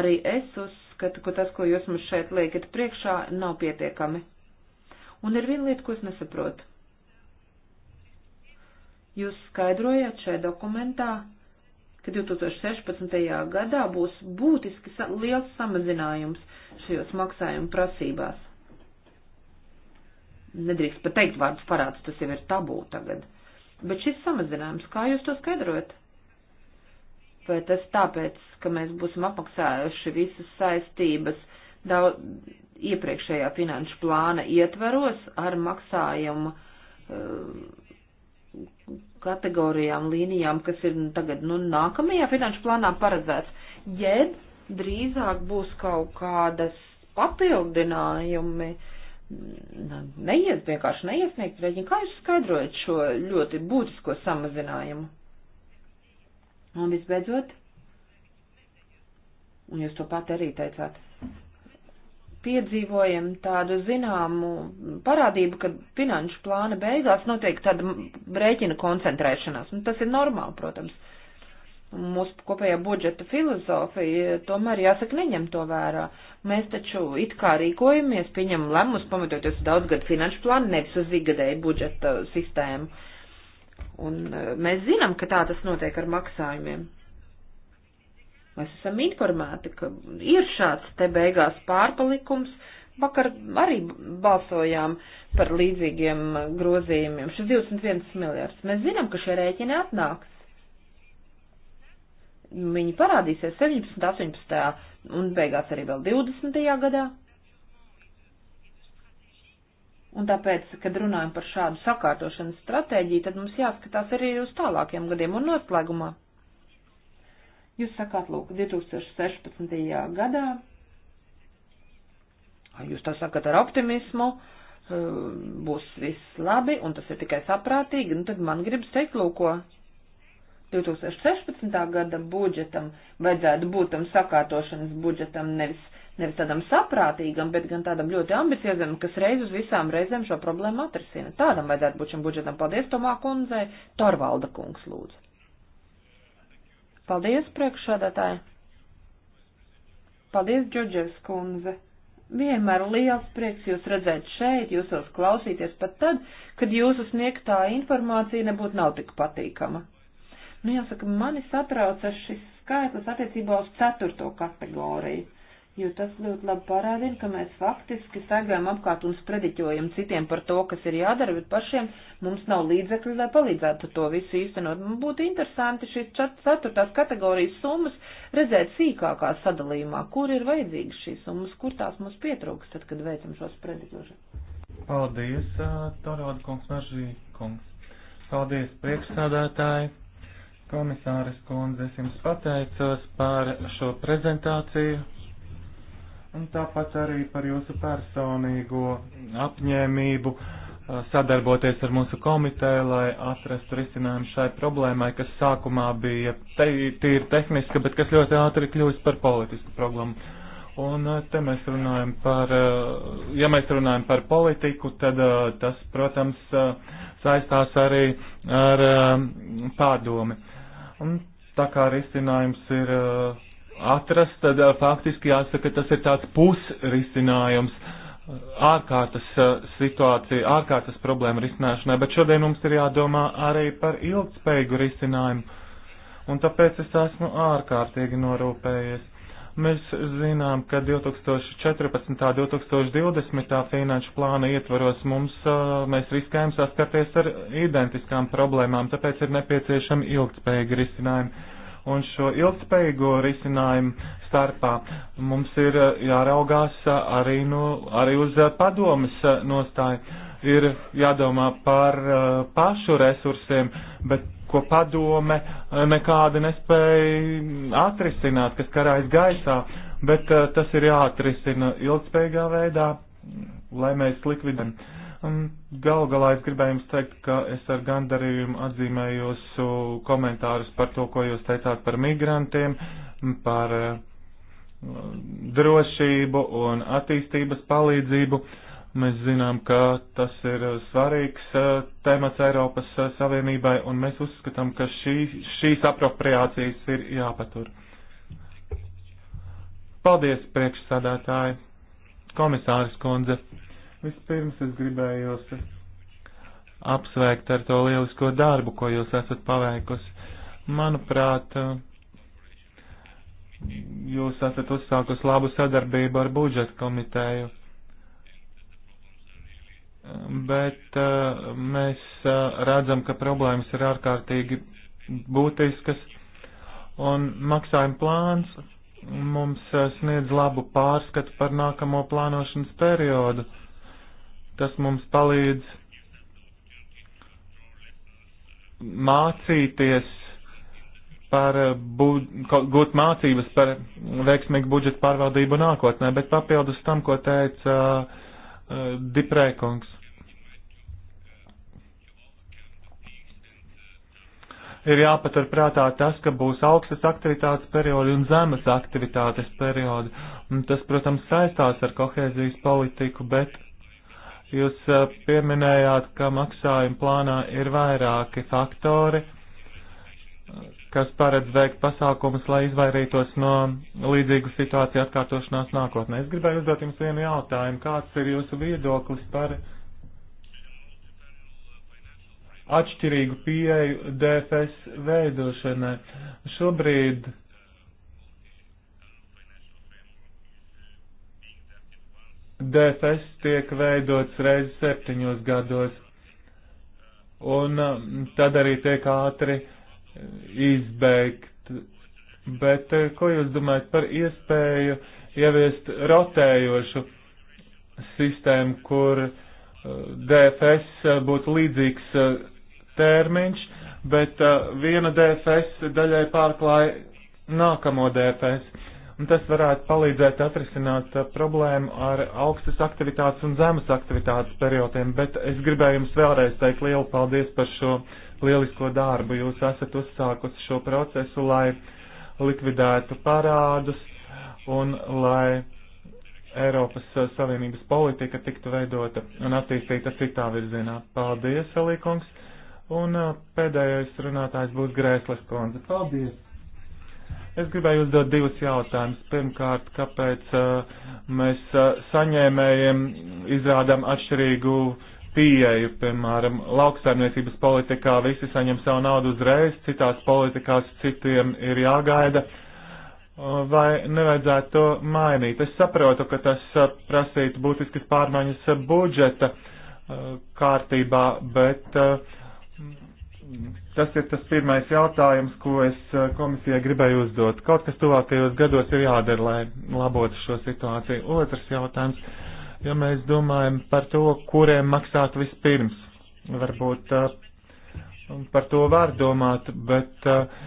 arī es uzskatu, ka tas, ko jūs mums šeit liekat priekšā, nav pietiekami. Un ir viena lieta, ko es nesaprotu. Jūs skaidrojāt šai dokumentā, ka 2016. gadā būs būtiski liels samazinājums šajos maksājumu prasībās. Nedrīkst pat teikt vārdus parāds, tas jau ir tabū tagad. Bet šis samazinājums, kā jūs to skaidrojat? Vai tas tāpēc, ka mēs būsim apmaksājuši visas saistības daudz iepriekšējā finanšu plāna ietveros ar maksājumu uh, kategorijām, līnijām, kas ir tagad, nu, nākamajā finanšu plānā paredzēts, jeb drīzāk būs kaut kādas papildinājumi, neies, vienkārši neiesniegt rēķini. Kā jūs skaidrojat šo ļoti būtisko samazinājumu? Un visbeidzot, un jūs to pat arī teicāt piedzīvojam tādu zināmu parādību, ka finanšu plāna beigās notiek tāda rēķina koncentrēšanās. Nu, tas ir normāli, protams. Mūsu kopējā budžeta filozofija tomēr jāsaka neņem to vērā. Mēs taču it kā rīkojamies, pieņemam lemus, pamatoties uz daudzgadu finanšu plānu, nevis uz ikgadēju budžeta sistēmu. Un e, mēs zinām, ka tā tas notiek ar maksājumiem. Mēs esam informēti, ka ir šāds te beigās pārpalikums. Vakar arī balsojām par līdzīgiem grozījumiem. Šis 21 miljards. Mēs zinām, ka šie rēķini atnāks. Viņi parādīsies 17, 18 un beigās arī vēl 20. gadā. Un tāpēc, kad runājam par šādu sakārtošanas stratēģiju, tad mums jāskatās arī uz tālākiem gadiem un noslēgumā. Jūs sakāt, lūk, 2016. gadā, jūs tā sakat ar optimismu, hm, būs viss labi, un tas ir tikai saprātīgi, nu tad man gribas teikt, lūk, 2016. gada budžetam vajadzētu būt tam sakārtošanas budžetam nevis, nevis tādam saprātīgam, bet gan tādam ļoti ambiciozam, kas reiz uz visām reizēm šo problēmu atrisina. Tādam vajadzētu būt šim budžetam. Paldies, Tomā kundze, Torvalda kungs lūdzu. Paldies, priekšsādātāji! Paldies, Džodžers kundze! Vienmēr liels prieks jūs redzēt šeit, jūs jūs klausīties pat tad, kad jūsu sniegtā informācija nebūtu nav tik patīkama. Nu, jāsaka, mani satrauca šis skaitlis attiecībā uz ceturto kategoriju jo tas ļoti labi parādina, ka mēs faktiski staigājam apkārt un sprediķojam citiem par to, kas ir jādara, bet pašiem mums nav līdzekļu, lai palīdzētu to visu īstenot. Man būtu interesanti šīs ceturtās kategorijas summas redzēt sīkākā sadalījumā, kur ir vajadzīgas šīs summas, kur tās mums pietrūks, tad, kad veicam šo sprediķošanu. Paldies, Torāda kungs, Meržī kungs. Paldies, priekšsādātāji. Komisāris kundze, es jums pateicos par šo prezentāciju, un tāpat arī par jūsu personīgo apņēmību uh, sadarboties ar mūsu komiteju, lai atrastu risinājumu šai problēmai, kas sākumā bija te, tīri tehniska, bet kas ļoti ātri kļūst par politisku problēmu. Un uh, te mēs runājam par, uh, ja mēs runājam par politiku, tad tas, protams, saistās arī ar um, pārdomi. Un tā kā risinājums ir atrast, tad eh, faktiski jāsaka, tas ir tāds pusrisinājums eh, ārkārtas eh, situācija, ārkārtas problēma risināšanai, bet šodien mums ir jādomā arī par ilgspējīgu risinājumu, un tāpēc es esmu ārkārtīgi norūpējies. Mēs zinām, ka 2014. un 2020. finanšu plāna ietvaros mums mēs riskējam saskarties ar identiskām problēmām, tāpēc ir nepieciešami ilgspējīgi risinājumi un šo ilgspējīgo risinājumu starpā. Mums ir eh, jāraugās eh, arī, nu, arī uz eh, padomas nostāju. Ir jādomā par pašu resursiem, bet ko padome nekādi nespēja atrisināt, kas karājas gaisā, bet tas ir jāatrisina ilgspējīgā veidā, lai mēs likvidam. Mm Galu galā es gribēju jums teikt, ka es ar gandarījumu atzīmēju jūsu komentārus par to, ko jūs teicāt par migrantiem, par eh, drošību un attīstības palīdzību. Mēs zinām, ka tas ir svarīgs eh, temats Eiropas eh, Savienībai, un mēs uzskatām, ka šī, šīs apropriācijas ir jāpatur. Paldies, priekšsādātāji, komisāris kundze. Vispirms es gribēju jūs apsveikt ar to lielisko darbu, ko jūs esat paveikusi. Manuprāt, jūs esat uzsākusi labu sadarbību ar budžeta komiteju bet uh, mēs uh, redzam, ka problēmas ir ārkārtīgi būtiskas, un maksājuma plāns mums uh, sniedz labu pārskatu par nākamo plānošanas periodu. Tas mums palīdz mācīties par, bud, gūt mācības par veiksmīgu budžetu pārvaldību nākotnē, bet papildus tam, ko teica uh, uh, Diprēkungs. Ir jāpatur prātā tas, ka būs augstas aktivitātes periodi un zemes aktivitātes periodi. Un tas, protams, saistās ar kohēzijas politiku, bet Jūs pieminējāt, ka maksājuma plānā ir vairāki faktori, kas paredz veikt pasākumus, lai izvairītos no līdzīgu situāciju atkārtošanās nākotnē. Es gribēju uzdot jums vienu jautājumu. Kāds ir jūsu viedoklis par atšķirīgu pieeju DFS veidošanai? Šobrīd DFS tiek veidots reizi septiņos gados, un um, tad arī tiek ātri uh, izbeigt. Bet uh, ko jūs domājat par iespēju ieviest rotējošu sistēmu, kur uh, DFS būtu līdzīgs termiņš, bet viena DFS daļai pārklāja nākamo DFS? un tas varētu palīdzēt atrisināt uh, problēmu ar augstas aktivitātes un zemes aktivitātes periodiem, bet es gribēju jums vēlreiz teikt lielu paldies par šo lielisko darbu. Jūs esat uzsākusi šo procesu, lai likvidētu parādus un lai Eiropas uh, Savienības politika tiktu veidota un attīstīta citā virzienā. Paldies, Alīkungs! Un uh, pēdējais runātājs būs Grēslis Konze. Paldies! Es gribēju uzdot divus jautājumus. Pirmkārt, kāpēc uh, mēs uh, saņēmējiem izrādām atšķirīgu pieeju, piemēram, lauksaimniecības politikā visi saņem savu naudu uzreiz, citās politikās citiem ir jāgaida. Uh, vai nevajadzētu to mainīt? Es saprotu, ka tas uh, prasītu būtiskas pārmaiņas uh, budžeta uh, kārtībā, bet uh, tas ir tas pirmais jautājums, ko es eh, komisijai gribēju uzdot. Kaut kas tuvākajos gados ir jādara, lai labotu šo situāciju. Otrs jautājums, ja mēs domājam par to, kuriem maksāt vispirms, varbūt eh, par to var domāt, bet eh,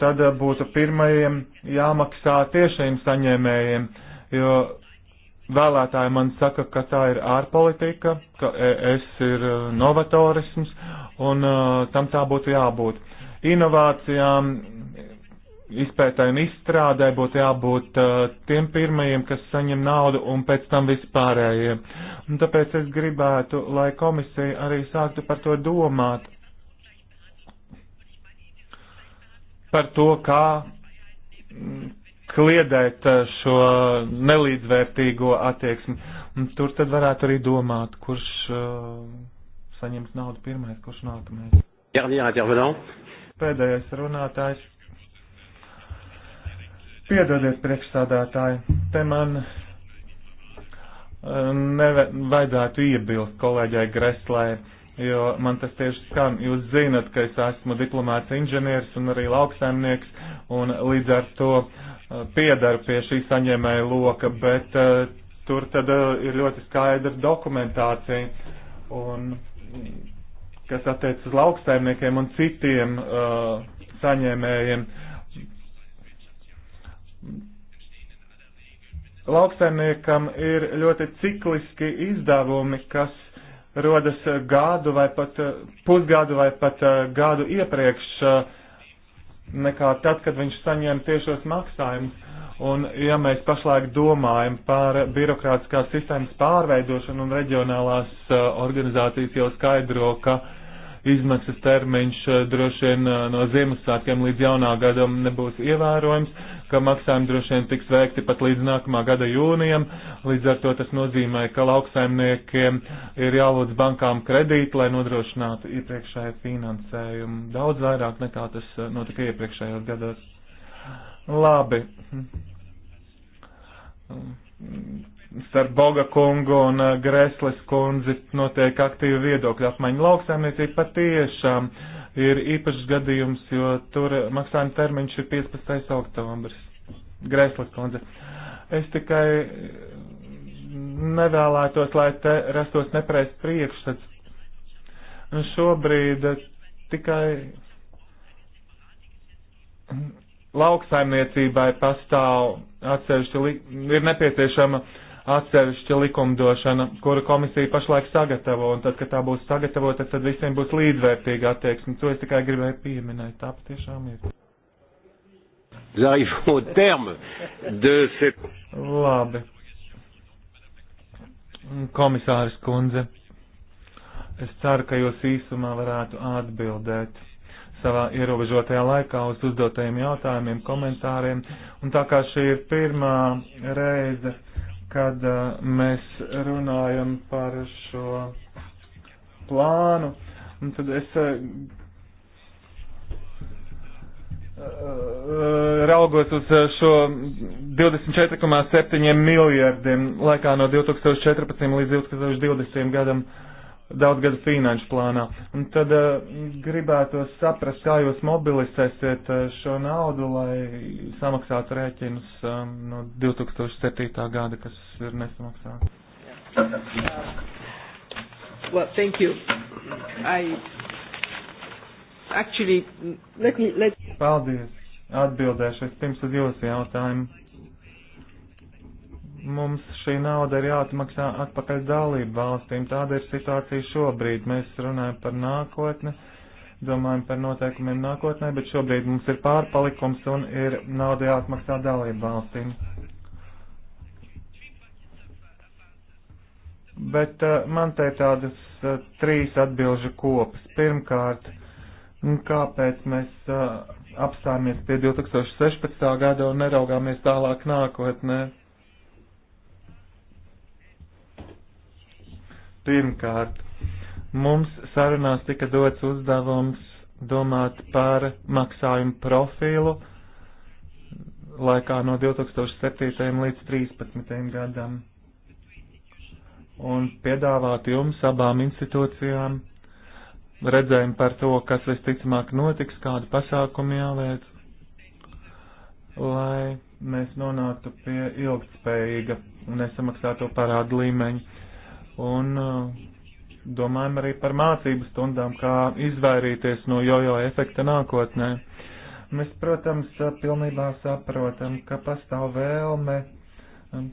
tad būtu pirmajiem jāmaksā tiešajiem saņēmējiem, jo Vēlētāji man saka, ka tā ir ārpolitika, ka es ir uh, novatorisms un uh, tam tā būtu jābūt. Inovācijām, izpētēm izstrādē būtu jābūt uh, tiem pirmajiem, kas saņem naudu un pēc tam vispārējie. Un tāpēc es gribētu, lai komisija arī sāktu par to domāt. Par to, kā kliedēt eh, šo nelīdzvērtīgo attieksmi. Un tur tad varētu arī domāt, kurš uh, saņems naudu pirmais, kurš nākamais. Pēdējais runātājs. Piedodiet priekšstādātāji, te man uh, eh, nevajadzētu iebilst kolēģai Greslē, jo man tas tieši skan. Jūs zinat, ka es esmu diplomāts inženieris un arī lauksaimnieks, un līdz ar to uh, Eh, piedara pie šī saņēmēja loka, bet eh, tur tad eh, ir ļoti skaidra dokumentācija, un, kas attiec uz lauksaimniekiem un citiem uh, saņēmējiem. Lauksaimniekam ir ļoti cikliski izdevumi, kas rodas gadu vai pat pusgadu vai pat uh, gadu iepriekš uh, nekā tad, kad viņš saņem tiešos maksājumus. Un, ja mēs pašlaik domājam par birokrātiskās sistēmas pārveidošanu un reģionālās uh, organizācijas jau skaidro, ka uh, izmaksas termiņš eh, droši vien eh, no Ziemassvētkiem līdz jaunā gadam nebūs ievērojams, ka maksājumi droši vien tiks veikti pat līdz nākamā gada jūnijam. Līdz ar to tas nozīmē, ka lauksaimniekiem ir jālūdz bankām kredīti, lai nodrošinātu iepriekšēju finansējumu daudz vairāk nekā tas eh, notika iepriekšējos gados. Labi starp Boga kungu un uh, Gresles kundzi notiek aktīva viedokļa apmaiņa. Lauksaimniecība patiešām ir īpašs gadījums, jo tur maksājuma termiņš ir 15. oktobris. Gresles kundze. Es tikai nevēlētos, lai te rastos nepareizs priekšsats. Šobrīd uh, tikai lauksaimniecībai pastāv atsevišķi, ir nepieciešama uh, atsevišķa likumdošana, kuru komisija pašlaik sagatavo, un tad, kad tā būs sagatavota, tad visiem būs līdzvērtīga attieksme. To es tikai gribēju pieminēt. Tā patiešām ir. Labi. Komisāris kundze, es ceru, ka jūs īsumā varētu atbildēt savā ierobežotajā laikā uz uzdotajiem jautājumiem, komentāriem. Un tā kā šī ir pirmā reize, kad eh, mēs runājam par šo plānu, un tad es eh, eh, raugos uz šo 24,7 miljardiem laikā no 2014 līdz 2020 gadam. Uh, daudzgadu finanšu plānā. Un tad uh, gribētu saprast, kā jūs mobilizēsiet uh, šo naudu, lai samaksātu rēķinus um, no 2007. gada, kas ir nesamaksāti. Uh, well, thank you. I actually, let me, let... Paldies. Atbildēšu es pirms uz jūsu jautājumu mums šī nauda ir jāatmaksā atpakaļ dalību valstīm. Tāda ir situācija šobrīd. Mēs runājam par nākotni, domājam par noteikumiem nākotnē, bet šobrīd mums ir pārpalikums un ir nauda jāatmaksā dalību valstīm. Bet uh, man te ir tādas uh, trīs atbilžu kopas. Pirmkārt, nu, kāpēc mēs uh, apstāmies pie 2016. gada un neraugāmies tālāk nākotnē? Ne? Pirmkārt, mums sarunās tika dots uzdevums domāt par maksājumu profilu laikā no 2007. līdz 2013. gadam un piedāvāt jums abām institūcijām redzējumu par to, kas visticamāk notiks, kādu pasākumu jāveic, lai mēs nonāktu pie ilgtspējīga un nesamaksāto parādu līmeņa un uh, domājam arī par mācību stundām, kā izvairīties no jojo efekta nākotnē. Mēs, protams, uh, pilnībā saprotam, ka pastāv vēlme um,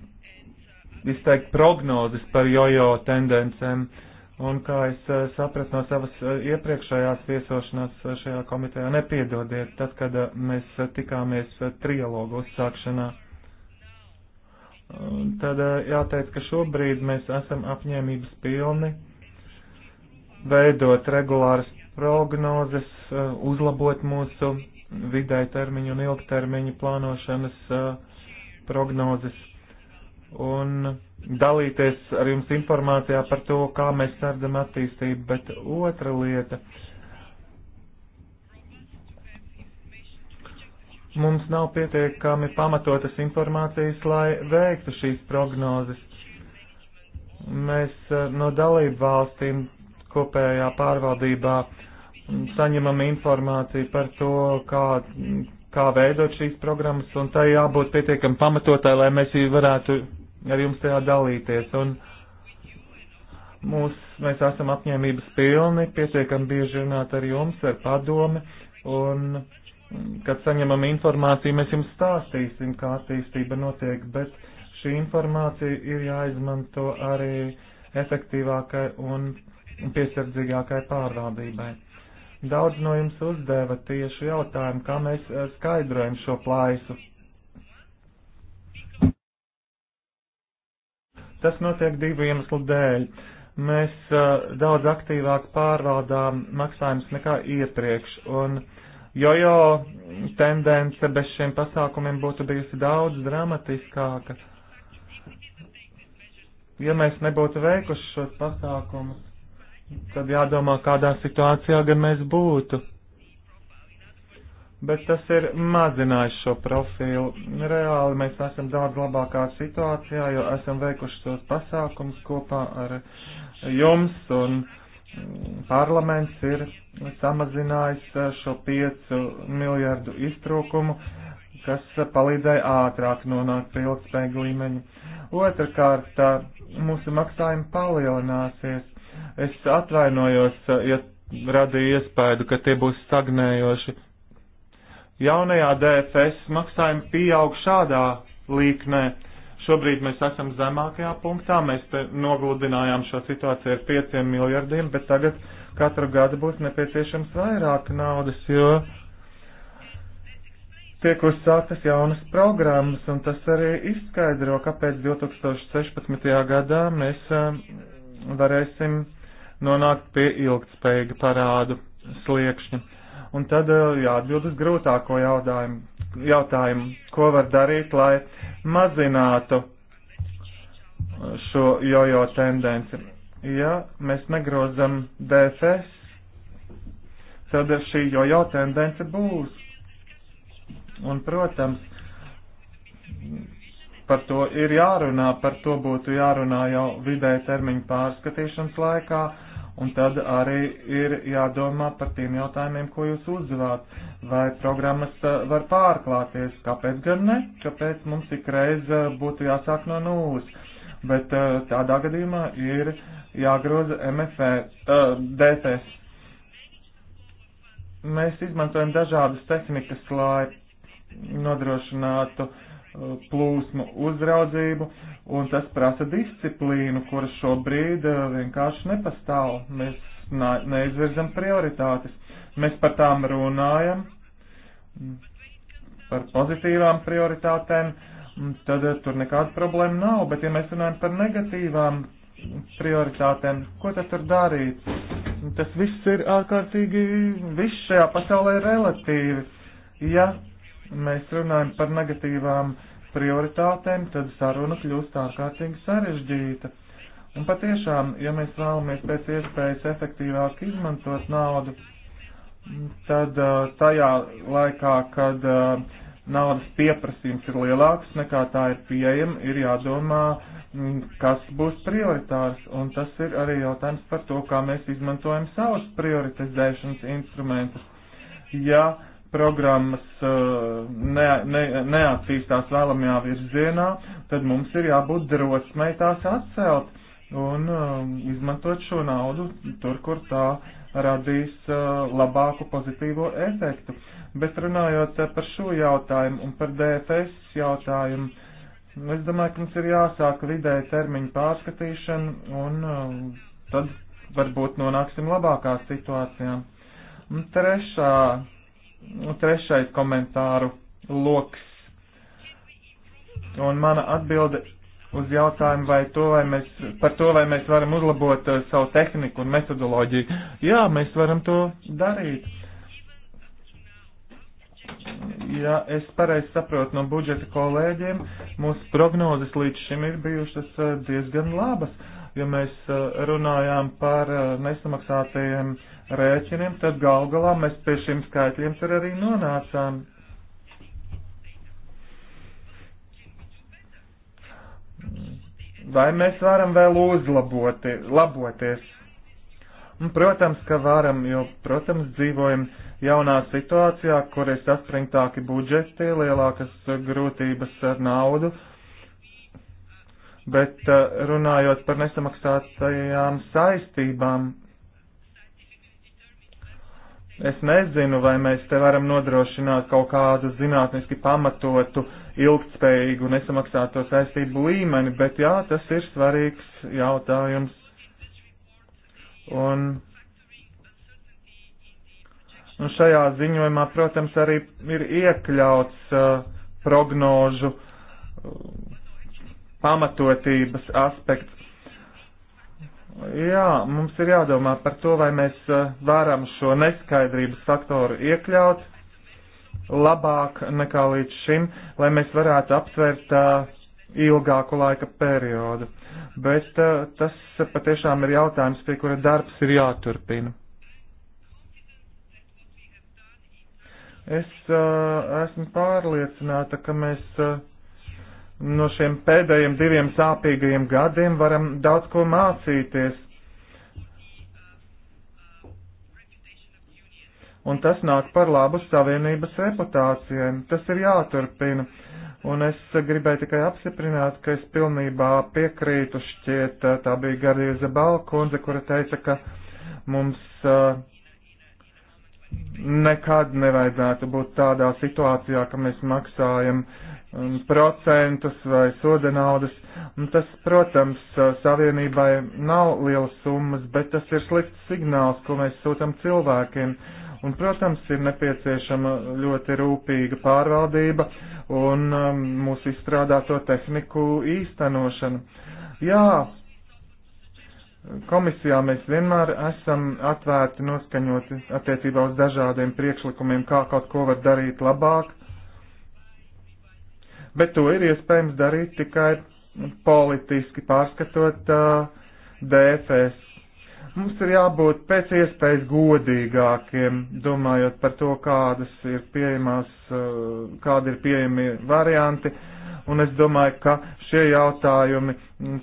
izteikt prognozes par jojo tendencēm. Un kā es uh, sapratu no savas iepriekšējās viesošanās šajā komitejā, nepiedodiet tas, kad mēs tikāmies trialogu uzsākšanā tad jāteic, ka šobrīd mēs esam apņēmības pilni veidot regulāras prognozes, uzlabot mūsu vidēja termiņu un ilgtermiņu plānošanas prognozes un dalīties ar jums informācijā par to, kā mēs sardam attīstību, bet otra lieta. Uh, mums nav pietiekami pamatotas informācijas, lai veiktu šīs prognozes. Mēs eh, no dalību valstīm kopējā pārvaldībā saņemam informāciju par to, kā, kā veidot šīs programmas, un tai jābūt pietiekami pamatotai, lai mēs varētu ar jums tajā dalīties. Un mūs, mēs esam apņēmības pilni, pietiekami bieži runāt ar jums, ar padomi, un uh, kad saņemam informāciju, mēs jums stāstīsim, kā attīstība notiek, bet šī informācija ir jāizmanto arī efektīvākai un piesardzīgākai pārvaldībai. Daudz no jums uzdeva tieši jautājumu, kā mēs eh, skaidrojam šo plaisu. Tas notiek divu iemeslu dēļ. Mēs uh, daudz aktīvāk pārvaldām maksājumus nekā iepriekš, un uh, jojo tendence bez šiem pasākumiem būtu bijusi daudz dramatiskāka. Ja mēs nebūtu veikuši šos pasākumus, tad jādomā, kādā situācijā gan mēs būtu. Bet tas ir mazinājis šo profilu. Reāli mēs esam daudz labākā situācijā, jo esam veikuši tos pasākumus kopā ar jums un uh, parlaments ir samazinājis eh, šo 5 miljardu iztrūkumu, kas eh, palīdzēja ātrāk nonākt pie ilgspējīga līmeņa. Otrakārt, eh, mūsu maksājumi palielināsies. Es atvainojos, ja radīju iespēju, ka tie būs stagnējoši. Jaunajā DFS maksājumi pieaug šādā līknē Šobrīd mēs esam zemākajā punktā, mēs nogludinājām šo situāciju ar 5 miljardiem, bet tagad katru gadu būs nepieciešams vairāk naudas, jo tiek uzsāktas jaunas programmas, un tas arī izskaidro, kāpēc 2016. gadā mēs um, varēsim nonākt pie ilgtspējīga parādu sliekšņa. Un tad eh, jāatbild uz grūtāko jautājumu, jautājumu, ko var darīt, lai mazinātu eh, šo jojo tendenci. Ja mēs negrozam DFS, tad šī jojo tendence būs. Un, protams, par to ir jārunā, par to būtu jārunā jau vidē termiņu pārskatīšanas laikā Un tad arī ir jādomā par tiem jautājumiem, ko jūs uzdevāt. Vai programmas eh, var pārklāties? Kāpēc gan ne? Kāpēc mums ikreiz eh, būtu jāsāk no nulles? Bet eh, tādā gadījumā ir jāgroza MFE, uh, DFS. Mēs izmantojam dažādas tehnikas, lai nodrošinātu uh, plūsmu uzraudzību, un tas prasa disciplīnu, kuras šobrīd eh, vienkārši nepastāv. Mēs neizvirzam prioritātes. Mēs par tām runājam, par pozitīvām prioritātēm, tad eh, tur nekāda problēma nav, bet ja mēs runājam par negatīvām prioritātēm, ko tad tur darīt? Tas viss ir ārkārtīgi, viss šajā pasaulē ir relatīvi. Ja mēs runājam par negatīvām prioritātēm, tad saruna kļūst ārkārtīgi sarežģīta. Un patiešām, ja mēs vēlamies pēc iespējas efektīvāk izmantot naudu, tad uh, tajā laikā, kad uh, naudas pieprasījums ir lielāks nekā tā ir pieejama, ir jādomā, mm, kas būs prioritārs. Un tas ir arī jautājums par to, kā mēs izmantojam savus prioritizēšanas instrumentus. Ja uh, programmas uh, ne, ne, neattīstās vēlamajā virzienā, tad mums ir jābūt drosmei tās atcelt un um, izmantot šo naudu tur, kur tā radīs uh, labāku pozitīvo efektu. Bet runājot uh, par šo jautājumu un par DFS jautājumu, es domāju, ka mums ir jāsāk vidēja termiņa pārskatīšana un um, tad varbūt nonāksim labākā situācijā. Un trešā trešais komentāru loks. Un mana atbilde uz jautājumu vai to, vai mēs, par to, vai mēs varam uzlabot uh, savu tehniku un metodoloģiju. Jā, mēs varam to darīt. Ja es pareizi saprotu no budžeta kolēģiem, mūsu prognozes līdz šim ir bijušas uh, diezgan labas. Uh, ja mēs eh, runājām par eh, nesamaksātajiem rēķiniem, tad gal galā mēs pie šiem skaitļiem tur arī nonācām. Vai mēs varam vēl uzlaboti, laboties? Un, protams, ka varam, jo, protams, dzīvojam jaunā situācijā, kur ir saspringtāki budžeti, lielākas eh, grūtības ar naudu, uh, bet uh, runājot par nesamaksātajām saistībām, es nezinu, vai mēs te varam nodrošināt kaut kādu zinātniski pamatotu, ilgtspējīgu nesamaksāto saistību līmeni, bet jā, tas ir svarīgs jautājums. Un, un šajā ziņojumā, protams, arī ir iekļauts uh, prognožu uh, pamatotības aspekts. Jā, mums ir jādomā par to, vai mēs eh, varam šo neskaidrības faktoru iekļaut labāk nekā līdz šim, lai mēs varētu aptvert uh, ilgāku laika periodu. Bet uh, tas patiešām ir jautājums, pie kura darbs ir jāturpina. Es uh, esmu pārliecināta, ka mēs. Uh, no šiem pēdējiem diviem sāpīgajiem gadiem varam daudz ko mācīties. Un tas nāk par labu savienības reputācijai. Tas ir jāturpina. Un es gribēju tikai apstiprināt, ka es pilnībā piekrītu šķiet, eh, tā bija Garīza Balkundze, kura teica, ka mums uh, nekad nevajadzētu būt tādā situācijā, ka mēs maksājam uh, Um, procentus vai soda naudas. Un tas, protams, uh, savienībai nav lielas summas, bet tas ir slikts signāls, ko mēs sūtam cilvēkiem. Un, protams, ir nepieciešama ļoti rūpīga pārvaldība un um, mūsu izstrādāto tehniku īstenošana. Jā, komisijā mēs vienmēr esam atvērti noskaņoti attiecībā uz dažādiem priekšlikumiem, kā kaut ko var darīt labāk bet to ir iespējams darīt tikai politiski pārskatot uh, DFS. Mums ir jābūt pēc iespējas godīgākiem, domājot par to, kādas ir pieejamās, uh, kādi ir pieejami varianti, un es domāju, ka šie jautājumi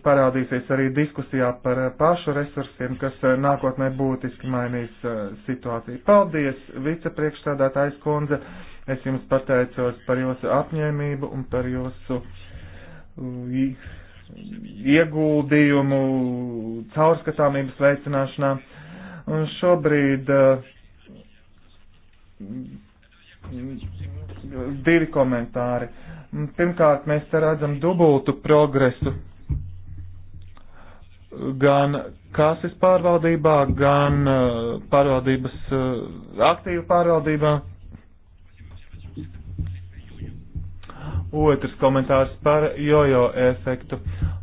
parādīsies arī diskusijā par pašu resursiem, kas nākotnē būtiski mainīs situāciju. Paldies, vicepriekšstādātājs kundze! Es jums pateicos par jūsu apņēmību un par jūsu uh, ieguldījumu caurskatāmības veicināšanā. Un šobrīd uh, divi komentāri. Pirmkārt, mēs te redzam dubultu progresu gan kāsis pārvaldībā, gan uh, pārvaldības uh, aktīvu pārvaldībā Otrs komentārs par jojo efektu.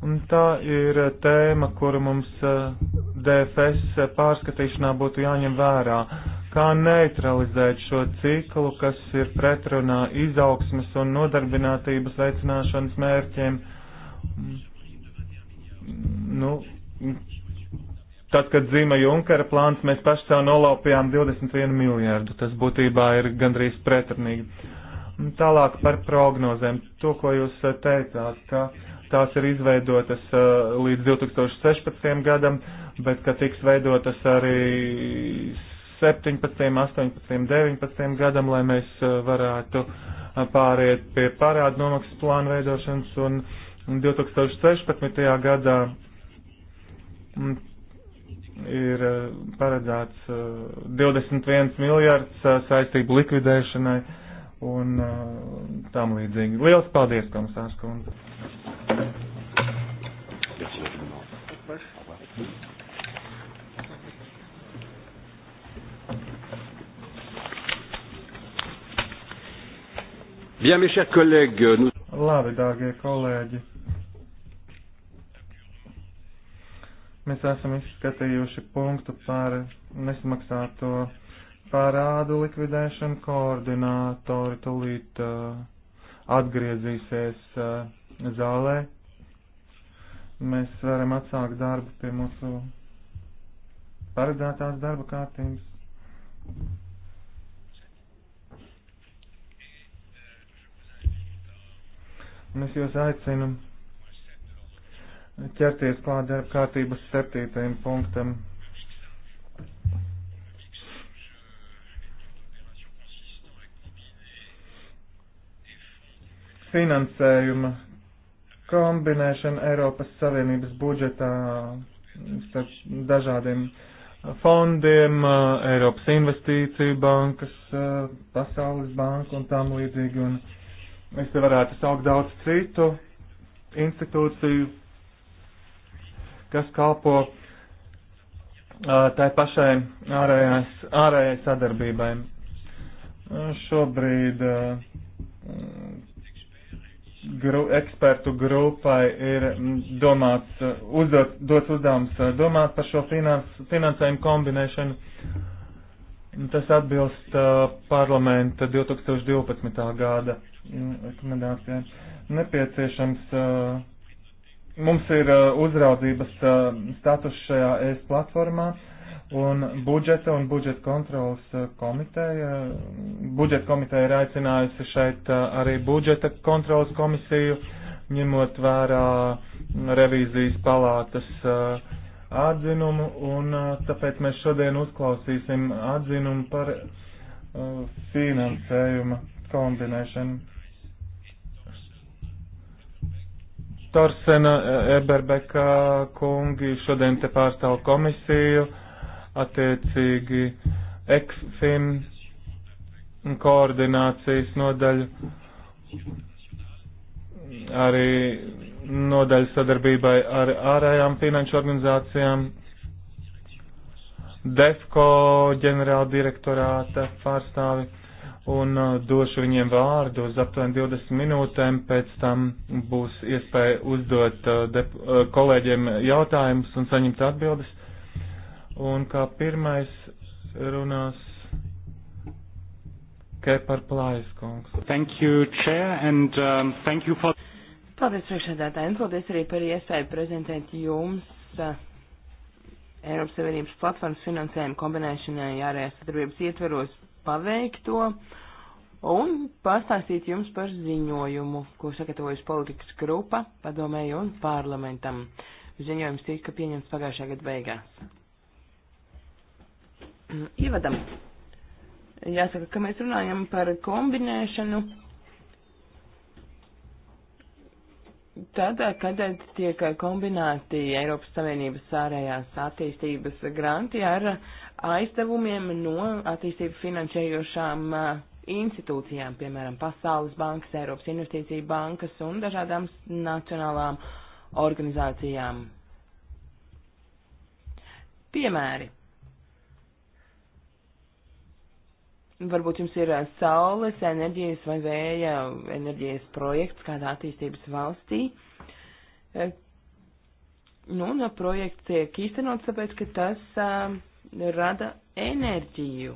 Un tā ir tēma, kuru mums eh, DFS pārskatīšanā būtu jāņem vērā. Kā neutralizēt šo ciklu, kas ir pretrunā izaugsmes un nodarbinātības veicināšanas mērķiem? Nu, tad, kad dzīva Junkara plāns, mēs paši sev nolaupījām 21 miljārdu. Tas būtībā ir gandrīz pretrunīgi. Tālāk par prognozēm. To, ko jūs eh, teicāt, ka tās ir izveidotas eh, līdz 2016. gadam, bet ka tiks veidotas arī 17, 18, 19 gadam, lai mēs eh, varētu pāriet pie parādu nomaksas plānu veidošanas un 2016. gadā mm, ir paredzēts 21 miljards saistību likvidēšanai un uh, tam līdzīgi. Lielas paldies, komisārs kundze! Bien, mes chers collègues, nous... Labi, dārgie kolēģi. Mēs esam izskatījuši punktu par nesmaksāto parādu likvidēšanu koordinātori tulīt uh, atgriezīsies uh, zālē. Mēs varam atsākt darbu pie mūsu paredzētās darba kārtības. Un es jūs aicinu ķerties klāt darba kārtības septītajam punktam. finansējuma kombinēšana Eiropas Savienības budžetā starp dažādiem fondiem, Eiropas investīciju bankas, Pasaules banka un tam līdzīgi. Un es te varētu saukt daudz citu institūciju, kas kalpo tai pašai ārējās, ārējai sadarbībai. Šobrīd uh, gru, ekspertu grupai ir mm, domāts, uh, uzdot, dots uzdevums uh, domāt par šo finans, finansējumu kombinēšanu. Tas atbilst uh, parlamenta 2012. gada mm, rekomendācijām. Nepieciešams, uh, mums ir uh, uzraudzības uh, status šajā ES platformā. Uh, Un budžeta un budžeta kontrolas uh, komiteja, budžeta komiteja ir aicinājusi šeit uh, arī budžeta kontrolas komisiju, ņemot vērā mm, revīzijas palātas uh, atzinumu, un tāpēc mēs šodien uzklausīsim atzinumu par finansējuma kombinēšanu. Torsena Eberbeka kungi šodien te pārstāv komisiju attiecīgi EXFIN koordinācijas nodaļu, arī nodaļu sadarbībai ar ārējām finanšu organizācijām, DEFCO ģenerāla direktorāta pārstāvi un uh, došu viņiem vārdu uz aptuveni 20 minūtēm, pēc tam būs iespēja uzdot uh, uh, kolēģiem jautājumus un saņemt atbildes. Un kā pirmais runās Kepar Plājas kungs. Thank you, Chair, and um, thank you for. Paldies priekšsēdētājiem, paldies arī par iespēju prezentēt jums uh, Eiropas Savienības platformas finansējumu kombinēšanai ārējās sadarbības ietveros paveikto un pastāstīt jums par ziņojumu, ko sagatavojas politikas grupa, padomēju un parlamentam. Ziņojums tika pieņemts pagājušā gada beigās ievadam. Jāsaka, ka mēs runājam par kombinēšanu. Tad, kad tiek kombinēti Eiropas Savienības ārējās attīstības granti ar aizdevumiem no attīstību finansējošām uh, institūcijām, piemēram, Pasaules bankas, Eiropas investīcija bankas un dažādām nacionālām organizācijām. Piemēri Varbūt jums ir eh, saules enerģijas vai vēja enerģijas projekts kādā attīstības valstī. Eh, nu, un eh, projekts tiek īstenots tāpēc, ka tas uh, rada enerģiju.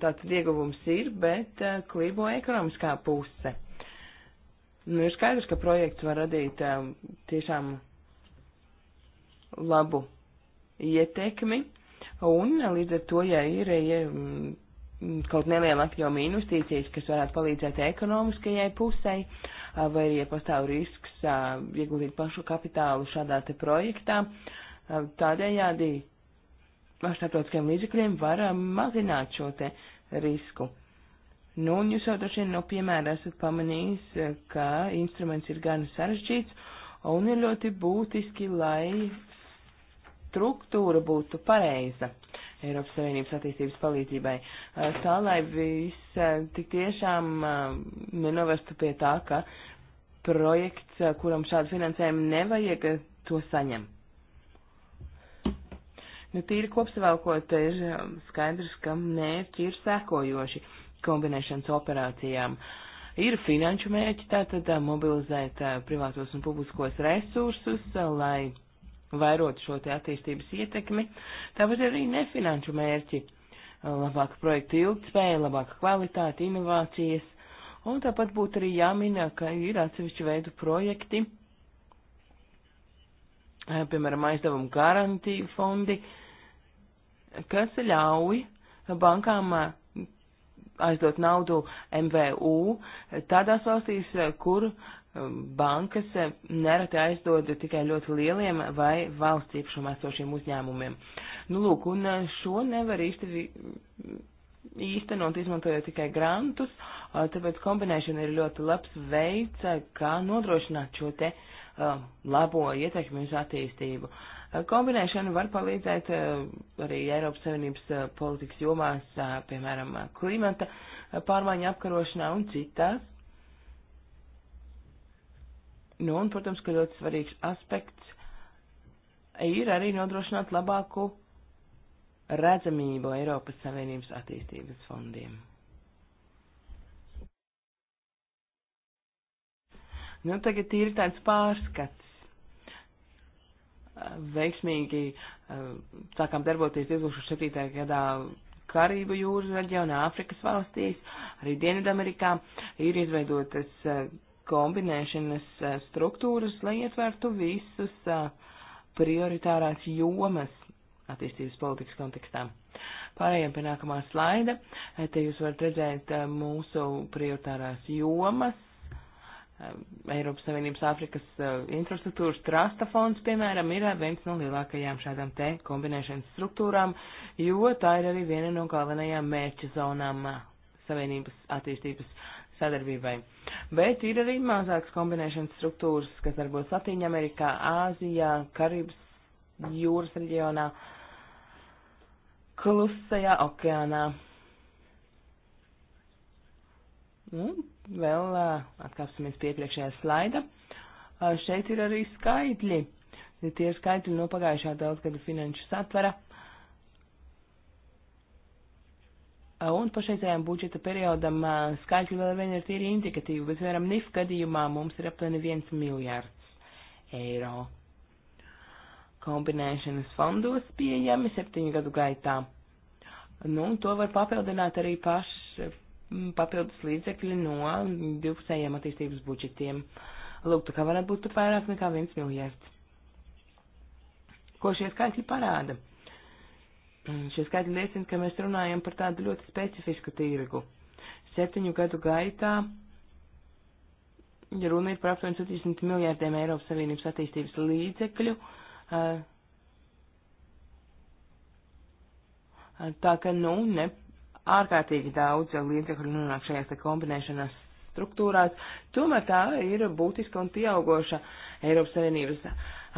Tāds ieguvums ir, bet uh, klībo ekonomiskā puse. Nu, ir skaidrs, ka projekts var radīt uh, tiešām labu ietekmi, un līdz ar to, ja ir ja, mm, kaut neliela apjoma investīcijas, kas varētu palīdzēt ekonomiskajai pusei, vai arī, ja pastāv risks ieguldīt pašu kapitālu šādā te projektā, tādējādi ar starptautiskiem līdzekļiem var mazināt šo te risku. Nu, un jūs jau droši vien no nu, piemēra esat pamanījis, ka instruments ir gan sarežģīts, un ir ļoti būtiski, lai struktūra būtu pareiza Eiropas Savienības attīstības palīdzībai, tā lai viss tik tiešām nenovestu pie tā, ka projekts, kuram šādu finansējumu nevajag, to saņem. Nu, tīri kopsavēlkot, ir skaidrs, ka mērķi ir sekojoši kombinēšanas operācijām. Ir finanšu mērķi, tātad mobilizēt privātos un publiskos resursus, lai vairot šo te attīstības ietekmi, tāpat arī nefinanšu mērķi - labāka projekta ilgtspēja, labāka kvalitāte, inovācijas, un tāpat būtu arī jāmina, ka ir atsevišķi veidu projekti, eh, piemēram, aizdevumu garantiju fondi, kas ļauj bankām eh, aizdot naudu MVU tādās valstīs, eh, kur bankas nereti aizdod tikai ļoti lieliem vai valsts īpašumā esošiem uzņēmumiem. Nu, lūk, un eh, šo nevar īsti īstenot, izmantojot tikai grantus, eh, tāpēc kombinēšana ir ļoti labs veids, eh, kā nodrošināt šo te labo ietekmi uz attīstību. Kombinēšana var palīdzēt arī Eiropas Savienības politikas jomās, piemēram, klimata pārmaiņu apkarošanā un citās Nu, un, protams, ka ļoti svarīgs aspekts ir arī nodrošināt labāku redzamību Eiropas Savienības attīstības fondiem. Nu, tagad ir tāds pārskats. Veiksmīgi eh, sākām darboties 2007. gadā Karību jūras reģionā, Āfrikas valstīs, arī Dienvidamerikā ir izveidotas eh, kombinēšanas eh, struktūras, lai ietvertu visus eh, prioritārās jomas attīstības politikas kontekstā. Pārējiem pie nākamā slaida. Eh, te jūs varat redzēt mūsu prioritārās jomas. Eiropas Savienības Āfrikas infrastruktūras trasta fonds, piemēram, ir viens no lielākajām šādām te kombinēšanas struktūrām, jo tā ir arī viena no galvenajām mērķa zonām Savienības attīstības sadarbībai. Bet ir arī mazākas kombinēšanas struktūras, kas darbojas Latvijā, Amerikā, Āzijā, Karibas jūras reģionā, Klusajā okeānā. Nu, vēl atkāpsimies pie priekšējā slaida. Šeit ir arī skaitļi. Tie ir skaitļi no pagājušā daudzgada finanšu satvera Un pašreizējām budžeta periodam skaitļi vēl vien ir tīri indikatīvi, bet, piemēram, NIF gadījumā mums ir aptuveni 1 miljārds eiro kombinēšanas fondos pieejami septiņu gadu gaitā. Nu, un to var papildināt arī paši papildus līdzekļi no divpusējiem attīstības budžetiem. Lūk, tā kā varētu būt pat vairāk nekā viens miljards. Ko šie skaitļi parāda? Šie skaidri liecina, ka mēs runājam par tādu ļoti specifisku tirgu. Septiņu gadu gaitā ja runa ir par aptuveni 70 miljārdiem Eiropas Savienības attīstības līdzekļu. Eh, tā ka, nu, ne ārkārtīgi daudz līdzekļu nonāk šajās te kombinēšanās struktūrās, tomēr tā ir būtiska un pieaugoša Eiropas Savienības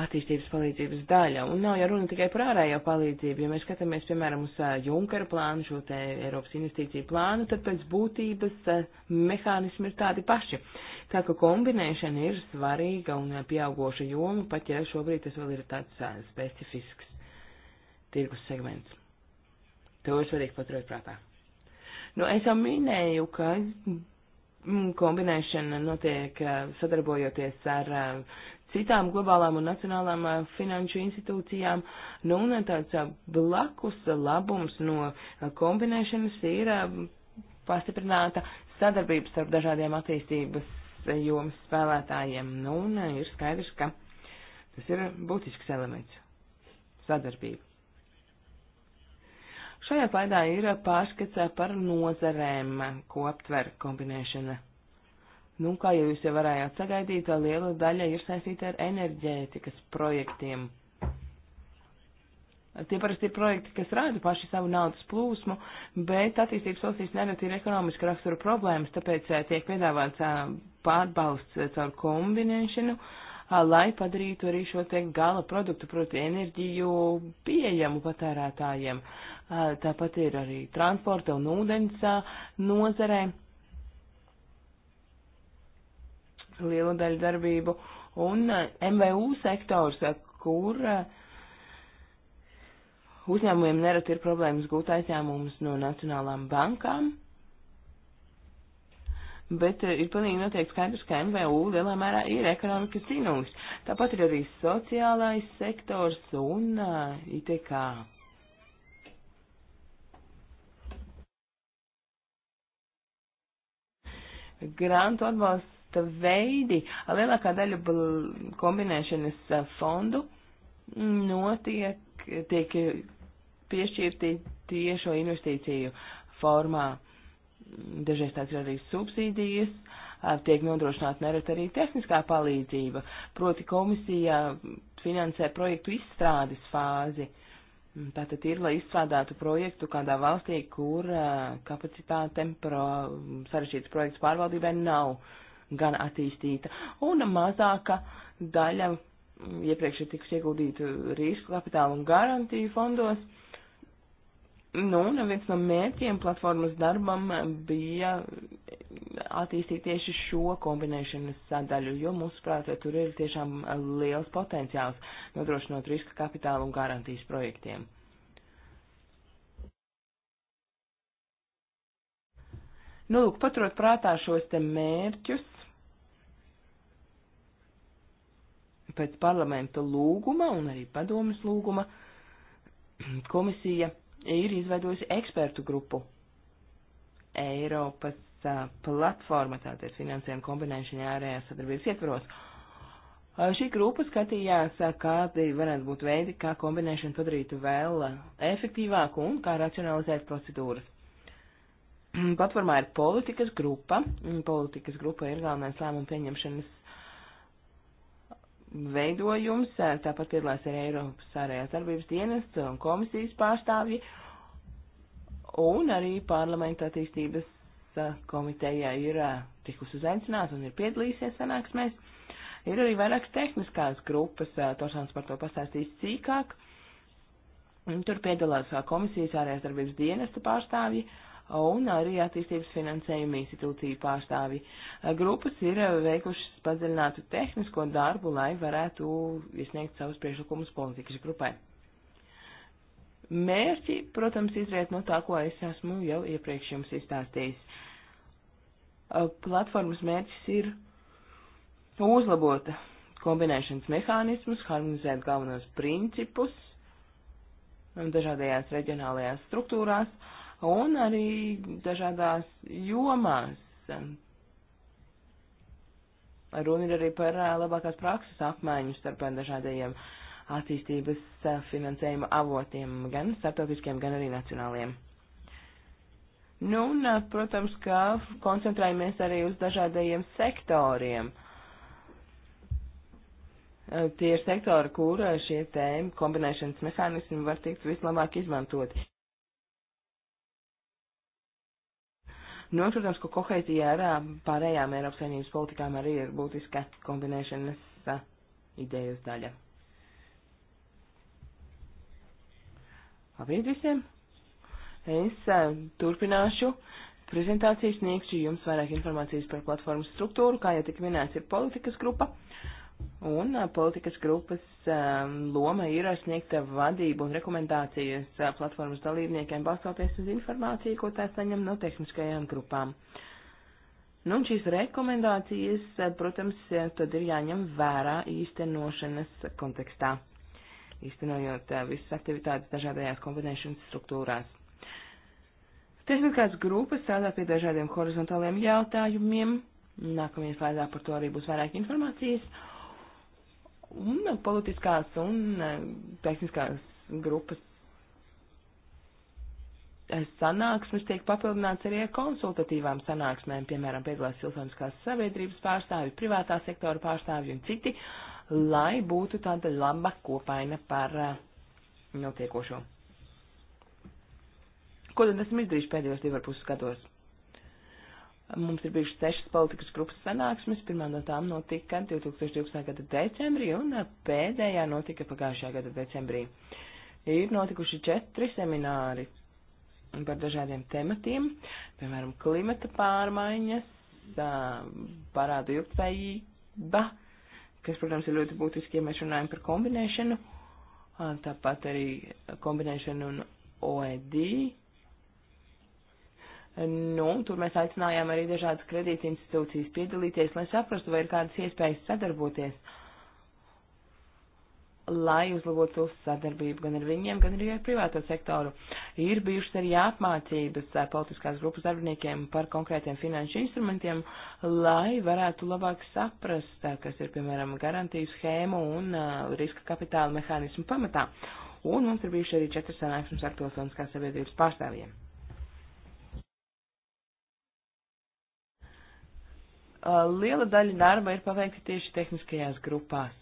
attīstības palīdzības daļa. Un nav jau runa tikai par ārējo palīdzību. Ja mēs skatāmies, piemēram, uz Junkera plānu, šo te Eiropas investīciju plānu, tad pēc būtības mehānismi ir tādi paši. Tā ka kombinēšana ir svarīga un pieaugoša joma, pat ja šobrīd tas vēl ir tāds specifisks tirgus segments. To ir svarīgi paturēt prātā. Nu, es jau minēju, ka mm, kombinēšana notiek sadarbojoties ar uh, citām globālām un nacionālām finanšu institūcijām. Nu, un tāds blakus labums no kombinēšanas ir pastiprināta sadarbības starp dažādiem attīstības jomas spēlētājiem. Nu, un ir skaidrs, ka tas ir būtisks elements - sadarbība. Šajā slaidā ir pārskats par nozarēm, ko aptver kombinēšana Nu, kā jau jūs jau varējāt sagaidīt, liela daļa ir saistīta ar enerģētikas projektiem. Tie parasti ir projekti, kas rada paši savu naudas plūsmu, bet attīstības valstīs nereti ir ekonomiski rakstura problēmas, tāpēc eh, tiek piedāvāts eh, pārbalsts eh, caur kombinēšanu, lai padarītu arī šo te gala produktu, proti enerģiju, pieejamu patērētājiem. Tāpat ir arī transporta un ūdens nozarē lielu daļu darbību, un eh, MVU sektors, eh, kur eh, uzņēmumiem nerad ir problēmas gūt aizņēmumus no nacionālām bankām, bet ir pilnīgi noteikti skaidrs, ka MVU lielā mērā ir ekonomikas zinūks. Tāpat ir arī sociālais sektors un ITK. Grantu atbalsts veidi. Lielākā daļa kombinēšanas fondu notiek, tiek piešķirti tiešo investīciju formā. Dažreiz tās ir arī subsīdijas, tiek nodrošināta nereti arī tehniskā palīdzība, proti komisija finansē projektu izstrādes fāzi. Tātad ir, lai izstrādātu projektu kādā valstī, kur kapacitātēm pro, sarešķītas projekts pārvaldībai nav. Uh, gan attīstīta, un mazāka daļa mm, iepriekš ir tikusi ieguldīta risku kapitāla un garantiju fondos. Nu, un viens no mērķiem platformas darbam bija attīstīt tieši šo kombinēšanas sadaļu, jo, mūsuprāt, tur ir tiešām liels potenciāls nodrošinot riska kapitālu un garantijas projektiem. Nu, lūk, paturot prātā šos te mērķus, pēc parlamenta lūguma un arī padomas lūguma komisija ir izveidojusi ekspertu grupu. Eiropas uh, platforma, tātad finansējuma kombinēšana ārējās sadarbības ietvaros. Uh, šī grupa skatījās, uh, kādi varētu būt veidi, kā kombinēšanu padarītu vēl efektīvāku un kā racionalizēt procedūras. Platformā ir politikas grupa, un politikas grupa ir galvenais lēmumu pieņemšanas veidojums, eh, tāpat piedalās arī Eiropas ārējās darbības dienests un komisijas pārstāvji, un arī parlamenta attīstības eh, komitejā ir eh, tikus uzaicināts un ir piedalīsies sanāksmēs. Ir arī vairākas tehniskās grupas, Tošāns par to pastāstīs cīkāk. Tur piedalās komisijas ārējās darbības dienesta pārstāvji, uh, un arī attīstības finansējuma institūciju pārstāvji. Grupas ir veikušas padziļinātu tehnisko darbu, lai varētu iesniegt savus priekšlikumus politikas grupai. Mērķi, protams, izriet no tā, ko es esmu jau iepriekš jums izstāstījis. Platformas mērķis ir uzlabota kombinēšanas mehānismus, harmonizēt galvenos principus dažādajās reģionālajās struktūrās, uh, un arī dažādās jomās. Runa ir arī par labākās prakses apmaiņu starp dažādajiem attīstības finansējuma avotiem, gan starptautiskiem, gan arī nacionāliem. Nu, un, protams, ka koncentrējamies arī uz dažādajiem sektoriem. Tie ir sektori, kur šie tēma kombinēšanas mehānismi var tikt vislabāk izmantoti. Nu, protams, ka kohēzija ar pārējām Eiropas saimnības politikām arī ir būtiska kombinēšanas idejas daļa. Labrīt visiem! Es turpināšu prezentāciju, sniegšu jums vairāk informācijas par platformas struktūru, kā jau tik minēts, ir politikas grupa. Uh, Un uh, politikas grupas um, loma ir sniegt vadību un rekomendācijas uh, platformas dalībniekiem balstoties uz informāciju, ko tā saņem no tehniskajām grupām. Nu, un šīs rekomendācijas, uh, protams, tad ir jāņem vērā īstenošanas kontekstā, īstenojot visas aktivitātes dažādajās kombinēšanas struktūrās. Tehniskās grupas strādā pie dažādiem horizontāliem jautājumiem. Nākamajā slaidā par to arī būs vairāk informācijas. Un politiskās un e, tehniskās grupas sanāksmes tiek papildināts arī ar konsultatīvām sanāksmēm, piemēram, piedalās pilsoniskās sabiedrības pārstāvji, privātā sektora pārstāvji un citi, lai būtu tāda laba kopaina par e, notiekošo. Ko tad esam izdarījuši pēdējos divarpus gados? Mums ir bijušas sešas politikas grupas sanāksmes, pirmā no tām notika 2020. gada decembrī un pēdējā notika pagājušā gada decembrī. Ir notikuši četri semināri par dažādiem tematiem, piemēram, klimata pārmaiņas, parādu ilgtspējība, kas, protams, ir ļoti būtiski, ja mēs runājam par kombinēšanu, tāpat arī kombinēšanu un OED Nu, tur mēs aicinājām arī dažādas kredītas institūcijas piedalīties, lai saprastu, vai ir kādas iespējas sadarboties, lai uzlabotu mūsu sadarbību gan ar viņiem, gan arī ar privāto sektoru. Ir bijušas arī apmācības politiskās grupas darbiniekiem par konkrētiem finanšu instrumentiem, lai varētu labāk saprast, kas ir, piemēram, garantiju schēmu un uh, riska kapitāla mehānismu pamatā. Un mums ir bijuši arī četras sanāksmes ar pilsoniskās sabiedrības pārstāvjiem. Uh, liela daļa darba ir paveikta tieši tehniskajās grupās.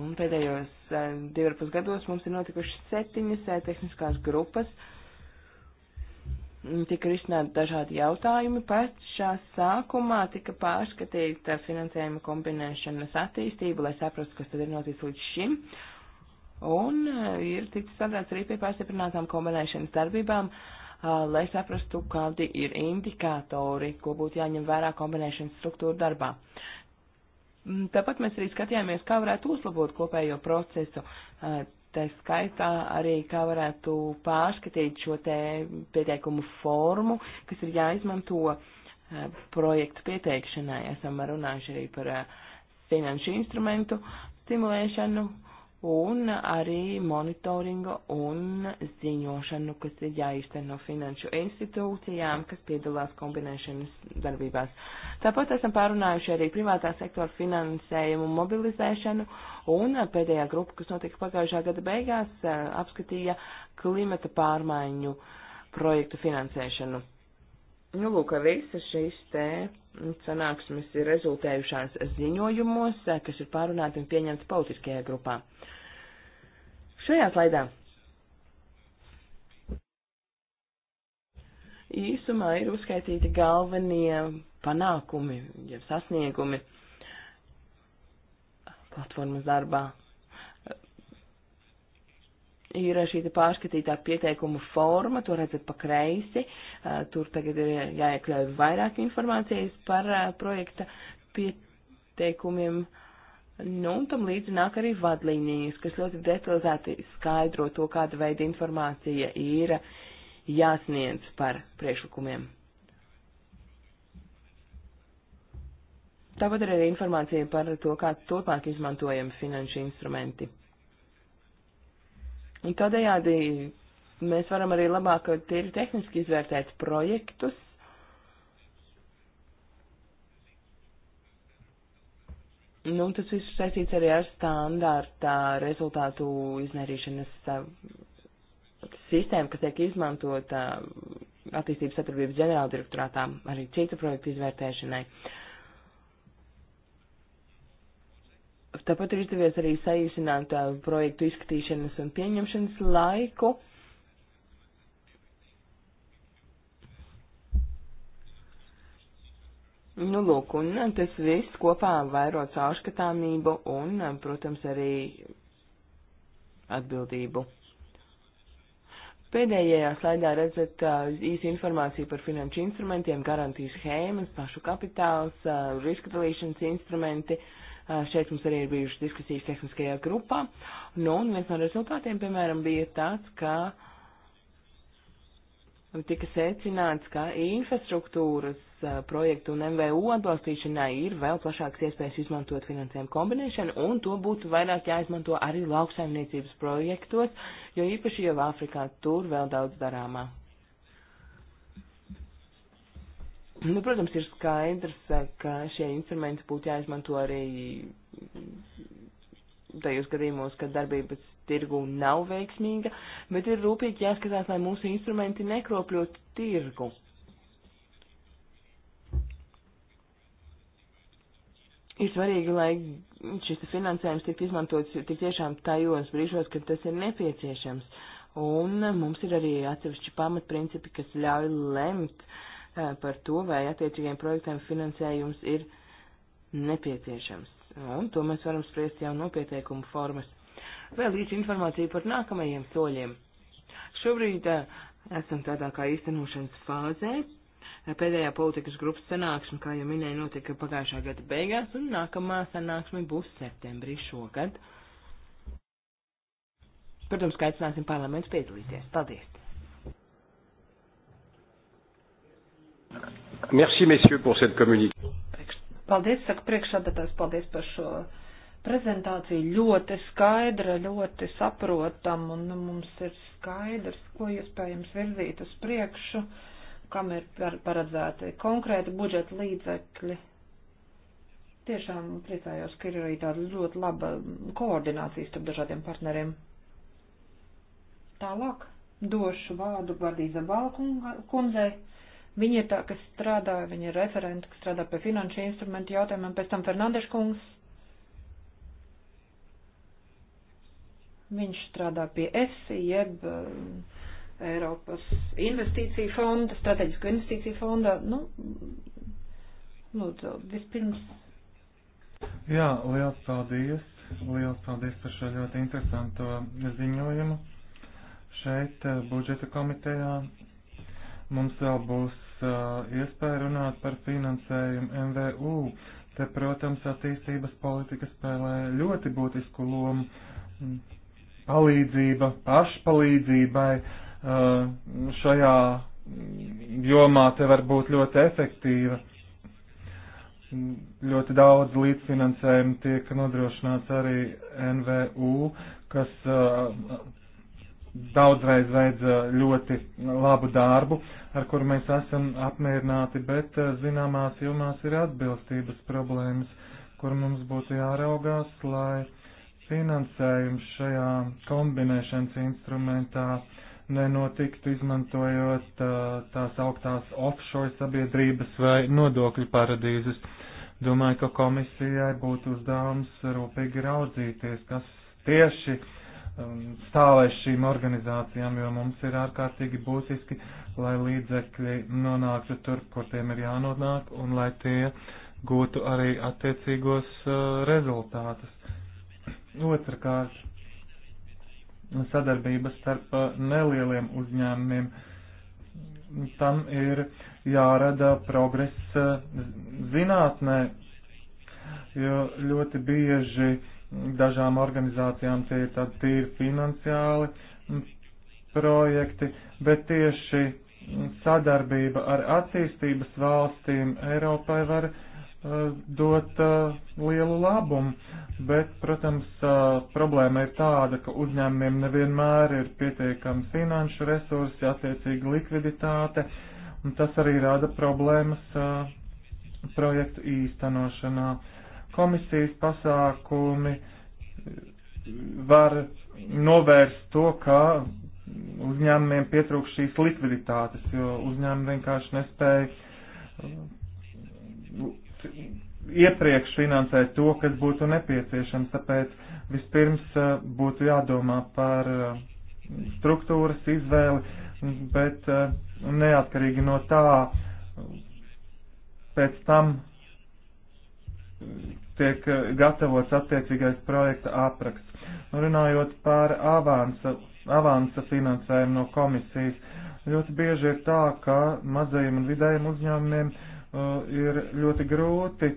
Un pēdējos um, divarpus gados mums ir notikušas septiņas uh, tehniskās grupas. Tika risināti dažādi jautājumi. Pēc šā sākumā tika pārskatīta finansējuma kombinēšanas attīstība, lai saprastu, kas tad ir noticis līdz šim. Un uh, ir ticis strādāts arī pie pārstiprinātām kombinēšanas darbībām. Uh, Uh, lai saprastu, kādi ir indikātori, ko būtu jāņem vērā kombinēšanas struktūra darbā. Mm, tāpat mēs arī skatījāmies, kā varētu uzlabot kopējo procesu. Uh, tā skaitā arī, kā varētu pārskatīt šo te pieteikumu formu, kas ir jāizmanto uh, projektu pieteikšanai. Esam runājuši arī par finanšu instrumentu stimulēšanu, uh, un arī monitoringa un ziņošanu, kas ir jāizteno finanšu institūcijām, kas piedalās kombinēšanas darbībās. Tāpat esam pārunājuši arī privātā sektora finansējumu mobilizēšanu, un pēdējā grupa, kas notika pagājušā gada beigās, eh, apskatīja klimata pārmaiņu projektu finansēšanu. Nu, lūk, visas šīs te sanāksmes ir rezultējušās ziņojumos, eh, kas ir pārunāti un pieņemti politiskajā grupā. Šajā slaidā īsumā ir uzskaitīti galvenie panākumi, ja sasniegumi platformas darbā ir šī pārskatītā pieteikuma forma, to redzat pa kreisi. Uh, tur tagad ir jāiekļauj vairāk informācijas par uh, projekta pieteikumiem. Nu, un tam līdzi nāk arī vadlīnijas, kas ļoti detalizēti skaidro to, kāda veida informācija ir jāsniedz par priekšlikumiem. Tāpat arī informācija par to, kā turpmāk izmantojami finanšu instrumenti. Un tādējādi mēs varam arī labāk tīri tehniski izvērtēt projektus. Nu, tas viss ir saistīts arī ar standārta rezultātu izmērīšanas sistēmu, kas tiek izmantota attīstības satarbības ģenerāldirektorātām, arī citu projektu izvērtēšanai. Uh, Tāpat ir izdevies arī saīsināt projektu izskatīšanas un pieņemšanas laiku. Nu, lūk, un tas viss kopā vairo caurskatāmību un, protams, arī atbildību. Pēdējajā slaidā redzat īsi informāciju par finanšu instrumentiem, garantijas schēmas, pašu kapitāls, riska dalīšanas instrumenti. Uh, Šeit mums arī ir bijušas diskusijas tehniskajā grupā. Nu, un viens no rezultātiem, piemēram, bija tāds, ka tika secināts, ka infrastruktūras projektu un MVU atbalstīšanai ir vēl plašākas iespējas izmantot finansējumu kombinēšanu, un to būtu vairāk jāizmanto arī lauksaimniecības projektos, jo īpaši jau Āfrikā tur vēl daudz darāmā. Nu, protams, ir skaidrs, eh, ka šie instrumenti būtu jāizmanto arī tajos gadījumos, kad darbības tirgu nav veiksmīga, bet ir rūpīgi jāskatās, lai mūsu instrumenti nekropļotu tirgu. Ir svarīgi, lai šis finansējums tiktu izmantots tik tiešām tajos brīžos, kad tas ir nepieciešams. Un mums ir arī atsevišķi pamatprincipi, kas ļauj lemt uh, par to, vai attiecīgiem projektiem finansējums ir nepieciešams. Un to mēs varam spriest jau no pieteikuma formas. Vēl īsi informācija par nākamajiem soļiem. Šobrīd esam tādā kā īstenošanas fāzē. Pēdējā politikas grupas sanāksme, kā jau minēju, notika pagājušā gada beigās, un nākamā sanāksme būs septembrī šogad. Protams, ka aicināsim parlaments piedalīties. Paldies! Merci, messieurs, pour cette communication. Paldies, saka priekšsādātājs, paldies par šo prezentāciju. Ļoti skaidra, ļoti saprotam, un nu, mums ir skaidrs, ko iespējams virzīt uz priekšu, kam ir paredzēti konkrēti budžeta līdzekļi. Tiešām priecājos, ka ir arī tāda ļoti laba koordinācija starp dažādiem partneriem. Tālāk došu vārdu Gardīza Balkundzei Viņa ir tā, kas strādā, viņa ir referenta, kas strādā pie finanšu instrumentu jautājumiem, pēc tam Fernandeša kungs. Viņš strādā pie ESI, jeb eh, Eiropas investīciju fonda, strateģisku investīciju fonda. Nu, lūdzu, vispirms. Jā, liels paldies. Liels paldies par šo ļoti interesanto ziņojumu. Šeit eh, budžeta komitejā Mums vēl būs uh, iespēja runāt par finansējumu MVU. Te, protams, attīstības politika spēlē ļoti būtisku lomu. Mm. Palīdzība, pašpalīdzībai uh, šajā jomā te var būt ļoti efektīva mm, ļoti daudz līdzfinansējumu tiek nodrošināts arī NVU, kas uh, daudzreiz veic eh, ļoti labu darbu, ar kuru mēs esam apmierināti, bet eh, zināmās jomās ir atbilstības problēmas, kur mums būtu jāraugās, lai finansējums šajā kombinēšanas instrumentā nenotiktu izmantojot eh, tās augtās offshore sabiedrības vai nodokļu paradīzes. Domāju, ka komisijai būtu uzdevums rūpīgi raudzīties, kas tieši uh, Um, stāvēs šīm organizācijām, jo mums ir ārkārtīgi būtiski, lai līdzekļi nonāktu tur, kur tiem ir jānonāk, un lai tie gūtu arī attiecīgos uh, rezultātus. Otrakārt, sadarbības starp uh, nelieliem uzņēmumiem. Tam ir jārada progress uh, zinātnē, jo ļoti bieži uh, Dažām organizācijām tie ir tādi tīri finansiāli projekti, bet tieši sadarbība ar attīstības valstīm Eiropai var eh, dot uh, lielu labumu, bet, protams, uh, problēma ir tāda, ka uzņēmumiem nevienmēr ir pietiekami finanšu resursi, attiecīgi likviditāte, un tas arī rada problēmas uh, projektu īstenošanā. Uh, Komisijas pasākumi var novērst to, ka uzņēmumiem pietrūkst šīs likviditātes, jo uzņēmumi vienkārši nespēja uh, iepriekš finansēt to, kas būtu nepieciešams. Tāpēc vispirms uh, būtu jādomā par uh, struktūras izvēli, bet neatkarīgi no tā, pēc tam tiek eh, gatavots attiecīgais projekta apraksts. Runājot par avansa, avansa finansējumu no komisijas, ļoti bieži ir tā, ka mazajiem un vidējiem uzņēmumiem uh, ir ļoti grūti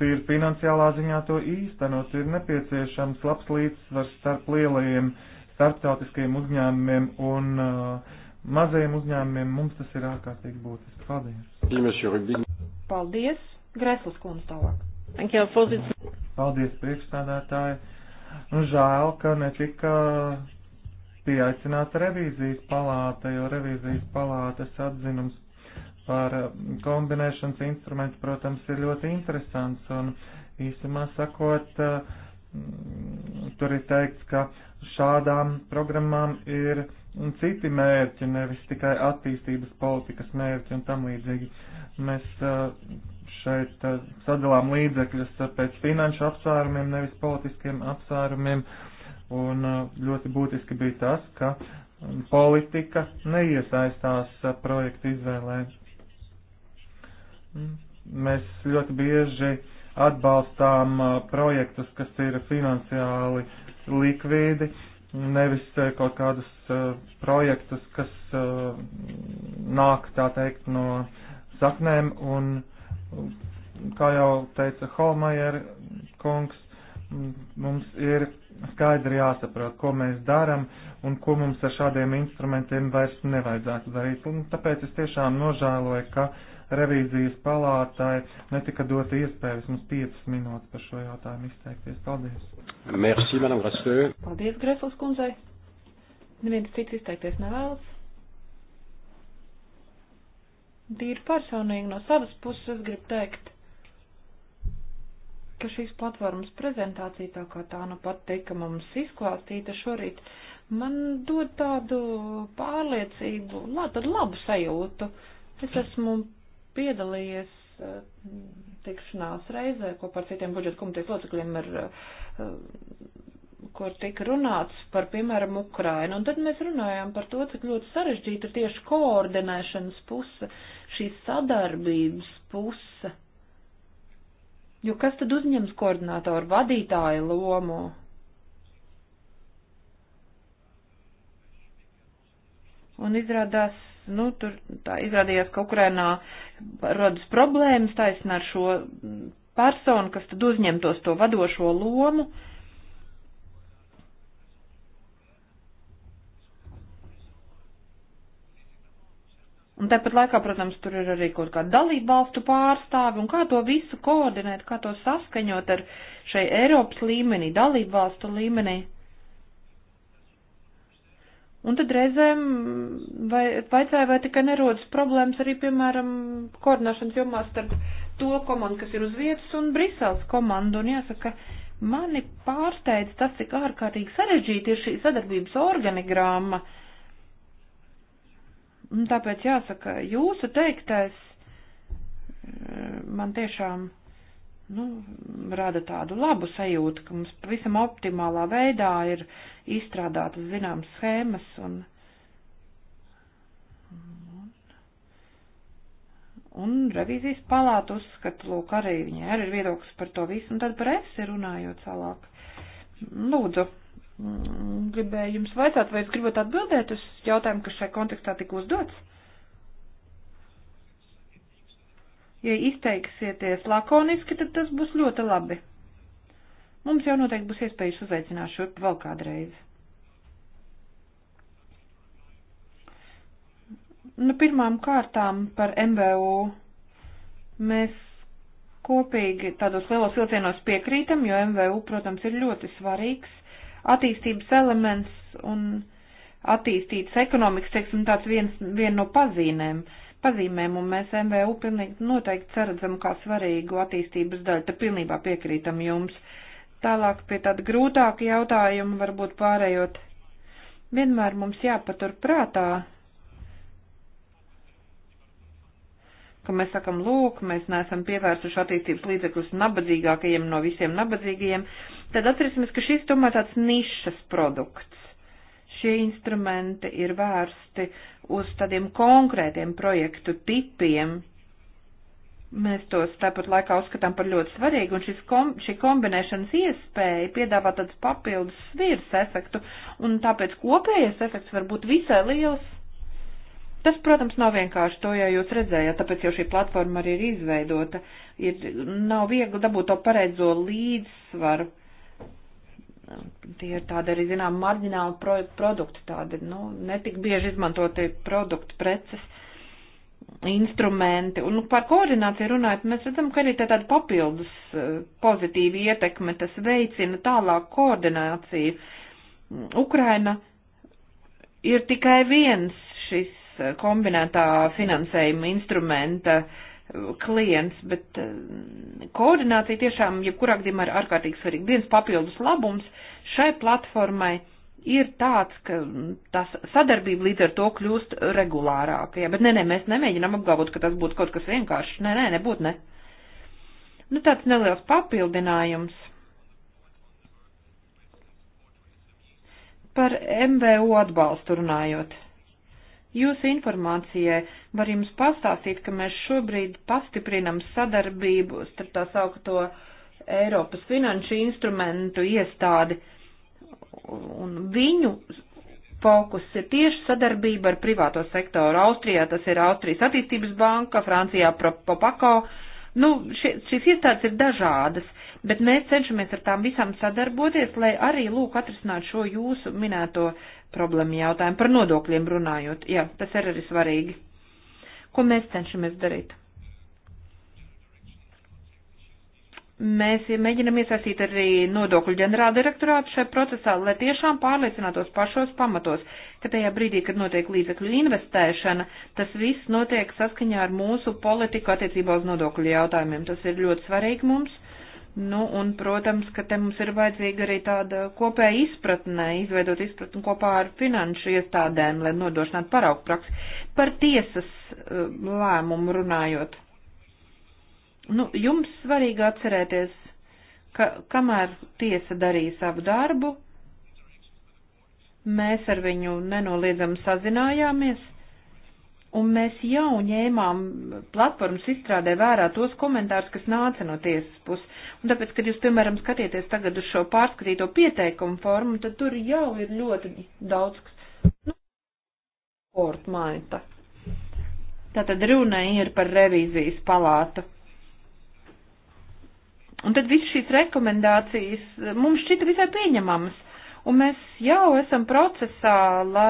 tīri finansiālā ziņā to īstenot. Ir nepieciešams labs līdzsvars starp lielajiem starptautiskiem uzņēmumiem un uh, mazajiem uzņēmumiem. Mums tas ir ārkārtīgi būtiski. Paldies! Paldies! Greslis kundze tālāk. Paldies, priekšstādātāji. Nu, žēl, ka netika pieaicināta revīzijas palāta, jo revīzijas palātas atzinums par eh, kombinēšanas instrumentu, protams, ir ļoti interesants. Un īsumā sakot, eh, tur ir teikts, ka šādām programmām ir citi mērķi, nevis tikai attīstības politikas mērķi un tam līdzīgi. Mēs eh, šeit sadalām līdzekļus uh, pēc finanšu apsvērumiem, nevis politiskiem apsvērumiem. Un uh, ļoti būtiski bija tas, ka um, politika neiesaistās uh, projektu izvēlē. Mm, mēs ļoti bieži atbalstām projektus, kas ir finansiāli likvīdi, nevis kaut kādus projektus, kas nāk, tā teikt, no saknēm un kā jau teica Holmajer kungs, mums ir skaidri jāsaprot, ko mēs darām un ko mums ar šādiem instrumentiem vairs nevajadzētu darīt. Un tāpēc es tiešām nožēloju, ka revīzijas palātai netika dota iespēja vismaz 5 minūtes par šo jautājumu izteikties. Paldies! Merci, Madame Grasle! Paldies, Grefels kundzei! Neviens cits izteikties nevēlas. Tīri personīgi no savas puses es gribu teikt, ka šīs platformas prezentācija tā kā tā nu pat tika mums izklāstīta šorīt, man dod tādu pārliecību, lā, tādu labu sajūtu. Es esmu piedalījies eh, tikšanās reizē kopā ar citiem budžeta komitejas locekļiem ar eh, kur tika runāts par, piemēram, Ukrainu, un tad mēs runājām par to, cik ļoti sarežģīta ir tieši koordinēšanas puse, šī sadarbības puse. Jo kas tad uzņems koordinātoru vadītāju lomu? Un izrādās, nu, tur tā izrādījās, ka Ukrainā rodas problēmas taisnē ar šo personu, kas tad uzņemtos to vadošo lomu. Uh, Un tāpat laikā, protams, tur ir arī kaut kāda dalība valstu pārstāvi, un kā to visu koordinēt, kā to saskaņot ar šai Eiropas līmenī, dalību valstu līmenī. Un tad reizēm vai, vaicāja, vai tikai nerodas problēmas arī, piemēram, koordināšanas jomā starp to komandu, kas ir uz vietas, un Briseles komandu. Un jāsaka, mani pārsteidz tas, cik ārkārtīgi sarežģīti ir šī sadarbības organigrāma. Uh, Un tāpēc jāsaka, jūsu teiktais eh, man tiešām nu, rada tādu labu sajūtu, ka mums pavisam optimālā veidā ir izstrādātas zināmas schēmas un, un, un revīzijas palāta uzskata, lūk, arī viņai arī ir viedoklis par to visu, un tad par esi runājot tālāk. Lūdzu. Mm, gribēju jums vaicāt, vai jūs gribat atbildēt uz jautājumu, kas šai kontekstā tika uzdots? Ja izteiksieties lakoniski, tad tas būs ļoti labi. Mums jau noteikti būs iespējas uzaicināt šurp vēl kādreiz. Nu, pirmām kārtām par MVU. Mēs kopīgi tādos lielos vilcienos piekrītam, jo MVU, protams, ir ļoti svarīgs attīstības elements un attīstītas ekonomikas, teiksim, tāds viens, viena no pazīmēm, pazīmēm, un mēs MVU pilnīgi noteikti ceredzam kā svarīgu attīstības daļu, te pilnībā piekrītam jums. Tālāk pie tāda grūtāka jautājuma varbūt pārējot. Vienmēr mums jāpatur prātā, ka mēs sakam, lūk, mēs neesam pievērsuši attīstības līdzekļus nabadzīgākajiem no visiem nabadzīgajiem, tad atcerēsimies, ka šis tomēr tāds nišas produkts. Šie instrumenti ir vērsti uz tādiem konkrētiem projektu tipiem. Mēs tos tāpat laikā uzskatām par ļoti svarīgu, un šis kom, šī kombinēšanas iespēja piedāvā tāds papildus svirs efektu, un tāpēc kopējais efekts var būt visai liels. Tas, protams, nav vienkārši to, ja jūs redzējāt, tāpēc jau šī platforma arī ir izveidota. Ir, nav viegli dabūt to pareizo līdzsvaru tie ir tādi arī, zinām, marģināli pro, produkti, tādi, nu, netik bieži izmantotie produkti, preces, instrumenti. Un nu, par koordināciju runājot, mēs redzam, ka arī tā tāda papildus eh, pozitīva ietekme, tas veicina tālāk koordināciju. Ukraina ir tikai viens šis eh, kombinētā finansējuma instrumenta uh, klients, bet eh, koordinācija tiešām jebkurā gadījumā ir ārkārtīgi svarīga. Viens papildus labums šai platformai ir tāds, ka tā sadarbība līdz ar to kļūst regulārāka. Ja, bet nē, nē, mēs nemēģinām apgalvot, ka tas būtu kaut kas vienkāršs. Nē, nē, nebūtu ne. Nu, tāds neliels papildinājums. Par MVO atbalstu runājot. Jūsu informācijai var jums pastāstīt, ka mēs šobrīd pastiprinam sadarbību starp tā saukto Eiropas finanšu instrumentu iestādi, un viņu fokus ir tieši sadarbība ar privāto sektoru. Austrijā tas ir Austrijas attīstības banka, Francijā Popako. Nu, šie, šīs iestādes ir dažādas, bet mēs cenšamies ar tām visām sadarboties, lai arī lūk atrisināt šo jūsu minēto problēmu jautājumu, par nodokļiem runājot. Jā, tas ir arī svarīgi. Ko mēs cenšamies darīt? Mēs mēģinam iesaistīt arī nodokļu ģenerāldirektorātu šajā procesā, lai tiešām pārliecinātos pašos pamatos, ka tajā brīdī, kad notiek līdzekļu investēšana, tas viss notiek saskaņā ar mūsu politiku attiecībā uz nodokļu jautājumiem. Tas ir ļoti svarīgi mums Nu, un, protams, ka te mums ir vajadzīga arī tāda kopēja izpratne, izveidot izpratni kopā ar finanšu iestādēm, lai nodrošinātu paraugu praksi. Par tiesas eh, lēmumu runājot. Nu, jums svarīgi atcerēties, ka kamēr tiesa darīja savu darbu, mēs ar viņu nenoliedzami sazinājāmies, Un mēs jau ņēmām platformas izstrādē vērā tos komentārus, kas nāca no tiesas puses. Un tāpēc, kad jūs, piemēram, skatieties tagad uz šo pārskatīto pieteikumu formu, tad tur jau ir ļoti daudz, kas, nu, portmaita. Tātad runa ir par revīzijas palātu. Un tad viss šīs rekomendācijas mums šķita visai pieņemamas Un mēs jau esam procesā, la,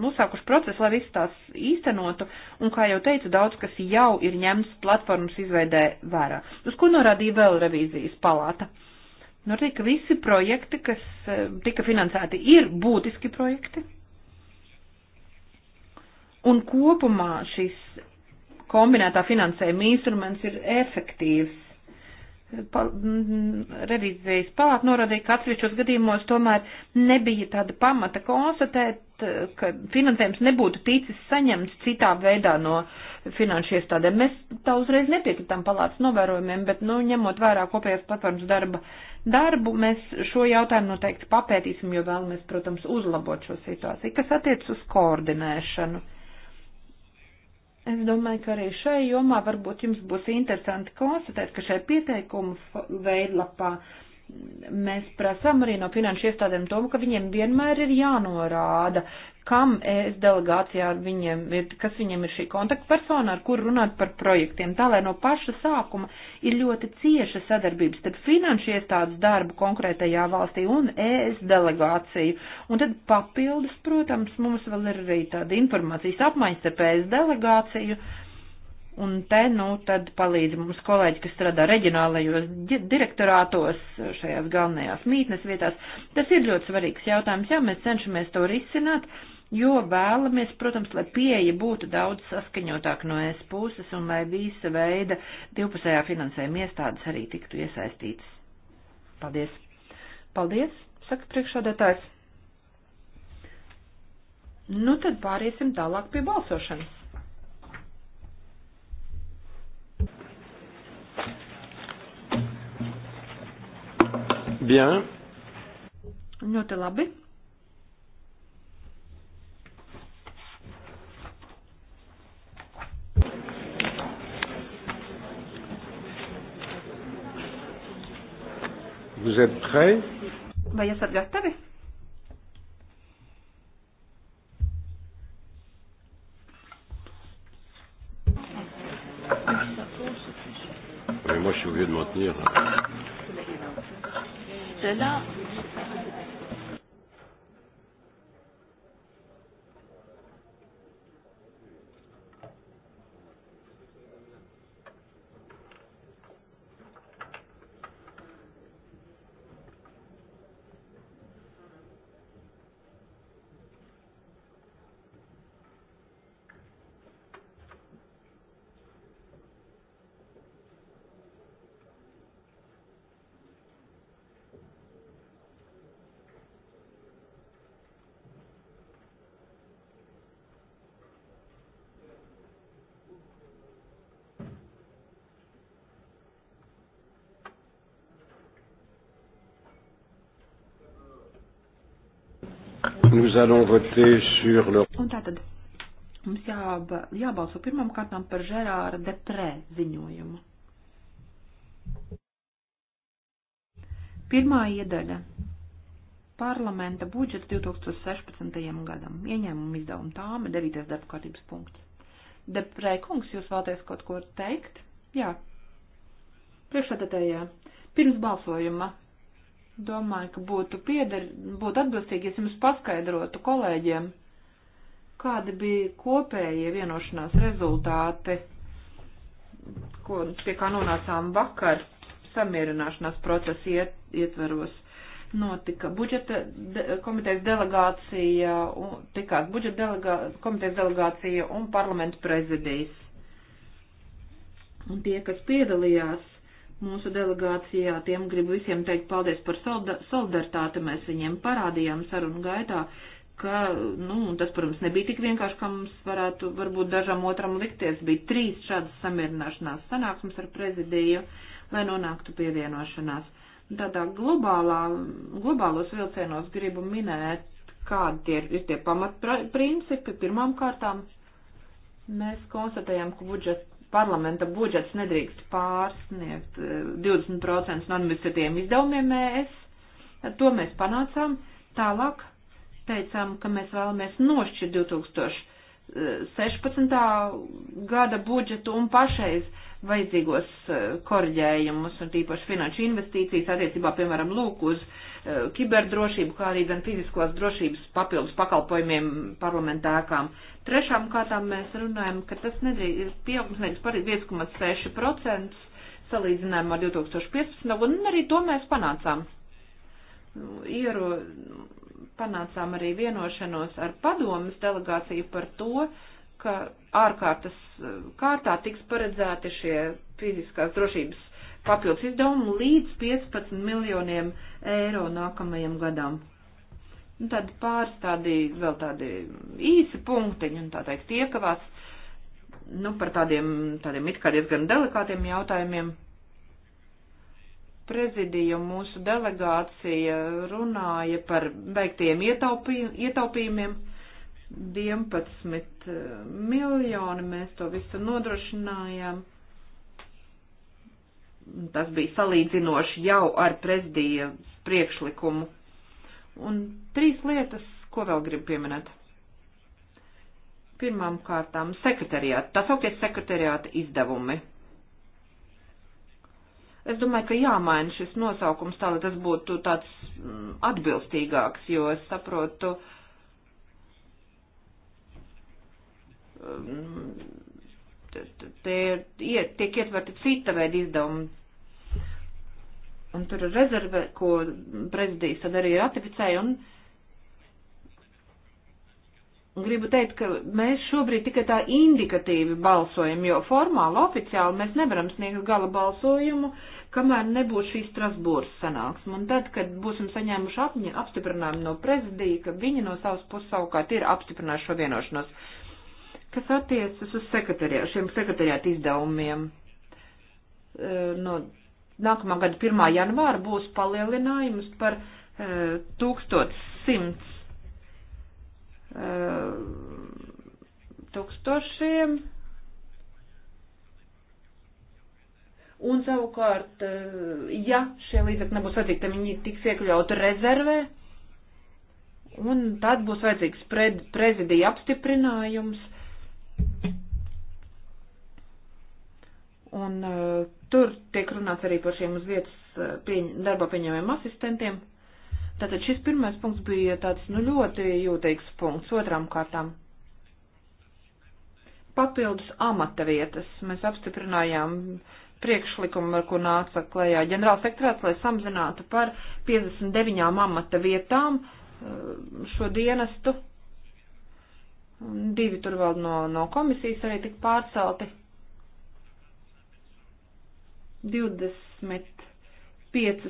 nosākuši procesu, lai visu tās īstenotu, un, kā jau teicu, daudz kas jau ir ņemts platformas izveidē vērā. Uz ko norādīja vēl revīzijas palāta? Nu, arī, ka visi projekti, kas e, tika finansēti, ir būtiski projekti. Un kopumā šis kombinētā finansējuma instruments ir efektīvs revizijas palāta norādīja, ka atsevišķos gadījumos tomēr nebija tāda pamata konstatēt, ka finansējums nebūtu ticis saņemts citā veidā no finanšu iestādēm. Mēs tā uzreiz nepiekritām palātas novērojumiem, bet, nu, ņemot vērā kopējās platformas darba darbu, mēs šo jautājumu noteikti papētīsim, jo vēlamies, protams, uzlabot šo situāciju, kas attiec uz koordinēšanu. Es domāju, ka arī šai jomā varbūt jums būs interesanti konstatēt, ka šai pieteikumu veidlapā mēs prasām arī no finanšu iestādēm to, ka viņiem vienmēr ir jānorāda kam ES delegācijā ar viņiem ir, kas viņiem ir šī kontaktpersona, ar kur runāt par projektiem, tā lai no paša sākuma ir ļoti cieša sadarbības starp finanšu iestādes darbu konkrētajā valstī un ES delegāciju. Un tad papildus, protams, mums vēl ir arī tāda informācijas apmaiņas ar ES delegāciju. Un te, nu, tad palīdz mums kolēģi, kas strādā reģionālajos direktorātos, šajās galvenajās mītnes vietās. Tas ir ļoti svarīgs jautājums, jā, mēs cenšamies to risināt. Uh, jo vēlamies, protams, lai pieeja būtu daudz saskaņotāk no es puses un lai visa veida divpusējā finansējuma iestādes arī tiktu iesaistītas. Paldies! Paldies, saka priekšādātājs. Nu tad pāriesim tālāk pie balsošanas. Bien. Ļoti labi. Vous êtes prêts? Vai esat gatavi? Mais moi, je suis obligé de m'en tenir. Là. De là, nous allons voter sur le... Un tātad mums jāba, jābalso pirmam kārtām par Žerāra Deprē ziņojumu. Pirmā iedaļa - parlamenta budžets 2016. gadam. Ieņēmuma izdevuma tāma - 9. darba kārtības punkts. Deprē kungs, jūs vēlaties kaut ko teikt? Jā. Priekšsēdētājā. Pirms balsojuma Domāju, ka būtu, pieder, būtu atbilstīgi, ja jums paskaidrotu kolēģiem, kādi bija kopējie vienošanās rezultāti, ko, pie kā nonācām vakar samierināšanās procesa iet, ietveros notika budžeta de, komitejas delegācija, un, tikās budžeta delegā, komitejas delegācija un parlamentu prezidijas. Un tie, kas piedalījās mūsu delegācijā. Tiem gribu visiem teikt paldies par solidaritāti. Mēs viņiem parādījām sarunu gaitā, ka, nu, tas, protams, nebija tik vienkārši, kā mums varētu varbūt dažam otram likties. Bija trīs šādas samierināšanās sanāksmes ar prezidiju, lai nonāktu pievienošanās. Tādā globālā, globālos vilcienos gribu minēt, kādi tie ir, ir tie pamatprincipi. Pirmām kārtām mēs konstatējam, ka budžeta parlamenta budžets nedrīkst pārsniegt 20% eh, no administratīviem izdevumiem ES. To mēs panācām. Tālāk teicām, ka mēs vēlamies nošķirt 2016. gada budžetu un pašreiz vajadzīgos eh, korģējumus un tīpaši finanšu investīcijas attiecībā, piemēram, lūk uz uh, Eh, kiberdrošību, kā arī gan fiziskos drošības papildus pakalpojumiem parlamentārkām. Trešām kārtām mēs runājam, ka tas nedrīkst pieaugums nedrīkst par 1,6% salīdzinājumā ar 2015. gadu, un arī to mēs panācām. Nu, iero, panācām arī vienošanos ar padomas delegāciju par to, ka ārkārtas eh, kārtā tiks paredzēti šie fiziskās drošības papildus izdevumu līdz 15 miljoniem eiro nākamajam gadam. Un nu, tad pāris tādi vēl tādi īsi punktiņi un tā teikt iekavās, nu par tādiem, tādiem it kā diezgan delikātiem jautājumiem. Prezidija mūsu delegācija runāja par veiktiem ietaupījumiem. 11 eh, miljoni mēs to visu nodrošinājām tas bija salīdzinoši jau ar prezidija priekšlikumu. Un trīs lietas, ko vēl gribu pieminēt. Pirmām kārtām sekretariāta, tā sauktie sekretariāta izdevumi. Es domāju, ka jāmaina šis nosaukums tā, lai tas būtu tāds mm, atbilstīgāks, jo es saprotu, mm, te, te, te, tiek ietverti cita veida izdevumi, Un tur ir rezerve, ko prezidijas tad arī ratificēja. Un gribu teikt, ka mēs šobrīd tikai tā indikatīvi balsojam, jo formāli, oficiāli mēs nevaram sniegt gala balsojumu, kamēr nebūs šī Strasbūras sanāksme. Un tad, kad būsim saņēmuši apņi, apstiprinājumu no prezidija, ka viņi no savas puses savukārt ir apstiprinājuši šo vienošanos, kas attiecas uz sekretariātu, šiem sekretariātu izdevumiem. Eh, no nākamā gada 1. janvāra būs palielinājums par e, 1100 e, tūkstošiem. Un savukārt, e, ja šie līdzekļi nebūs vajadzīgi, tad viņi tiks iekļauti rezervē, un tad būs vajadzīgs pred, prezidija apstiprinājums. Un e, Tur tiek runāts arī par šiem uz vietas eh, pieņ, darba pieņemiem asistentiem. Tātad šis pirmais punkts bija tāds, nu, ļoti jūtīgs punkts otram kārtām. Papildus amata vietas. Mēs apstiprinājām priekšlikumu, ar ko nāca klējā ģenerāls sektorāts, lai samazinātu par 59 amata vietām eh, šo dienestu. Divi tur vēl no, no komisijas arī tik pārcelti. 25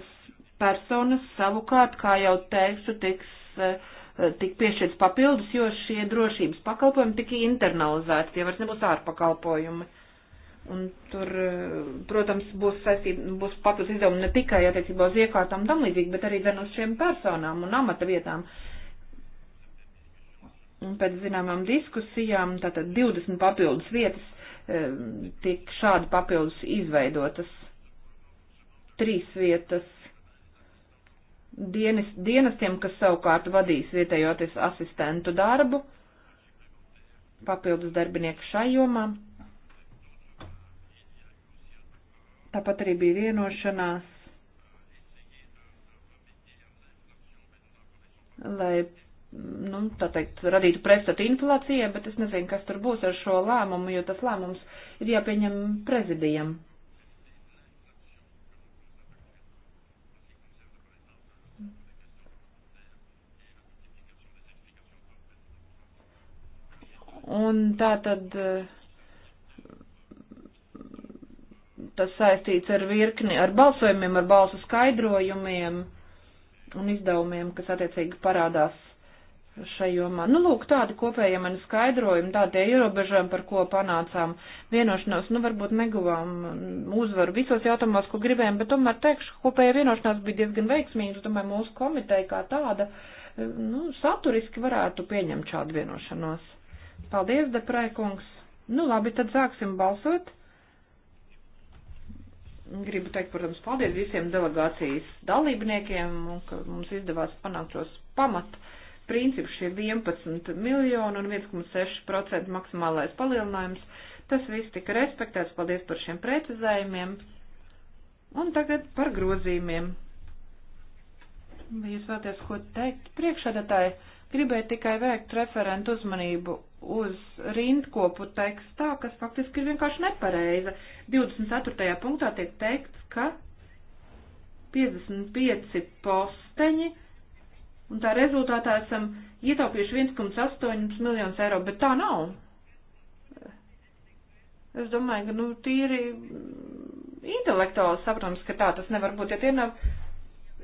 personas savukārt, kā jau teikšu, tiks, eh, tik piešķirts papildus, jo šie drošības pakalpojumi tika internalizēti, tie vairs nebūs ārpakalpojumi. Un tur, eh, protams, būs saistība, būs papildus izdevumi ne tikai attiecībā uz iekārtām tam līdzīgi, bet arī gan uz šiem personām un amata vietām. Un pēc zināmām diskusijām, tātad 20 papildus vietas eh, tiek šādi papildus izveidotas trīs vietas dienas, dienestiem, kas savukārt vadīs vietējoties asistentu darbu, papildus darbinieku šai jomā. Tāpat arī bija vienošanās, lai, nu, tā teikt, radītu pretstatu inflācijai, bet es nezinu, kas tur būs ar šo lēmumu, jo tas lēmums ir jāpieņem prezidijam. Un tā tad eh, tas saistīts ar virkni, ar balsojumiem, ar balsu skaidrojumiem un izdevumiem, kas attiecīgi parādās šai jomā. Nu, lūk, tādi kopējie mani skaidrojumi, tādie ierobežojumi, par ko panācām vienošanos. Nu, varbūt neguvām uzvaru visos jautājumos, ko gribējām, bet tomēr teikšu, kopējā vienošanās bija diezgan veiksmīga. Domāju, mūsu komiteja kā tāda, eh, nu, saturiski varētu pieņemt šādu vienošanos. Paldies, Deprēkungs. Nu labi, tad sāksim balsot. Gribu teikt, protams, paldies visiem delegācijas dalībniekiem, ka mums izdevās panākt šos pamatu principus šie 11 miljoni un 1,6% maksimālais palielinājums. Tas viss tika respektēts. Paldies par šiem precizējumiem. Un tagad par grozījumiem. Vai jūs vēlaties ko teikt priekšādātāji? Gribēju tikai vērkt referentu uzmanību uz rindkopu tekstā, kas faktiski ir vienkārši nepareiza. 24. punktā tiek teikts, ka 55 posteņi, un tā rezultātā esam ietaupījuši 1,8 miljonus eiro, bet tā nav. Es domāju, ka nu, tīri intelektuāli saprotams, ka tā tas nevar būt, ja tie nav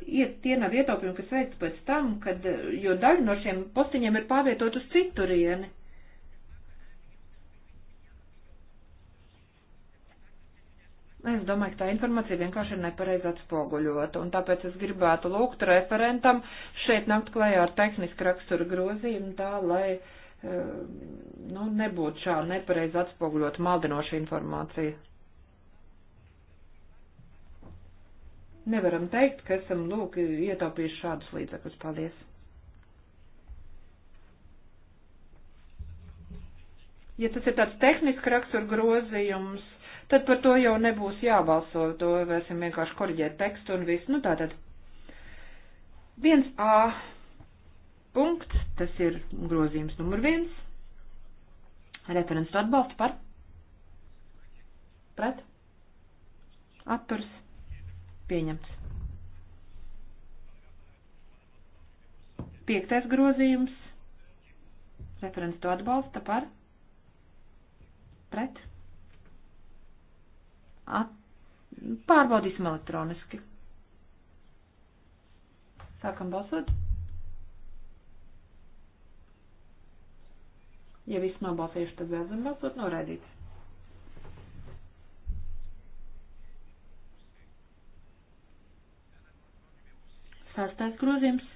iet, tie nav ietaupījumi, kas veikts pēc tam, kad, jo daļa no šiem postiņiem ir pārvietot uz citurieni. Es domāju, ka tā informācija vienkārši ir nepareizi atspoguļota, un tāpēc es gribētu lūgt referentam šeit nakt klajā ar tehnisku raksturu grozījumu tā, lai, eh, nu, nebūtu šā nepareizi atspoguļota maldinoša informācija. nevaram teikt, ka esam, lūk, ietaupījuši šādus līdzekļus. Paldies! Ja tas ir tāds tehniski rakstur grozījums, tad par to jau nebūs jābalso, to varēsim vienkārši korģēt tekstu un viss. Nu tātad, 1A punkts, tas ir grozījums numur 1, referents atbalsta par, pret, atturs, Pieņemts. Piektais grozījums. Referents to atbalsta par. Pret. At. Pārbaudīsim elektroniski. Sākam balsot. Ja viss nav balsējuši, tad beidzam balsot noraidīts. Sastais grozījums.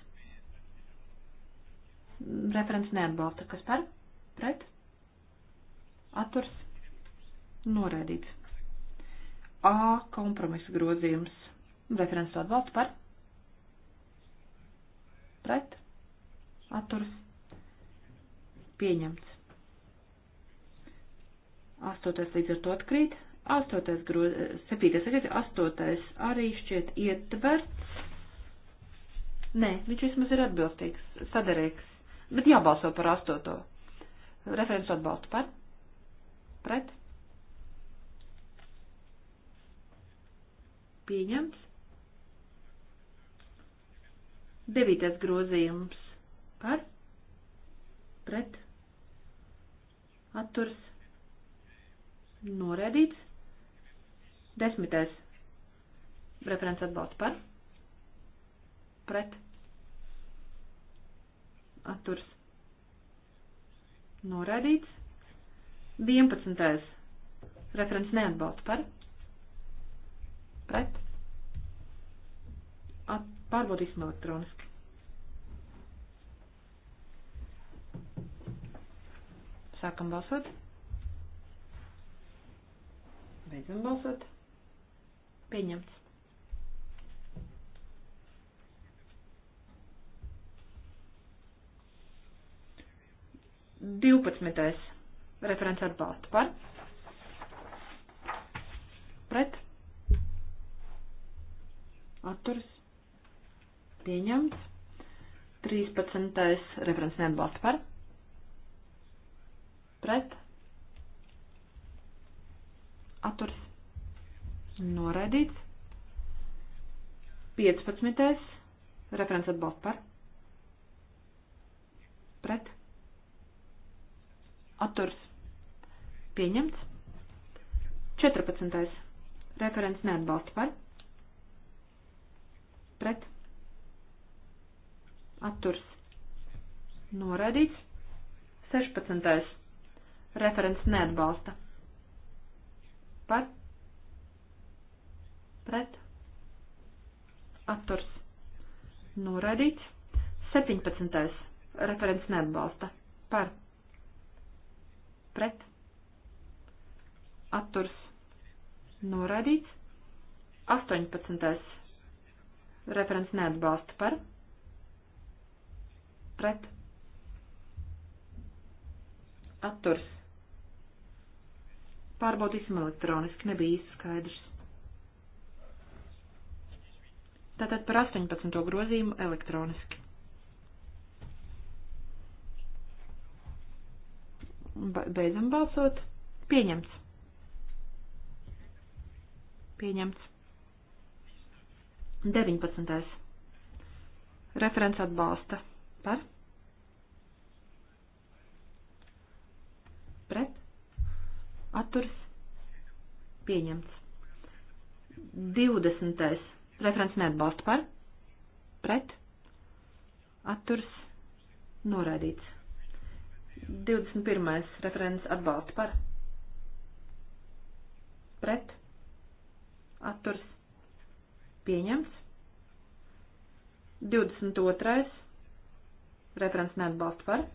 Referents neatbalsta. Kas par? Pret? Atturs? Noraidīts. A kompromisa grozījums. Referents atbalsta par? Pret? Atturs? Pieņemts. Astotais līdz ar to atkrīt. Astotais grozījums. Septītais, astotais arī šķiet ietverts Nē, viņš vismaz ir atbilstīgs, saderīgs. Bet jābalso par astoto. Referents atbalstu par? Pret? Pieņemts. Devītais grozījums par? Pret? Atturs? Norēdīts. Desmitais. Referents atbalstu par? pret atturs noraidīts. 11. referents neatbalsta par pret at, pārbaudīsim elektroniski. Sākam balsot. Beidzam balsot. Pieņemts. 12. referents atbalsta par. Pret. Atturs. Pieņemts. 13. referents neatbalsta par. Pret. Atturs. Noraidīts. 15. referents atbalsta par. Pret atturs pieņemts. 14. referents neatbalsta par, pret, atturs noraidīts. 16. referents neatbalsta par, pret, atturs noraidīts. 17. referents neatbalsta par, pret pret atturs noraidīts. 18. referents neatbalsta par pret atturs. Pārbaudīsim elektroniski, nebija īsti skaidrs. Tātad par 18. grozījumu elektroniski. Beidzam balsot. Pieņemts. Pieņemts. 19. Referents atbalsta. Par? Pret? Atturs? Pieņemts. 20. Referents neatbalsta. Par? Pret? Atturs? Noraidīts. 21. referents atbalsta par pret atturs pieņems. 22. referents neatbalsta par.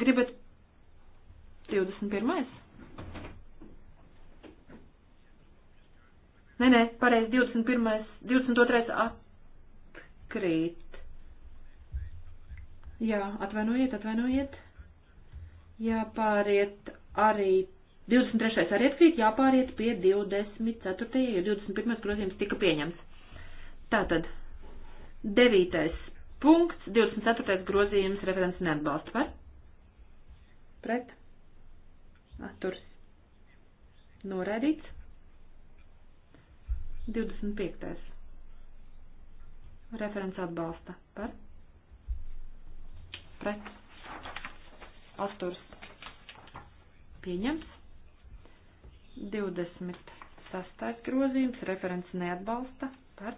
Gribat 21. Nē, nē, pareizi 21. 22. atkrīt. Jā, atvainojiet, atvainojiet. Jāpāriet arī 23. arī atkrīt, jāpāriet pie 24. jo 21. grozījums tika pieņemts. Tātad 9. punkts, 24. grozījums referents neatbalsta par? Pret? Atturs. Noraidīts. 25. Referents atbalsta par? pret atturs pieņemts. 26. grozījums referents neatbalsta par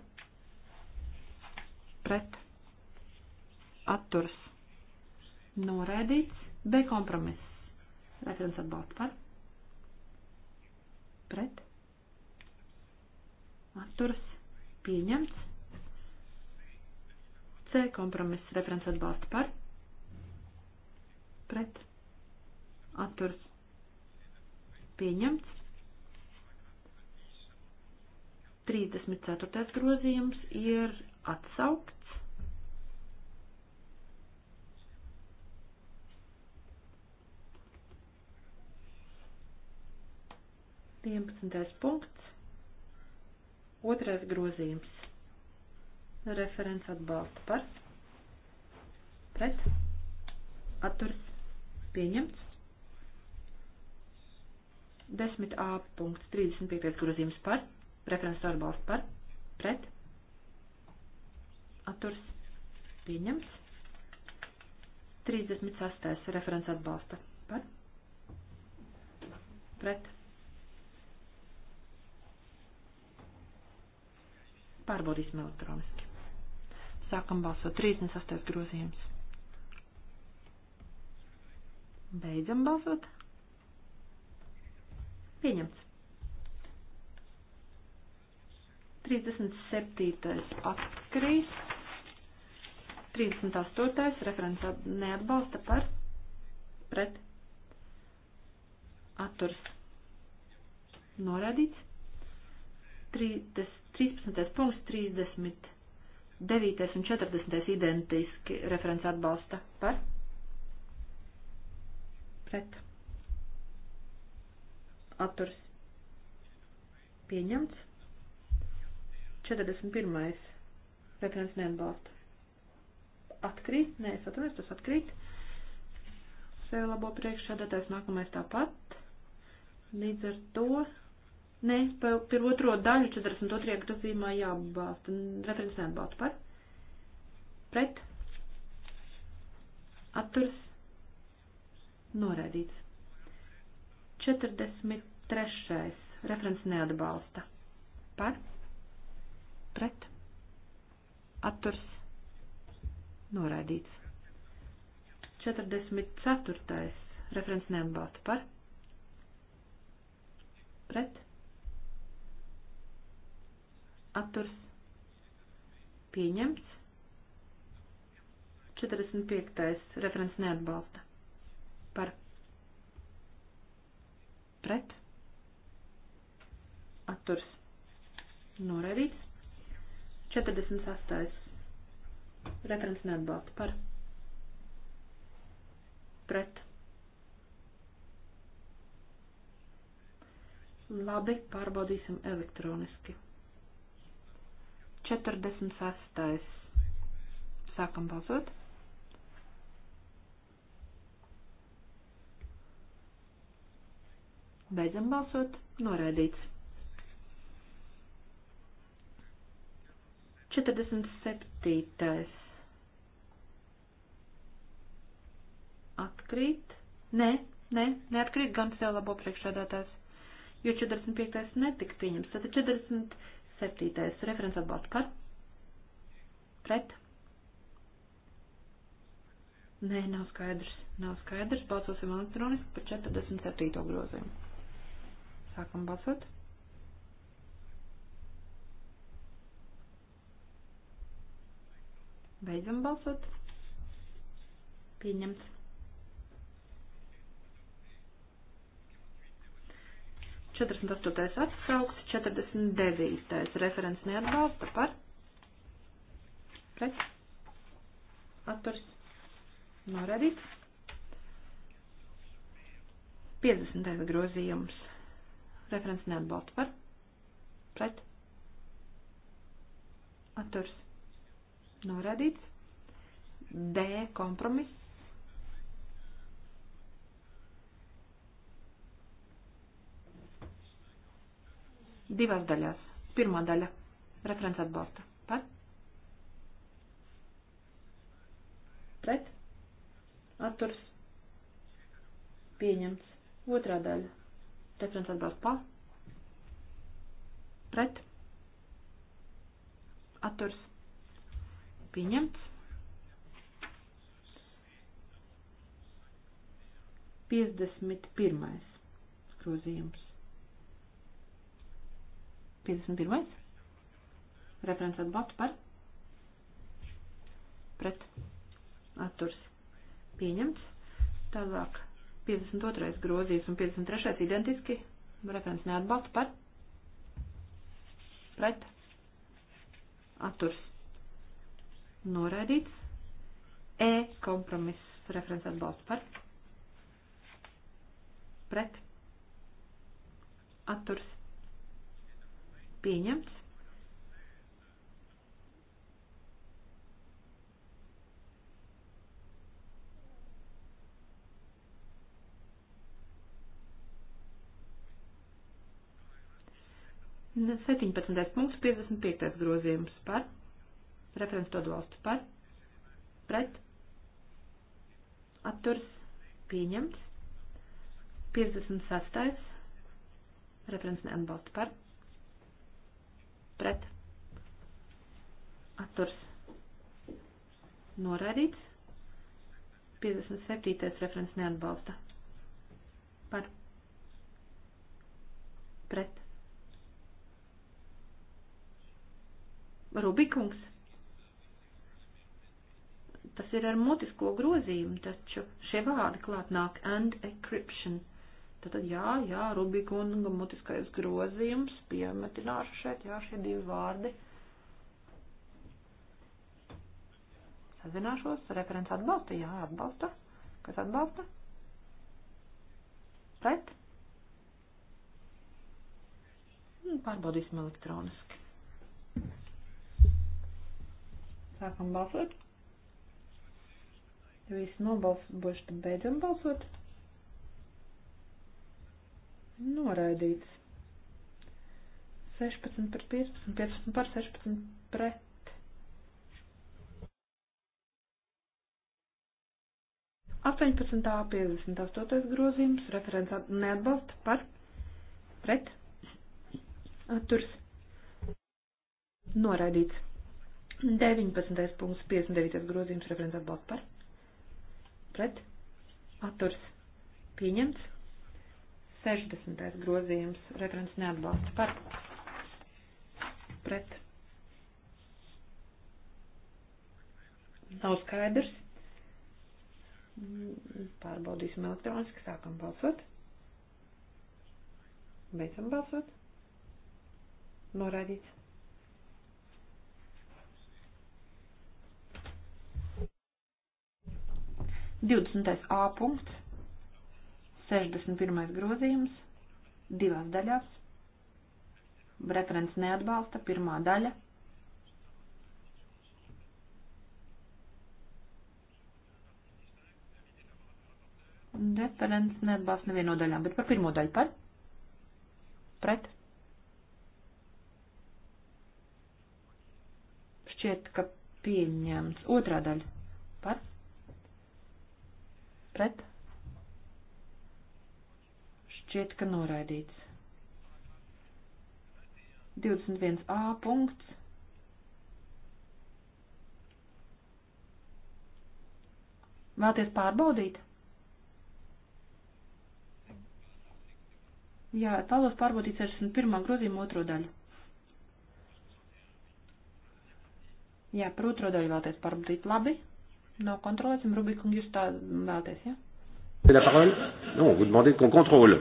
pret atturs noraidīts B kompromiss. Referents atbalsta par pret atturs pieņemts. C kompromiss referents atbalsta par pret pret atturs pieņemts. 34. grozījums ir atsaukts. Vienpadsmitais punkts. Otrais grozījums. Referents atbalsta par. Pret. Atturs Pieņemts. 10a punkts 35. grozījums par. Referents atbalsts par. Pret. Atturs. Pieņemts. 36. referents atbalsta par. Pret. Pārbaudīsim elektroniski. Sākam balsot 36. grozījums. Beidzam balsot. Pieņemts. 37. atkrīt. 38. referents neatbalsta par pret atturs norādīts. 13. punkts, 39. un 40. identiski referents atbalsta par pret atturs pieņemts. 41. referents neatbalsta. Atkrīt, nē, es atvainojos, tas atkrīt. Sevi labo priekšsēdētājs nākamais tāpat. Līdz ar to, nē, par, par otro daļu 42. grozījumā jāatbalsta. Referents neatbalsta par. Pret. Atturs Noraidīts. 43. Referents neatbalsta. Par. Pret. Atturs. Noraidīts. 44. Referents neatbalsta. Par. Pret. Atturs. Pieņemts. 45. Referents neatbalsta par pret atturs noraidīts. 48. Referents neatbalsta par pret. Labi, pārbaudīsim elektroniski. 46. Sākam balsot. Beidzam balsot. Noraidīts. 47. Atkrīt. Nē, nē, neatkrīt gan sev labo priekšādātājs, jo 45. netika pieņems. Tad 47. referents atbalsts par. Pret. Nē, nav skaidrs. Nav skaidrs. Balsosim elektroniski par 47. grozījumu. Sākam balsot. Beidzam balsot. Pieņemts. Četrdesmit astotais atsaukts, četrdesmit devītais referents neatbalsta par pret atturs norādīts. Piecdesmitais grozījums Referents neatbalsta par. Pret. Atturs. Norādīts. D. Kompromiss. Divās daļās. Pirmā daļa. Referents atbalsta. Par. Pret. Atturs. Pieņemts. Otrā daļa Referents atbalsts pa. Pret. Atturs. Pieņemts. 51. grozījums. 51. Referents atbalsts par. Pret. Atturs. Pieņemts. Tālāk. 52. grozījums un 53. identiski. Referents neatbalsta par. Pret. Atturs. Noraidīts. E kompromiss. Referents atbalsta par. Pret. Atturs. Pieņemts. 17. punkts, 55. grozījums par, referents to atbalstu par, pret, atturs, pieņemts, 56. referents neatbalstu par, pret, atturs, noraidīts, 57. referents neatbalsta par, pret, Rubikungs. Tas ir ar mutisko grozījumu, taču šie vārdi klāt nāk and encryption. Tātad jā, jā, Rubikunga mutiskais grozījums, piemetināšu šeit, jā, šie divi vārdi. Sazināšos, referents atbalsta, jā, atbalsta. Kas atbalsta? Pret? Pārbaudīsim elektroniski. Sākam balsot. Ja visi nobalsojuši, tad beidzam balsot. Noraidīts. 16 par 15, 15 par 16 pret. Astoņpadsmitā piecdesmit astotais grozījums referents neatbalsta par pret atturs noraidīts. 19. punkts, 59. grozījums, referents atbalsts par. Pret. Atturs. Pieņemts. 60. grozījums, referents neatbalsts par. Pret. Nav skaidrs. Pārbaudīsim elektroniski, sākam balsot. Beidzam balsot. Norādīts. 20. A punkts, 61. grozījums, divās daļās. Referents neatbalsta, pirmā daļa. Referents neatbalsta nevienu no daļām, bet par pirmo daļu par? Pret? Šķiet, ka pieņemts. Otrā daļa par? Pret. Šķiet, ka noraidīts. 21a punkts. Vēlties pārbaudīt? Jā, vēlos pārbaudīt 61. grozījumu otro daļu. Jā, par otro daļu vēlties pārbaudīt. Labi nokontrolēsim. Rubikung, jūs tā vēlties, jā? Ja? Nu, vous demandez qu'on contrôle.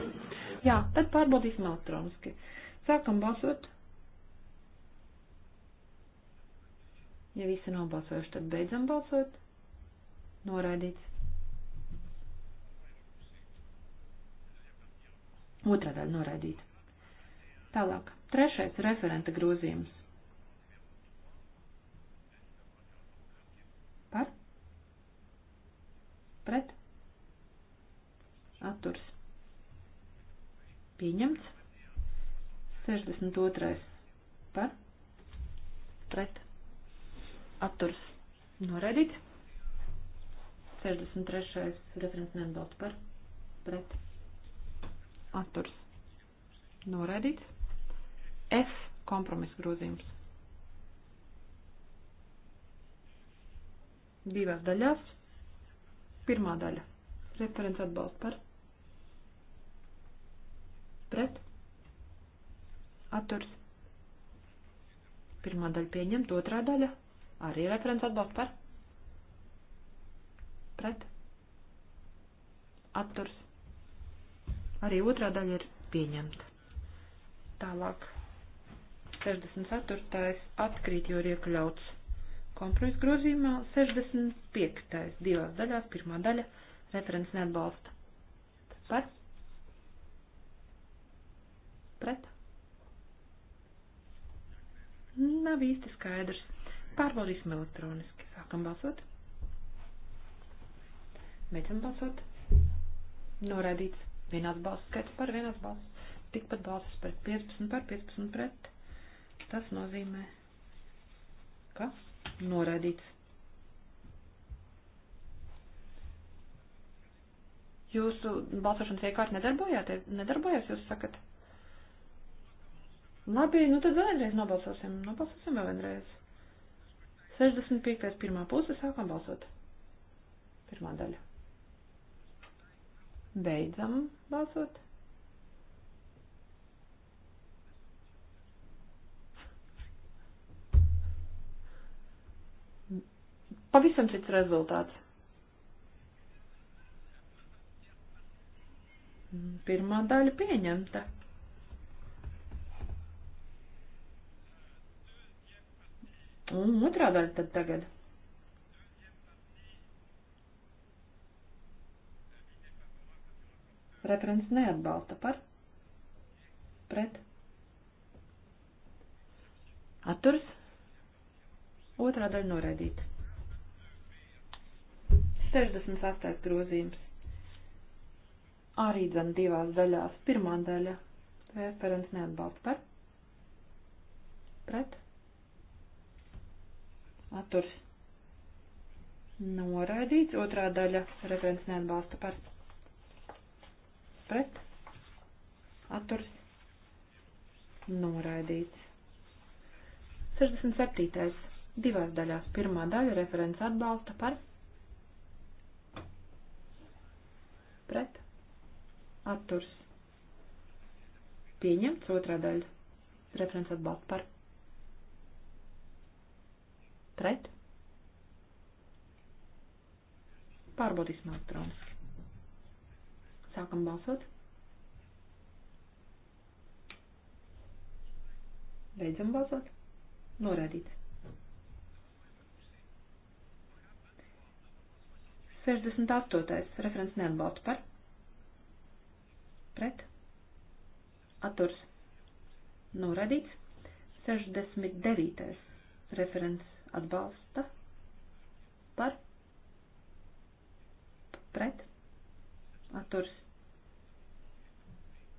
Jā, tad pārbaudīsim elektroniski. Sākam balsot. Ja visi nobalsojuši, tad beidzam balsot. Noraidīts. Otrā daļa noraidīta. Tālāk. Trešais referenta grozījums. pret atturs pieņemts. 62. par pret atturs noraidīts. 63. referents neatbalsta par pret atturs noraidīts. F kompromiss grozījums. Divās daļās Pirmā daļa. Referents atbalsts par. Pret. Atturs. Pirmā daļa pieņemt, otrā daļa. Arī referents atbalsts par. Pret. Atturs. Arī otrā daļa ir pieņemta. Tālāk. 64. atkrīt, jo ir iekļauts Kompromisa grozījumā 65. divās daļās, pirmā daļa referents neatbalsta. Par? Pret? Nav īsti skaidrs. Pārbaudīsim elektroniski. Sākam balsot. Beidzam balsot. Noraidīts. Vienāds balss skaits par vienās balss. Tikpat balsas pret 15 par 15 pret. Tas nozīmē, ka noraidīts. Jūsu balsošanas iekārta nedarbojas, jūs sakat? Labi, nu tad vēlreiz nobalsosim. Nobalsosim vēl vienreiz. 65. pirmā puse sākam balsot. Pirmā daļa. Beidzam balsot. pavisam cits rezultāts. Pirmā daļa pieņemta. Un otrā daļa tad tagad. Referents neatbalsta par. Pret. Atturs. Otrā daļa noraidīta. 68. grozījums. Arī dzen divās daļās. Pirmā daļa. Referents neatbalsta par. Pret. Atturs. Noraidīts. Otrā daļa. Referents neatbalsta par. Pret. Atturs. Noraidīts. 67. divās daļās. Pirmā daļa. Referents atbalsta par. Pret pret atturs pieņemts otrā daļa referents atbalsts par pret pārbaudīsim elektroniski. Sākam balsot. Beidzam balsot. Norādīts. 68. referents neatbalsta par. Pret. Atturs. Noradīts. 69. referents atbalsta par. Pret. Atturs.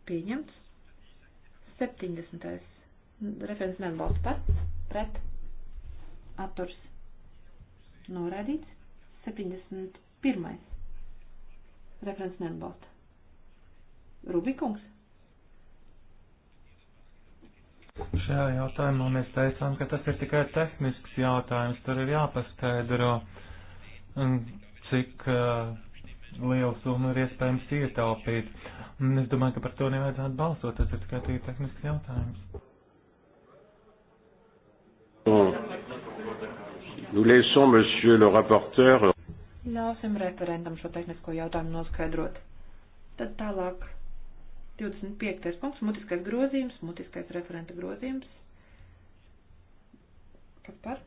Pieņemts. 70. referents neatbalsta par. Pret. Atturs. Noradīts. 71. Pirmais. Referents neatbalsta. Rubikungs. Šajā jautājumā mēs teicām, ka tas ir tikai tehnisks jautājums. Tur ir jāpaskaidro, mm, cik uh, eh, lielu summu ir iespējams ietaupīt. Un es domāju, ka par to nevajadzētu balsot. Tas ir tikai tīri tehnisks jautājums. Nous laissons Monsieur le rapporteur Ļausim referentam šo tehnisko jautājumu noskaidrot. Tad tālāk 25. punkts, mutiskais grozījums, mutiskais referenta grozījums. Kas par?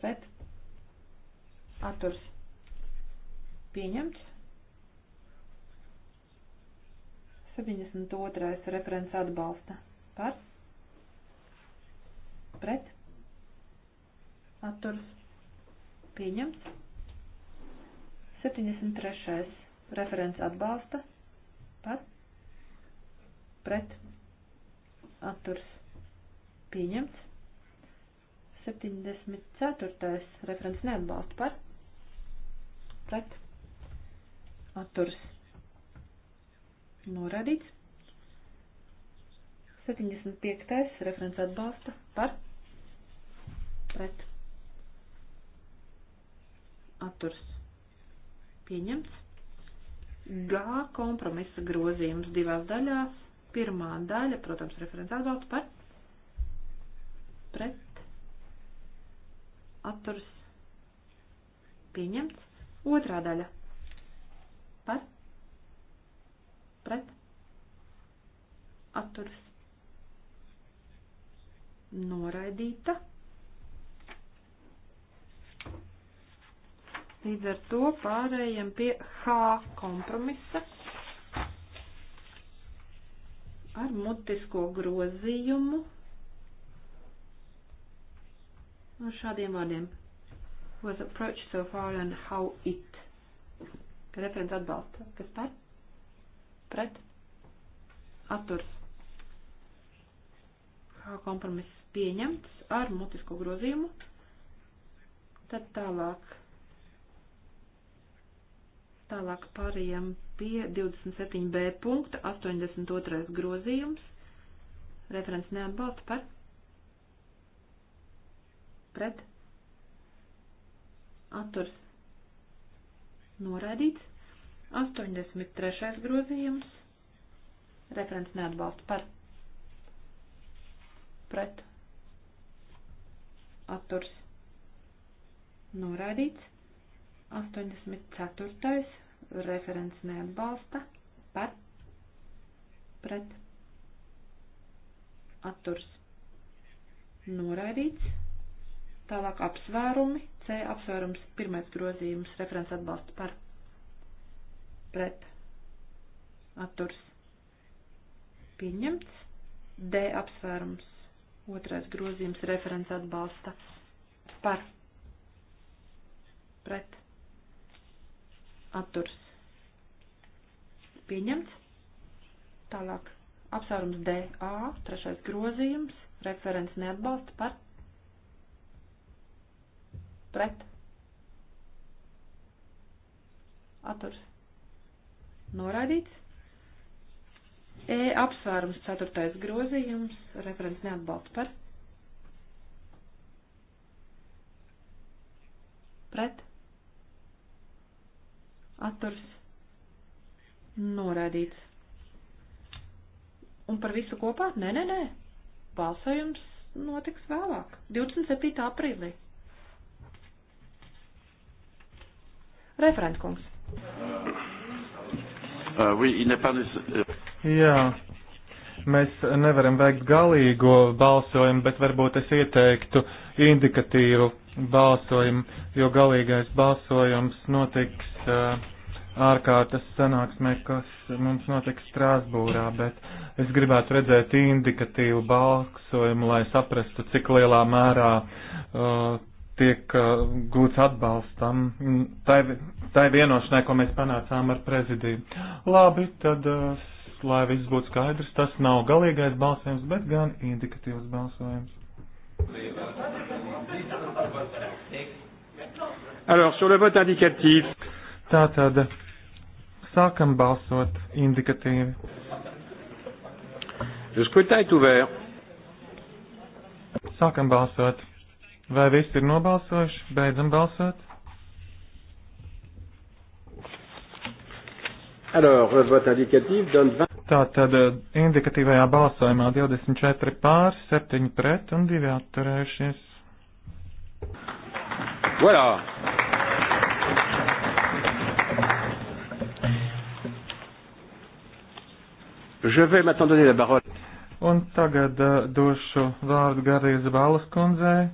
Pret? Atturs. Pieņemts. 72. referents atbalsta. Par? Pret? Atturs. Pieņemts. 73. referents atbalsta par pret atturs pieņemts. 74. referents neatbalsta par pret atturs norādīts. 75. referents atbalsta par pret atturs Pieņemts. G kompromisa grozījums divās daļās. Pirmā daļa, protams, referents atbalsts par pret atturs pieņemts. Otrā daļa par pret atturs noraidīta. Līdz ar to pārējiem pie H kompromisa ar mutisko grozījumu ar šādiem vārdiem. Was approached so far and how it. Referents atbalsta. Kas par? Pret? Atturs. H kompromiss pieņemts ar mutisko grozījumu. Tad tālāk Tālāk pārējām pie 27b punkta 82. grozījums. Referents neatbalsta par. Pret. Atturs. Noraidīts. 83. grozījums. Referents neatbalsta par. Pret. Atturs. Noraidīts. 84. referents neatbalsta par pret atturs noraidīts. Tālāk apsvērumi. C apsvērums pirmais grozījums referents atbalsta par pret atturs pieņemts. D apsvērums otrais grozījums referents atbalsta par pret atturs pieņemts. Tālāk apsvērums DA, trešais grozījums, referents neatbalsta par pret atturs noraidīts. E apsvērums, ceturtais grozījums, referents neatbalsta par pret atturs norādīts. Un par visu kopā? Nē, nē, nē. Balsojums notiks vēlāk, 27. aprīlī. Referentkungs. Uh, oui, euh. Jā, mēs nevaram veikt galīgo balsojumu, bet varbūt es ieteiktu indikatīvu balsojumu, jo galīgais balsojums notiks ārkārtas sanāksmē, kas mums notiks Strāsbūrā, bet es gribētu redzēt indikatīvu balsojumu, lai saprastu, cik lielā mērā uh, tiek uh, gūts atbalstam tai, tai vienošanai, ko mēs panācām ar prezidiju. Labi, tad, uh, lai viss būtu skaidrs, tas nav galīgais balsojums, bet gan indikatīvs balsojums. Alors, sur le vote indicatif. Tātad sākam balsot indikatīvi. Le scrutin est ouvert. Sākam balsot. Vai visi ir nobalsojuši? Beidzam balsot. Alors, le vote indicatif donne 20. Tātad indikatīvajā balsojumā 24 pār, 7 pret un 2 atturējušies. Voilà. Un tagad uh, došu vārdu Garijas Valas kundzei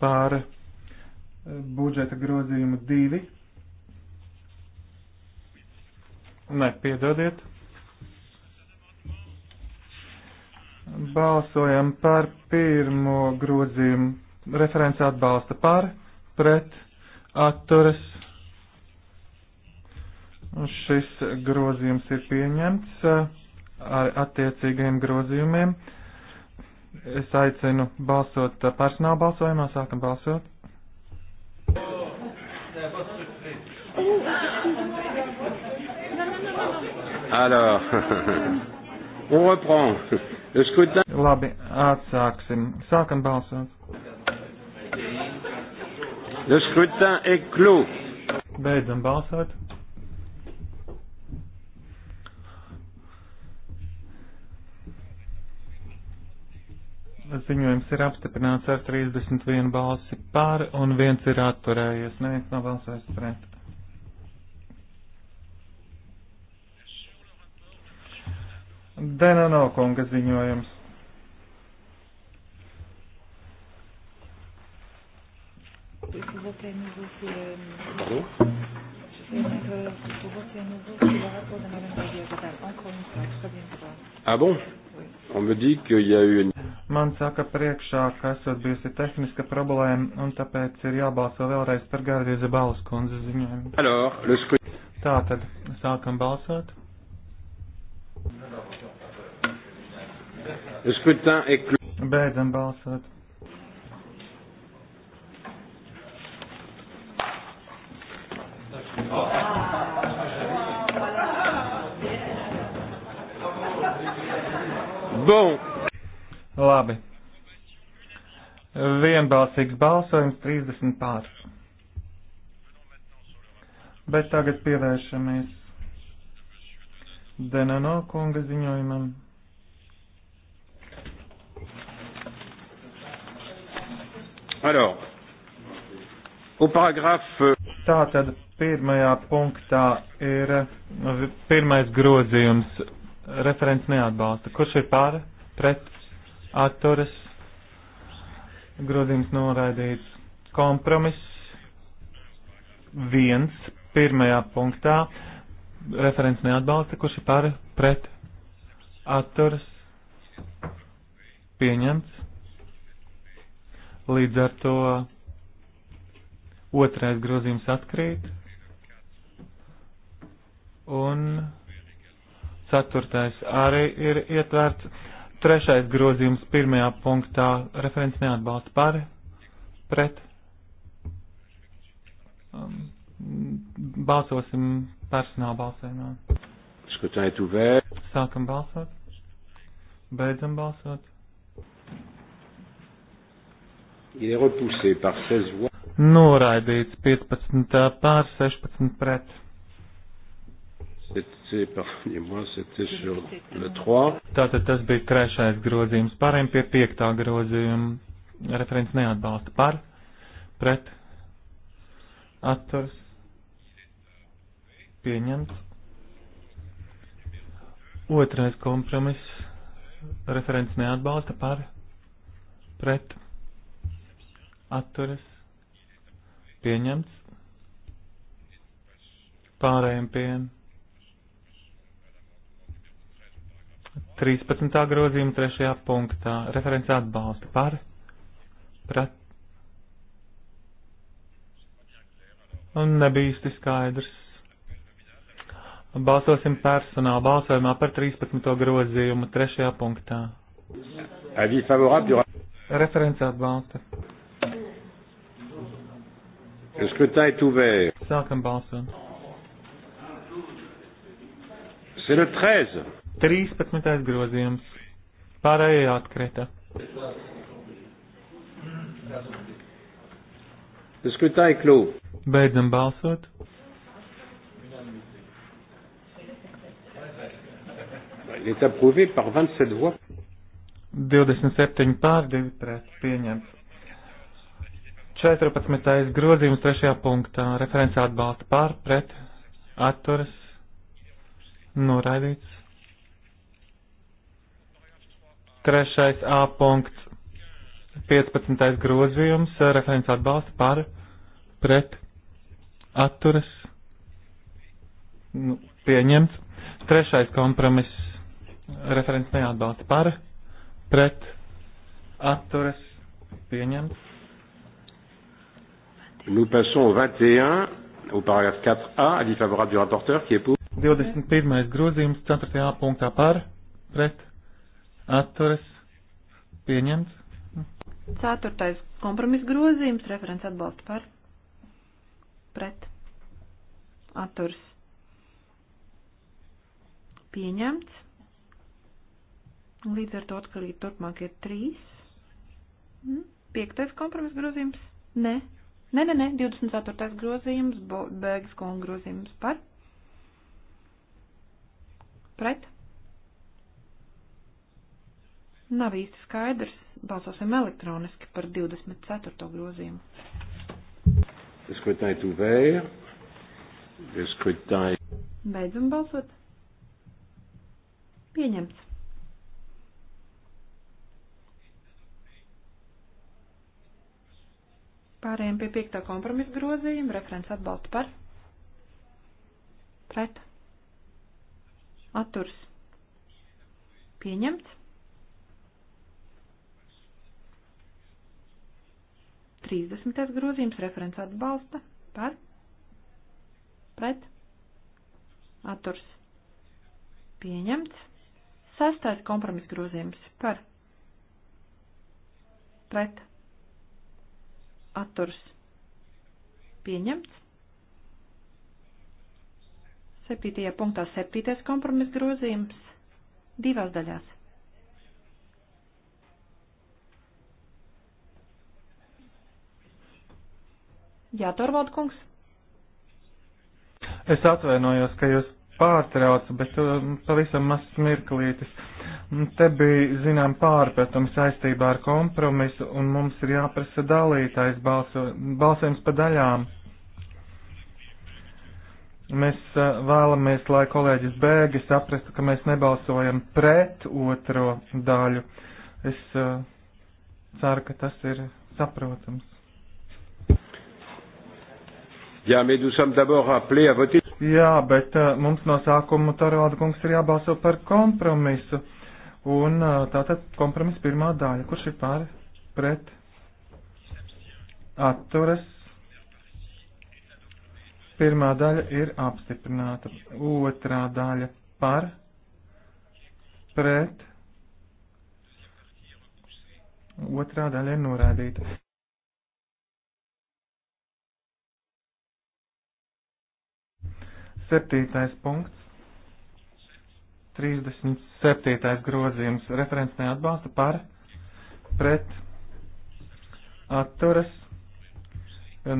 par uh, budžeta grozījumu divi. Nē, piedodiet. Balsojam par pirmo grozījumu. Referents atbalsta par, pret, atturas Šis grozījums ir pieņemts uh, ar attiecīgajiem grozījumiem. Es aicinu balsot uh, personāla balsojumā, sākam balsot. Alors, on reprend. Le scrutin. Labi, atsāksim. Sākam balsot. Le scrutin est clos. Beidzam balsot. Ziņojums ir apstiprināts ar 31 balsi pār un viens ir atturējies. Neviens nav balsojis pret. Denano kunga ziņojums. Pardon Ah bon On me dit qu'il y a eu une... Man saka priekšā, ka esot bijusi tehniska problēma, un tāpēc ir jābalso vēlreiz par Gardīza Balas kundzes ziņojumu. Alors, le scrutin. Tātad, sākam balsot. Le scrutin est clos. Beidzam balsot. Bon. Labi. Vienbalsīgs balsojums 30 pār. Bet tagad pievēršamies Denano kunga ziņojumam. Alors, au paragraphe. Euh, Tātad, Pirmajā punktā ir nu, pirmais grozījums. Referents neatbalsta. Kurš ir pāri? Pret atturas. Grozījums noraidīts. Kompromiss viens pirmajā punktā. Referents neatbalsta. Kurš ir pāri? Pret atturas. Pieņemts. Līdz ar to otrais grozījums atkrīt un ceturtais arī ir ietverts. Trešais grozījums pirmajā punktā referents neatbalsta par, pret. Um, balsosim personāla balsojumā. Skatāju tu vēl. Sākam balsot. Beidzam balsot. Il est repoussé par 16 voix. Noraidīts 15 pār 16 pret. Tātad tas bija trešais grozījums. Pārējiem pie piektā grozījuma. Referents neatbalsta par, pret, atturs, pieņemts. Otrais kompromiss. Referents neatbalsta par, pret, atturs, pieņemts. Pārējiem pie 13. grozījuma 3. punktā referents atbalsta par, pret. Un nebija īsti skaidrs. Balsosim personāla balsojumā par 13. grozījumu 3. punktā. Referents atbalsta. Sākam balsot. C'est le 13. 13. grozījums. Pārējie atkrita. Beidzam balsot. Il est approuvé par 27 voix. 27 pār 2 pret pieņemts. 14. grozījums 3. punktā. Referents atbalsta pār pret atturas noraidīts. Trešais A punkts, 15. grozījums, referents atbalsta par, pret, atturas, nu, pieņemts. Trešais kompromiss, referents neatbalsta par, pret, atturas, pieņemts. Nous passons au 21, au paragraphe 4A, avis favorable du rapporteur, qui est pour. 21. grozījums, 4. punktā par, pret, atturas pieņemts. Ceturtais kompromiss grozījums, referents atbalsta par, pret, atturas pieņemts. Līdz ar to atkarīgi turpmāk ir trīs. Hm? Piektais kompromiss grozījums? Nē. Nē, nē, nē, 24. grozījums, bēgas kunga grozījums par. Pret. Nav īsti skaidrs. Balsosim elektroniski par 24. grozījumu. Le scrutin est ouvert. Le scrutin est... Beidzam balsot. Pieņemts. Pārējiem pie piektā kompromisa grozījuma referents atbalsta par. Pret. Atturs. Pieņemts. 30. grozījums referents atbalsta par pret atturs pieņemts. 6. kompromis grozījums par pret atturs pieņemts. 7. punktā 7. kompromis grozījums divās daļās. Jā, Torvald kungs. Es atvainojos, ka jūs pārtraucu, bet um, pavisam maz smirklītis. Mm, te bija, zinām, pārpratumi saistībā ar kompromisu, un mums ir jāprasa dalītais balso, balsojums pa daļām. Mēs uh, vēlamies, lai kolēģis bēgi saprastu, ka mēs nebalsojam pret otro daļu. Es uh, ceru, ka tas ir saprotams. Jā, bet eh, mums no sākuma Tarvalda kungs ir jābalso par kompromisu. Un eh, tātad kompromis pirmā daļa, kurš ir pār, pret, atturas. Pirmā daļa ir apstiprināta, otrā daļa par, pret, otrā daļa ir norādīta. Septītais punkts. 37. grozījums referents neatbalsta par pret atturas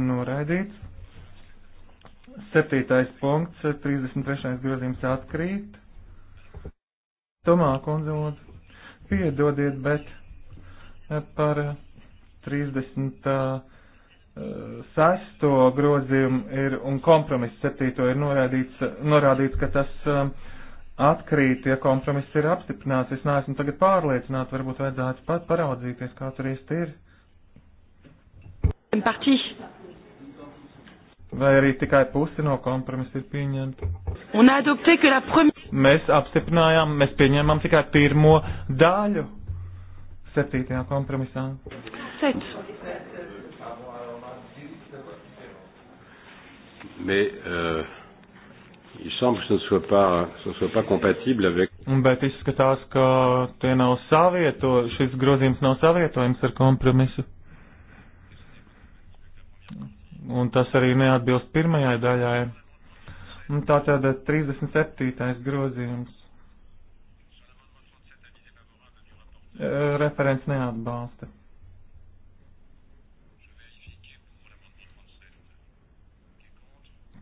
noraidīts. 7. punkts, 33. grozījums atkrīt. Tomā kundze lūdzu, piedodiet, bet par 30 sesto grozījumu ir, un kompromiss septīto ir norādīts, norādīts ka tas um, atkrīt, ja kompromiss ir apstiprināts. Es neesmu tagad pārliecināts, varbūt vajadzētu pat paraudzīties, kā tur īsti ir. Parti. Vai arī tikai pusi no kompromisa ir pieņemta? Adopté, premi... Mēs apstiprinājām, mēs pieņēmām tikai pirmo daļu septītajā kompromisā. Sets. mais euh, il semble que ce ne soit pas, ce ne soit pas compatible avec. Bet izskatās, ka tie nav savieto, šis grozījums nav savietojams ar kompromisu. Un tas arī neatbilst pirmajai daļai. Un tā tad 37. grozījums. Referents neatbalsta.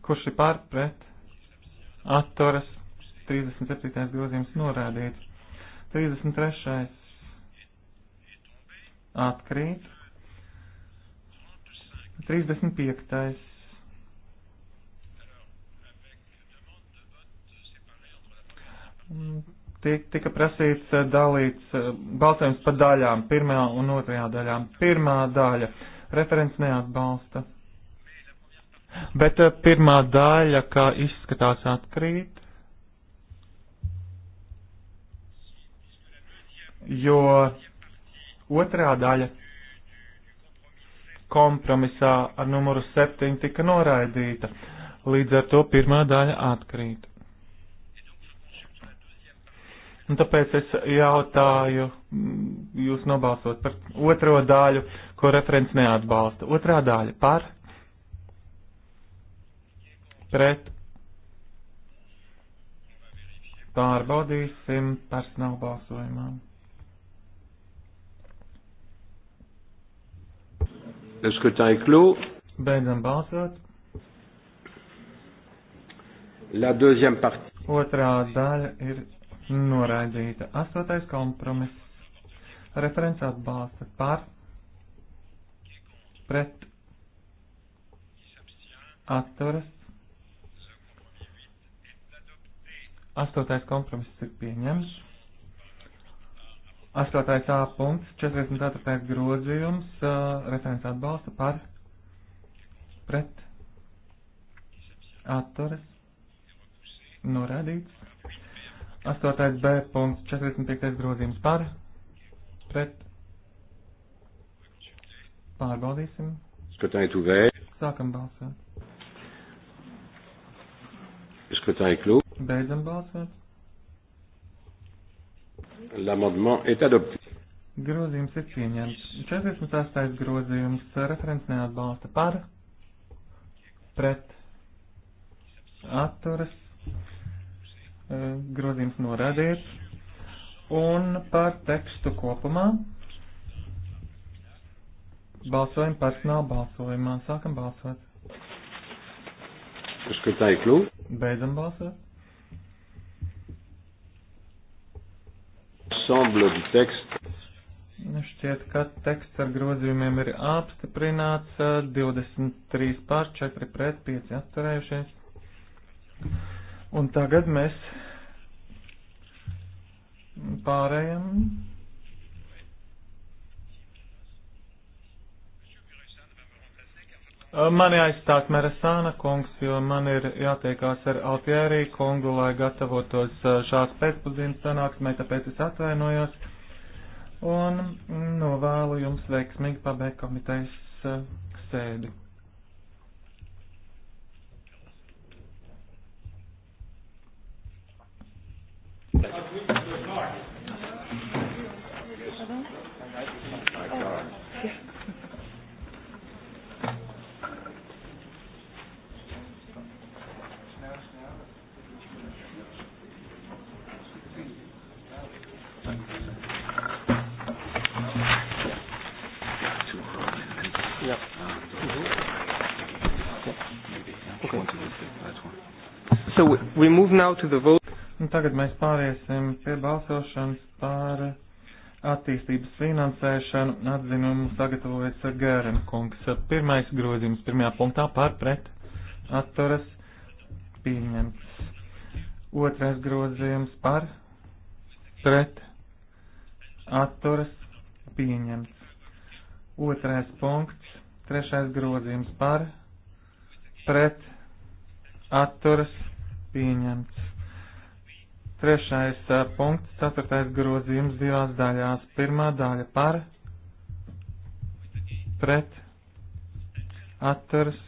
Kurš ir pār pret? Atturas. 37. grozījums norādīts. 33. Atkrīt. 35. Tika prasīts eh, dalīts eh, balsojums pa daļām, pirmajā un otrajā daļā. Pirmā daļa referents neatbalsta. Bet eh, pirmā daļa, kā izskatās, atkrīt. Jo otrā daļa kompromisā ar numuru 7 tika noraidīta. Līdz ar to pirmā daļa atkrīt. Un tāpēc es jautāju, mm, jūs nobalsot par otro daļu, ko referents neatbalsta. Otrā daļa par pret. Pārbaudīsim personāla balsojumā. Le scrutin est clos. Beidzam balsot. La deuxième partie. Otrā daļa ir noraidīta. Astotais kompromiss. Referents atbalsta par, pret, atturas, Astotais kompromiss ir pieņemts. Astotais A punkts, 44. grozījums, uh, referents atbalsta par pret atturas norādīts. Astotais B punkts, 45. grozījums par pret pārbaudīsim. Skatāju tu vēl. Sākam balsot. Skatāju klū. Beidzam balsot. L'amendement est adopté. Grozījums ir pieņemts. 48. grozījums referents neatbalsta par, pret, atturas, e, grozījums norādīts. Un par tekstu kopumā balsojam personāla balsojumā. Sākam balsot. Skatāju kļūt. Beidzam balsot. l'ensemble du texte. Nu, šķiet, ka teksts ar grozījumiem ir apstiprināts 23 pār 4 pret 5 atturējušies. Un tagad mēs pārējām Uh, mani aizstās Meresāna kungs, jo man ir jātiekās ar Altieri kungu, lai gatavotos uh, šās pēcpusdienas sanāksmē, tāpēc es atvainojos un mm, novēlu nu, jums veiksmīgi pabeigt komitejas uh, sēdi. So we move now to the vote. Un tagad mēs pāriesim pie balsošanas par attīstības finansēšanu. Atzinumu sagatavojas Gērena kungs. Pirmais grozījums pirmajā punktā par pret atturas pieņemts. Otrais grozījums par pret atturas pieņemts. Otrais punkts, trešais grozījums par pret atturas pieņemts pieņemts. Trešais punkts, ceturtais grozījums divās daļās. Pirmā daļa par, pret, atturs,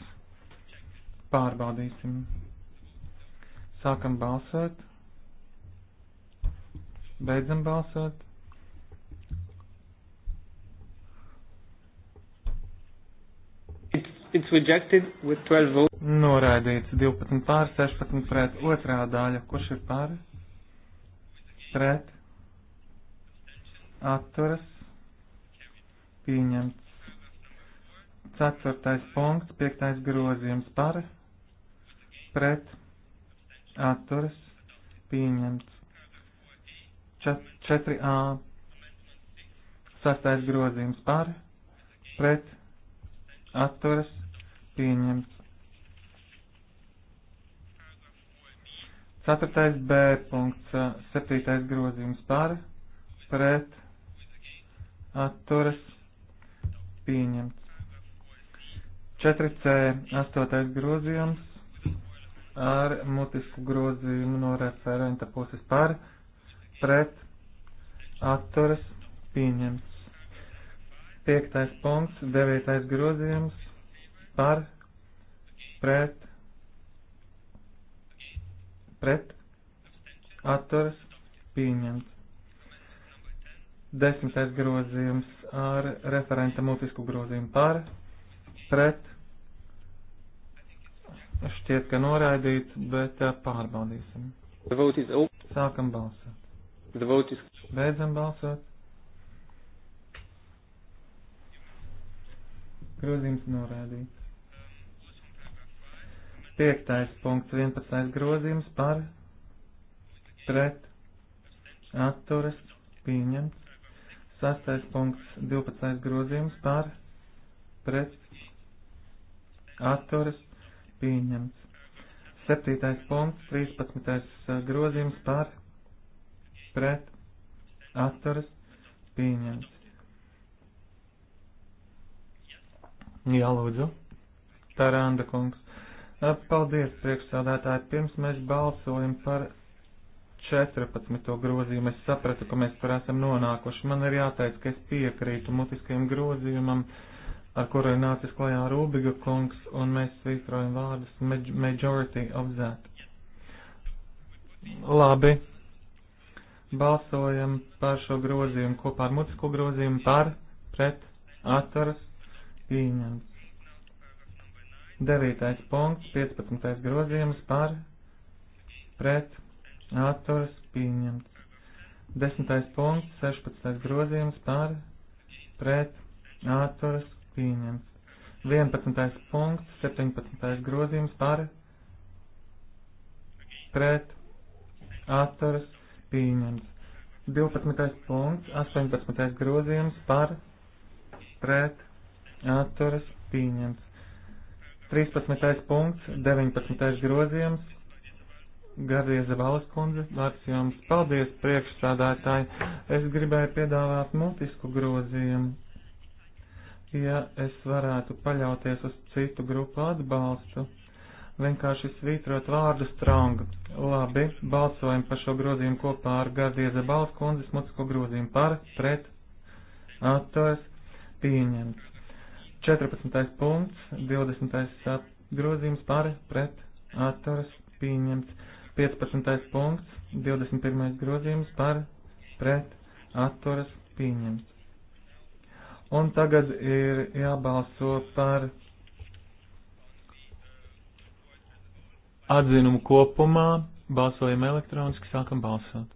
pārbaudīsim. Sākam balsot, beidzam balsot. It's rejected with 12 votes. Noraidīts 12 pār 16 pret otrā daļa. Kurš ir pār? Pret. Atturas. Pieņemts. Ceturtais punkts, piektais grozījums par. Pret. Atturas. Pieņemts. 4a. Sastais grozījums par. Pret. Atturas. Pieņemts. 4. B punkts, 7. grozījums par, pret, atturas, pieņemts. 4C, 8. grozījums ar mutisku grozījumu no referenta puses par, pret, atturas, pieņemts. 5. punkts, 9. grozījums par, pret, pret, atturas, pieņemts. Desmitais grozījums ar referenta mutisku grozījumu par, pret, šķiet, ka noraidīts, bet uh, pārbaudīsim. Sākam balsot. The vote is... Beidzam balsot. Grozījums norādīts. Piektais punkts, 11. grozījums par pret atturas pieņemts. Sastais punkts, 12. grozījums par pret atturas pieņemts. Septītais punkts, 13. Uh, grozījums par pret atturas pieņemts. Jā, lūdzu. Taranda kungs. Paldies, priekšsādātāji. Pirms mēs balsojam par 14. grozījumu, es sapratu, ka mēs tur esam nonākuši. Man ir jāteic, ka es piekrītu mutiskajam grozījumam, ar kuru ir nācis klajā Rūbiga kungs, un mēs svītrojam vārdus majority of that. Labi. Balsojam par šo grozījumu kopā ar mutisko grozījumu par, pret, atturas, pieņemts. Devītais punkts, 15. grozījums par pret atturas pieņemts. Desmitais punkts, 16. grozījums par pret atturas pieņemts. 11. punkts, 17. grozījums par pret atturas pieņemts. 12. punkts, 18. grozījums par pret atturas pieņemts. 13. punkts, 19. grozījums. Gardieza Valas kundze, vārds jums paldies priekšsādātāji. Es gribēju piedāvāt mutisku grozījumu. Ja es varētu paļauties uz citu grupu atbalstu, vienkārši svītrot vārdu strong. Labi, balsojam par šo grozījumu kopā ar Gardieza Valas kundzes mutisko grozījumu par, pret, atturas, pieņemts. 14. punkts, 20. grozījums par pret atturas pieņemts. 15. punkts, 21. grozījums par pret atturas pieņemts. Un tagad ir jābalso par atzinumu kopumā. Balsojam elektroniski, sākam balsot.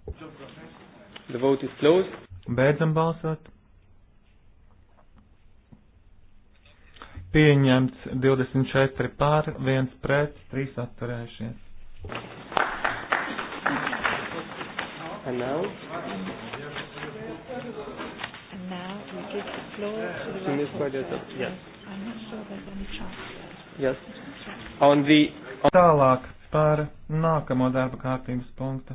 Beidzam balsot. pieņemts 24 pār, 1 pret, 3 atturējušies. And now? And now we give the floor to the Ms. Guardiola. Yes. I'm not sure there's any chance. Yes. On the... On... Tālāk par nākamo darba kārtības punktu.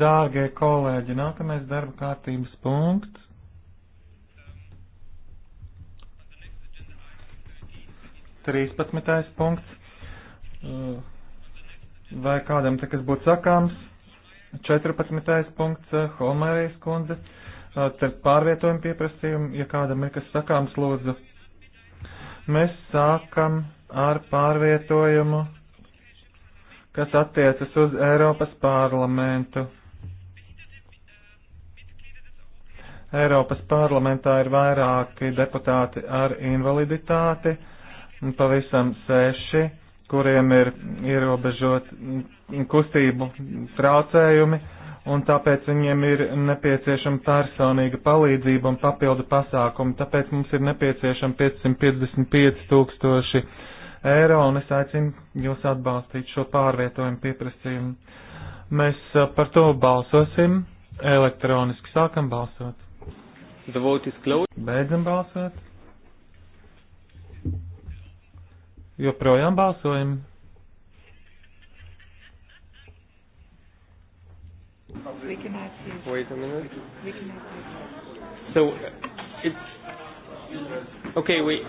Dārgie kolēģi, nākamais darba kārtības punkts. Trīspadsmitais punkts. Uh, vai kādam te kas būtu sakāms? Četrpadsmitais punkts. Uh, Holmērijas kundze. Uh, te pārvietojuma pieprasījumi. Ja kādam ir kas sakāms, lūdzu. Mēs sākam ar pārvietojumu, kas attiecas uz Eiropas parlamentu. Eiropas parlamentā ir vairāki deputāti ar invaliditāti, pavisam seši, kuriem ir ierobežot kustību traucējumi, un tāpēc viņiem ir nepieciešama personīga palīdzība un papildu pasākumi, tāpēc mums ir nepieciešama 555 tūkstoši eiro, un es aicinu jūs atbalstīt šo pārvietojumu pieprasījumu. Mēs uh, par to balsosim elektroniski, sākam balsot. The vote is closed. Beidzam balsot. Joprojām balsojam. We can ask you. Wait a minute. We can ask you. So it's okay. We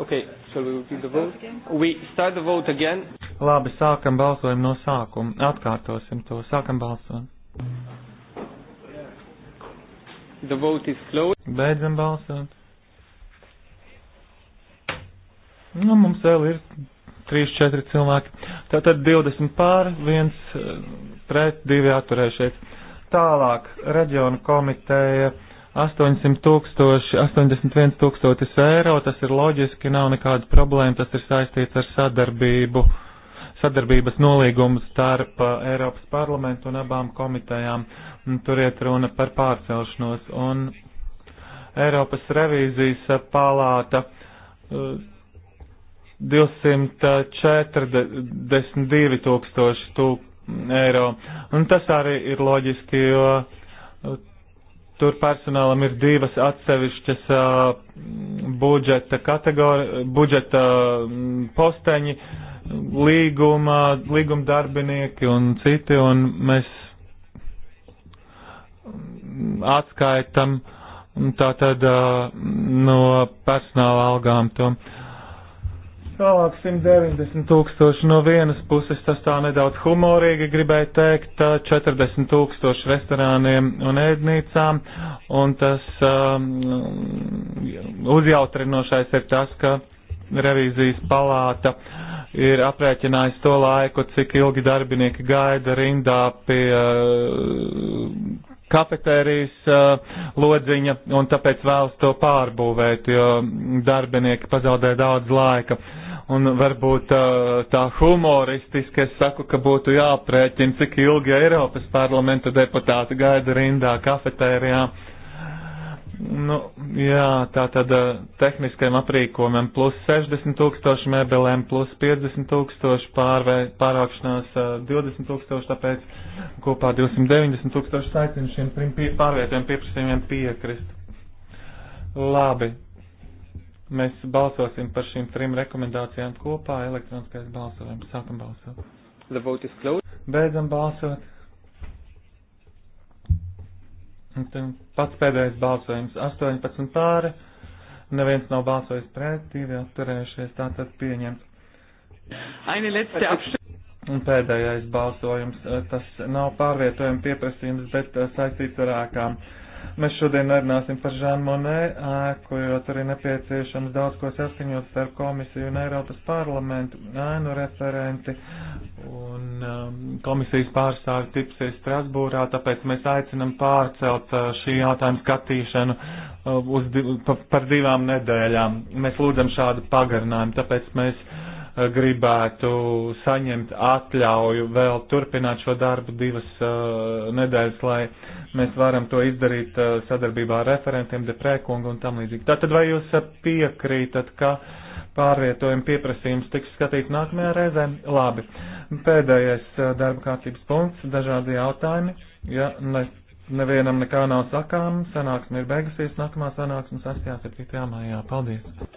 okay. Shall we repeat the vote? We start the vote again. Labi, sākam balsojumu no sākuma. Atkārtosim to. Sākam balsojumu. The vote is closed. Beidzam balsot. Nu, mums vēl ir 3-4 cilvēki. Tātad 20 pār, 1 pret, 2 atturējušies. Tālāk reģiona komiteja 800 tūkstoši, 81 tūkstotis eiro, tas ir loģiski, nav nekāda problēma, tas ir saistīts ar sadarbību sadarbības nolīgumu starp uh, Eiropas parlamentu un abām komitejām. Tur iet runa par pārcelšanos un Eiropas revīzijas uh, palāta 242 uh, tūkstoši tūk eiro. Un tas arī ir loģiski, jo tur personālam ir divas atsevišķas budžeta kategorija, budžeta mm, posteņi. Uh, līguma, līguma darbinieki un citi, un mēs atskaitam tātad no personāla algām to. Tālāk 190 tūkstoši no vienas puses, tas tā nedaudz humorīgi gribēja teikt, 40 tūkstoši restorāniem un ēdnīcām, un tas um, uzjautrinošais ir tas, ka revīzijas palāta uh, ir aprēķinājis to laiku, cik ilgi darbinieki gaida rindā pie uh, kafetērijas uh, lodziņa un tāpēc vēlas to pārbūvēt, jo darbinieki pazaudē daudz laika. Un varbūt uh, tā humoristiski es saku, ka būtu jāprēķina, cik ilgi Eiropas parlamenta deputāti gaida rindā kafetērijā. Uh, Nu, jā, tā tad eh, tehniskajam aprīkojumam plus 60 tūkstoši mēbelēm, plus 50 tūkstoši pārvē, pārākšanās 20 eh, tūkstoši, tāpēc kopā 290 tūkstoši saicinu šiem trim pārvietojumiem pieprasījumiem piekrist. Labi. Mēs balsosim par šīm trim rekomendācijām kopā. Elektroniskais balsojums. Sākam balsot. Beidzam balsot. Pats pēdējais balsojums - 18 pāri. Neviens nav balsojis pret, divi atturējušies, tātad pieņemts. Eine letzte Abstimmung. Un pēdējais balsojums, tas nav pārvietojuma pieprasījums, bet uh, saistīts ar ārkām. Uh, Mēs šodien nerunāsim par Žānu Monē ēku, jo tur ir nepieciešams daudz ko saskaņot starp komisiju un Eiropas parlamentu ēnu referenti un um, komisijas pārstāvi tipsies Strasbūrā, tāpēc mēs aicinam pārcelt uh, šī jautājuma skatīšanu uh, uz, pa, par divām nedēļām. Mēs lūdzam šādu pagarinājumu, tāpēc mēs. Uh, gribētu saņemt atļauju vēl turpināt šo darbu divas uh, nedēļas, lai mēs varam to izdarīt uh, sadarbībā ar referentiem, deprēkungu un tam līdzīgi. Tātad vai jūs uh, piekrītat, ka pārvietojuma pieprasījums tiks skatīts nākamajā reizē? Labi. Pēdējais uh, darba kārtības punkts, dažādi jautājumi. Ja ne, nevienam nekā nav sakām, sanāksme ir beigusies, nākamā sanāksme 6.7. maijā. Paldies!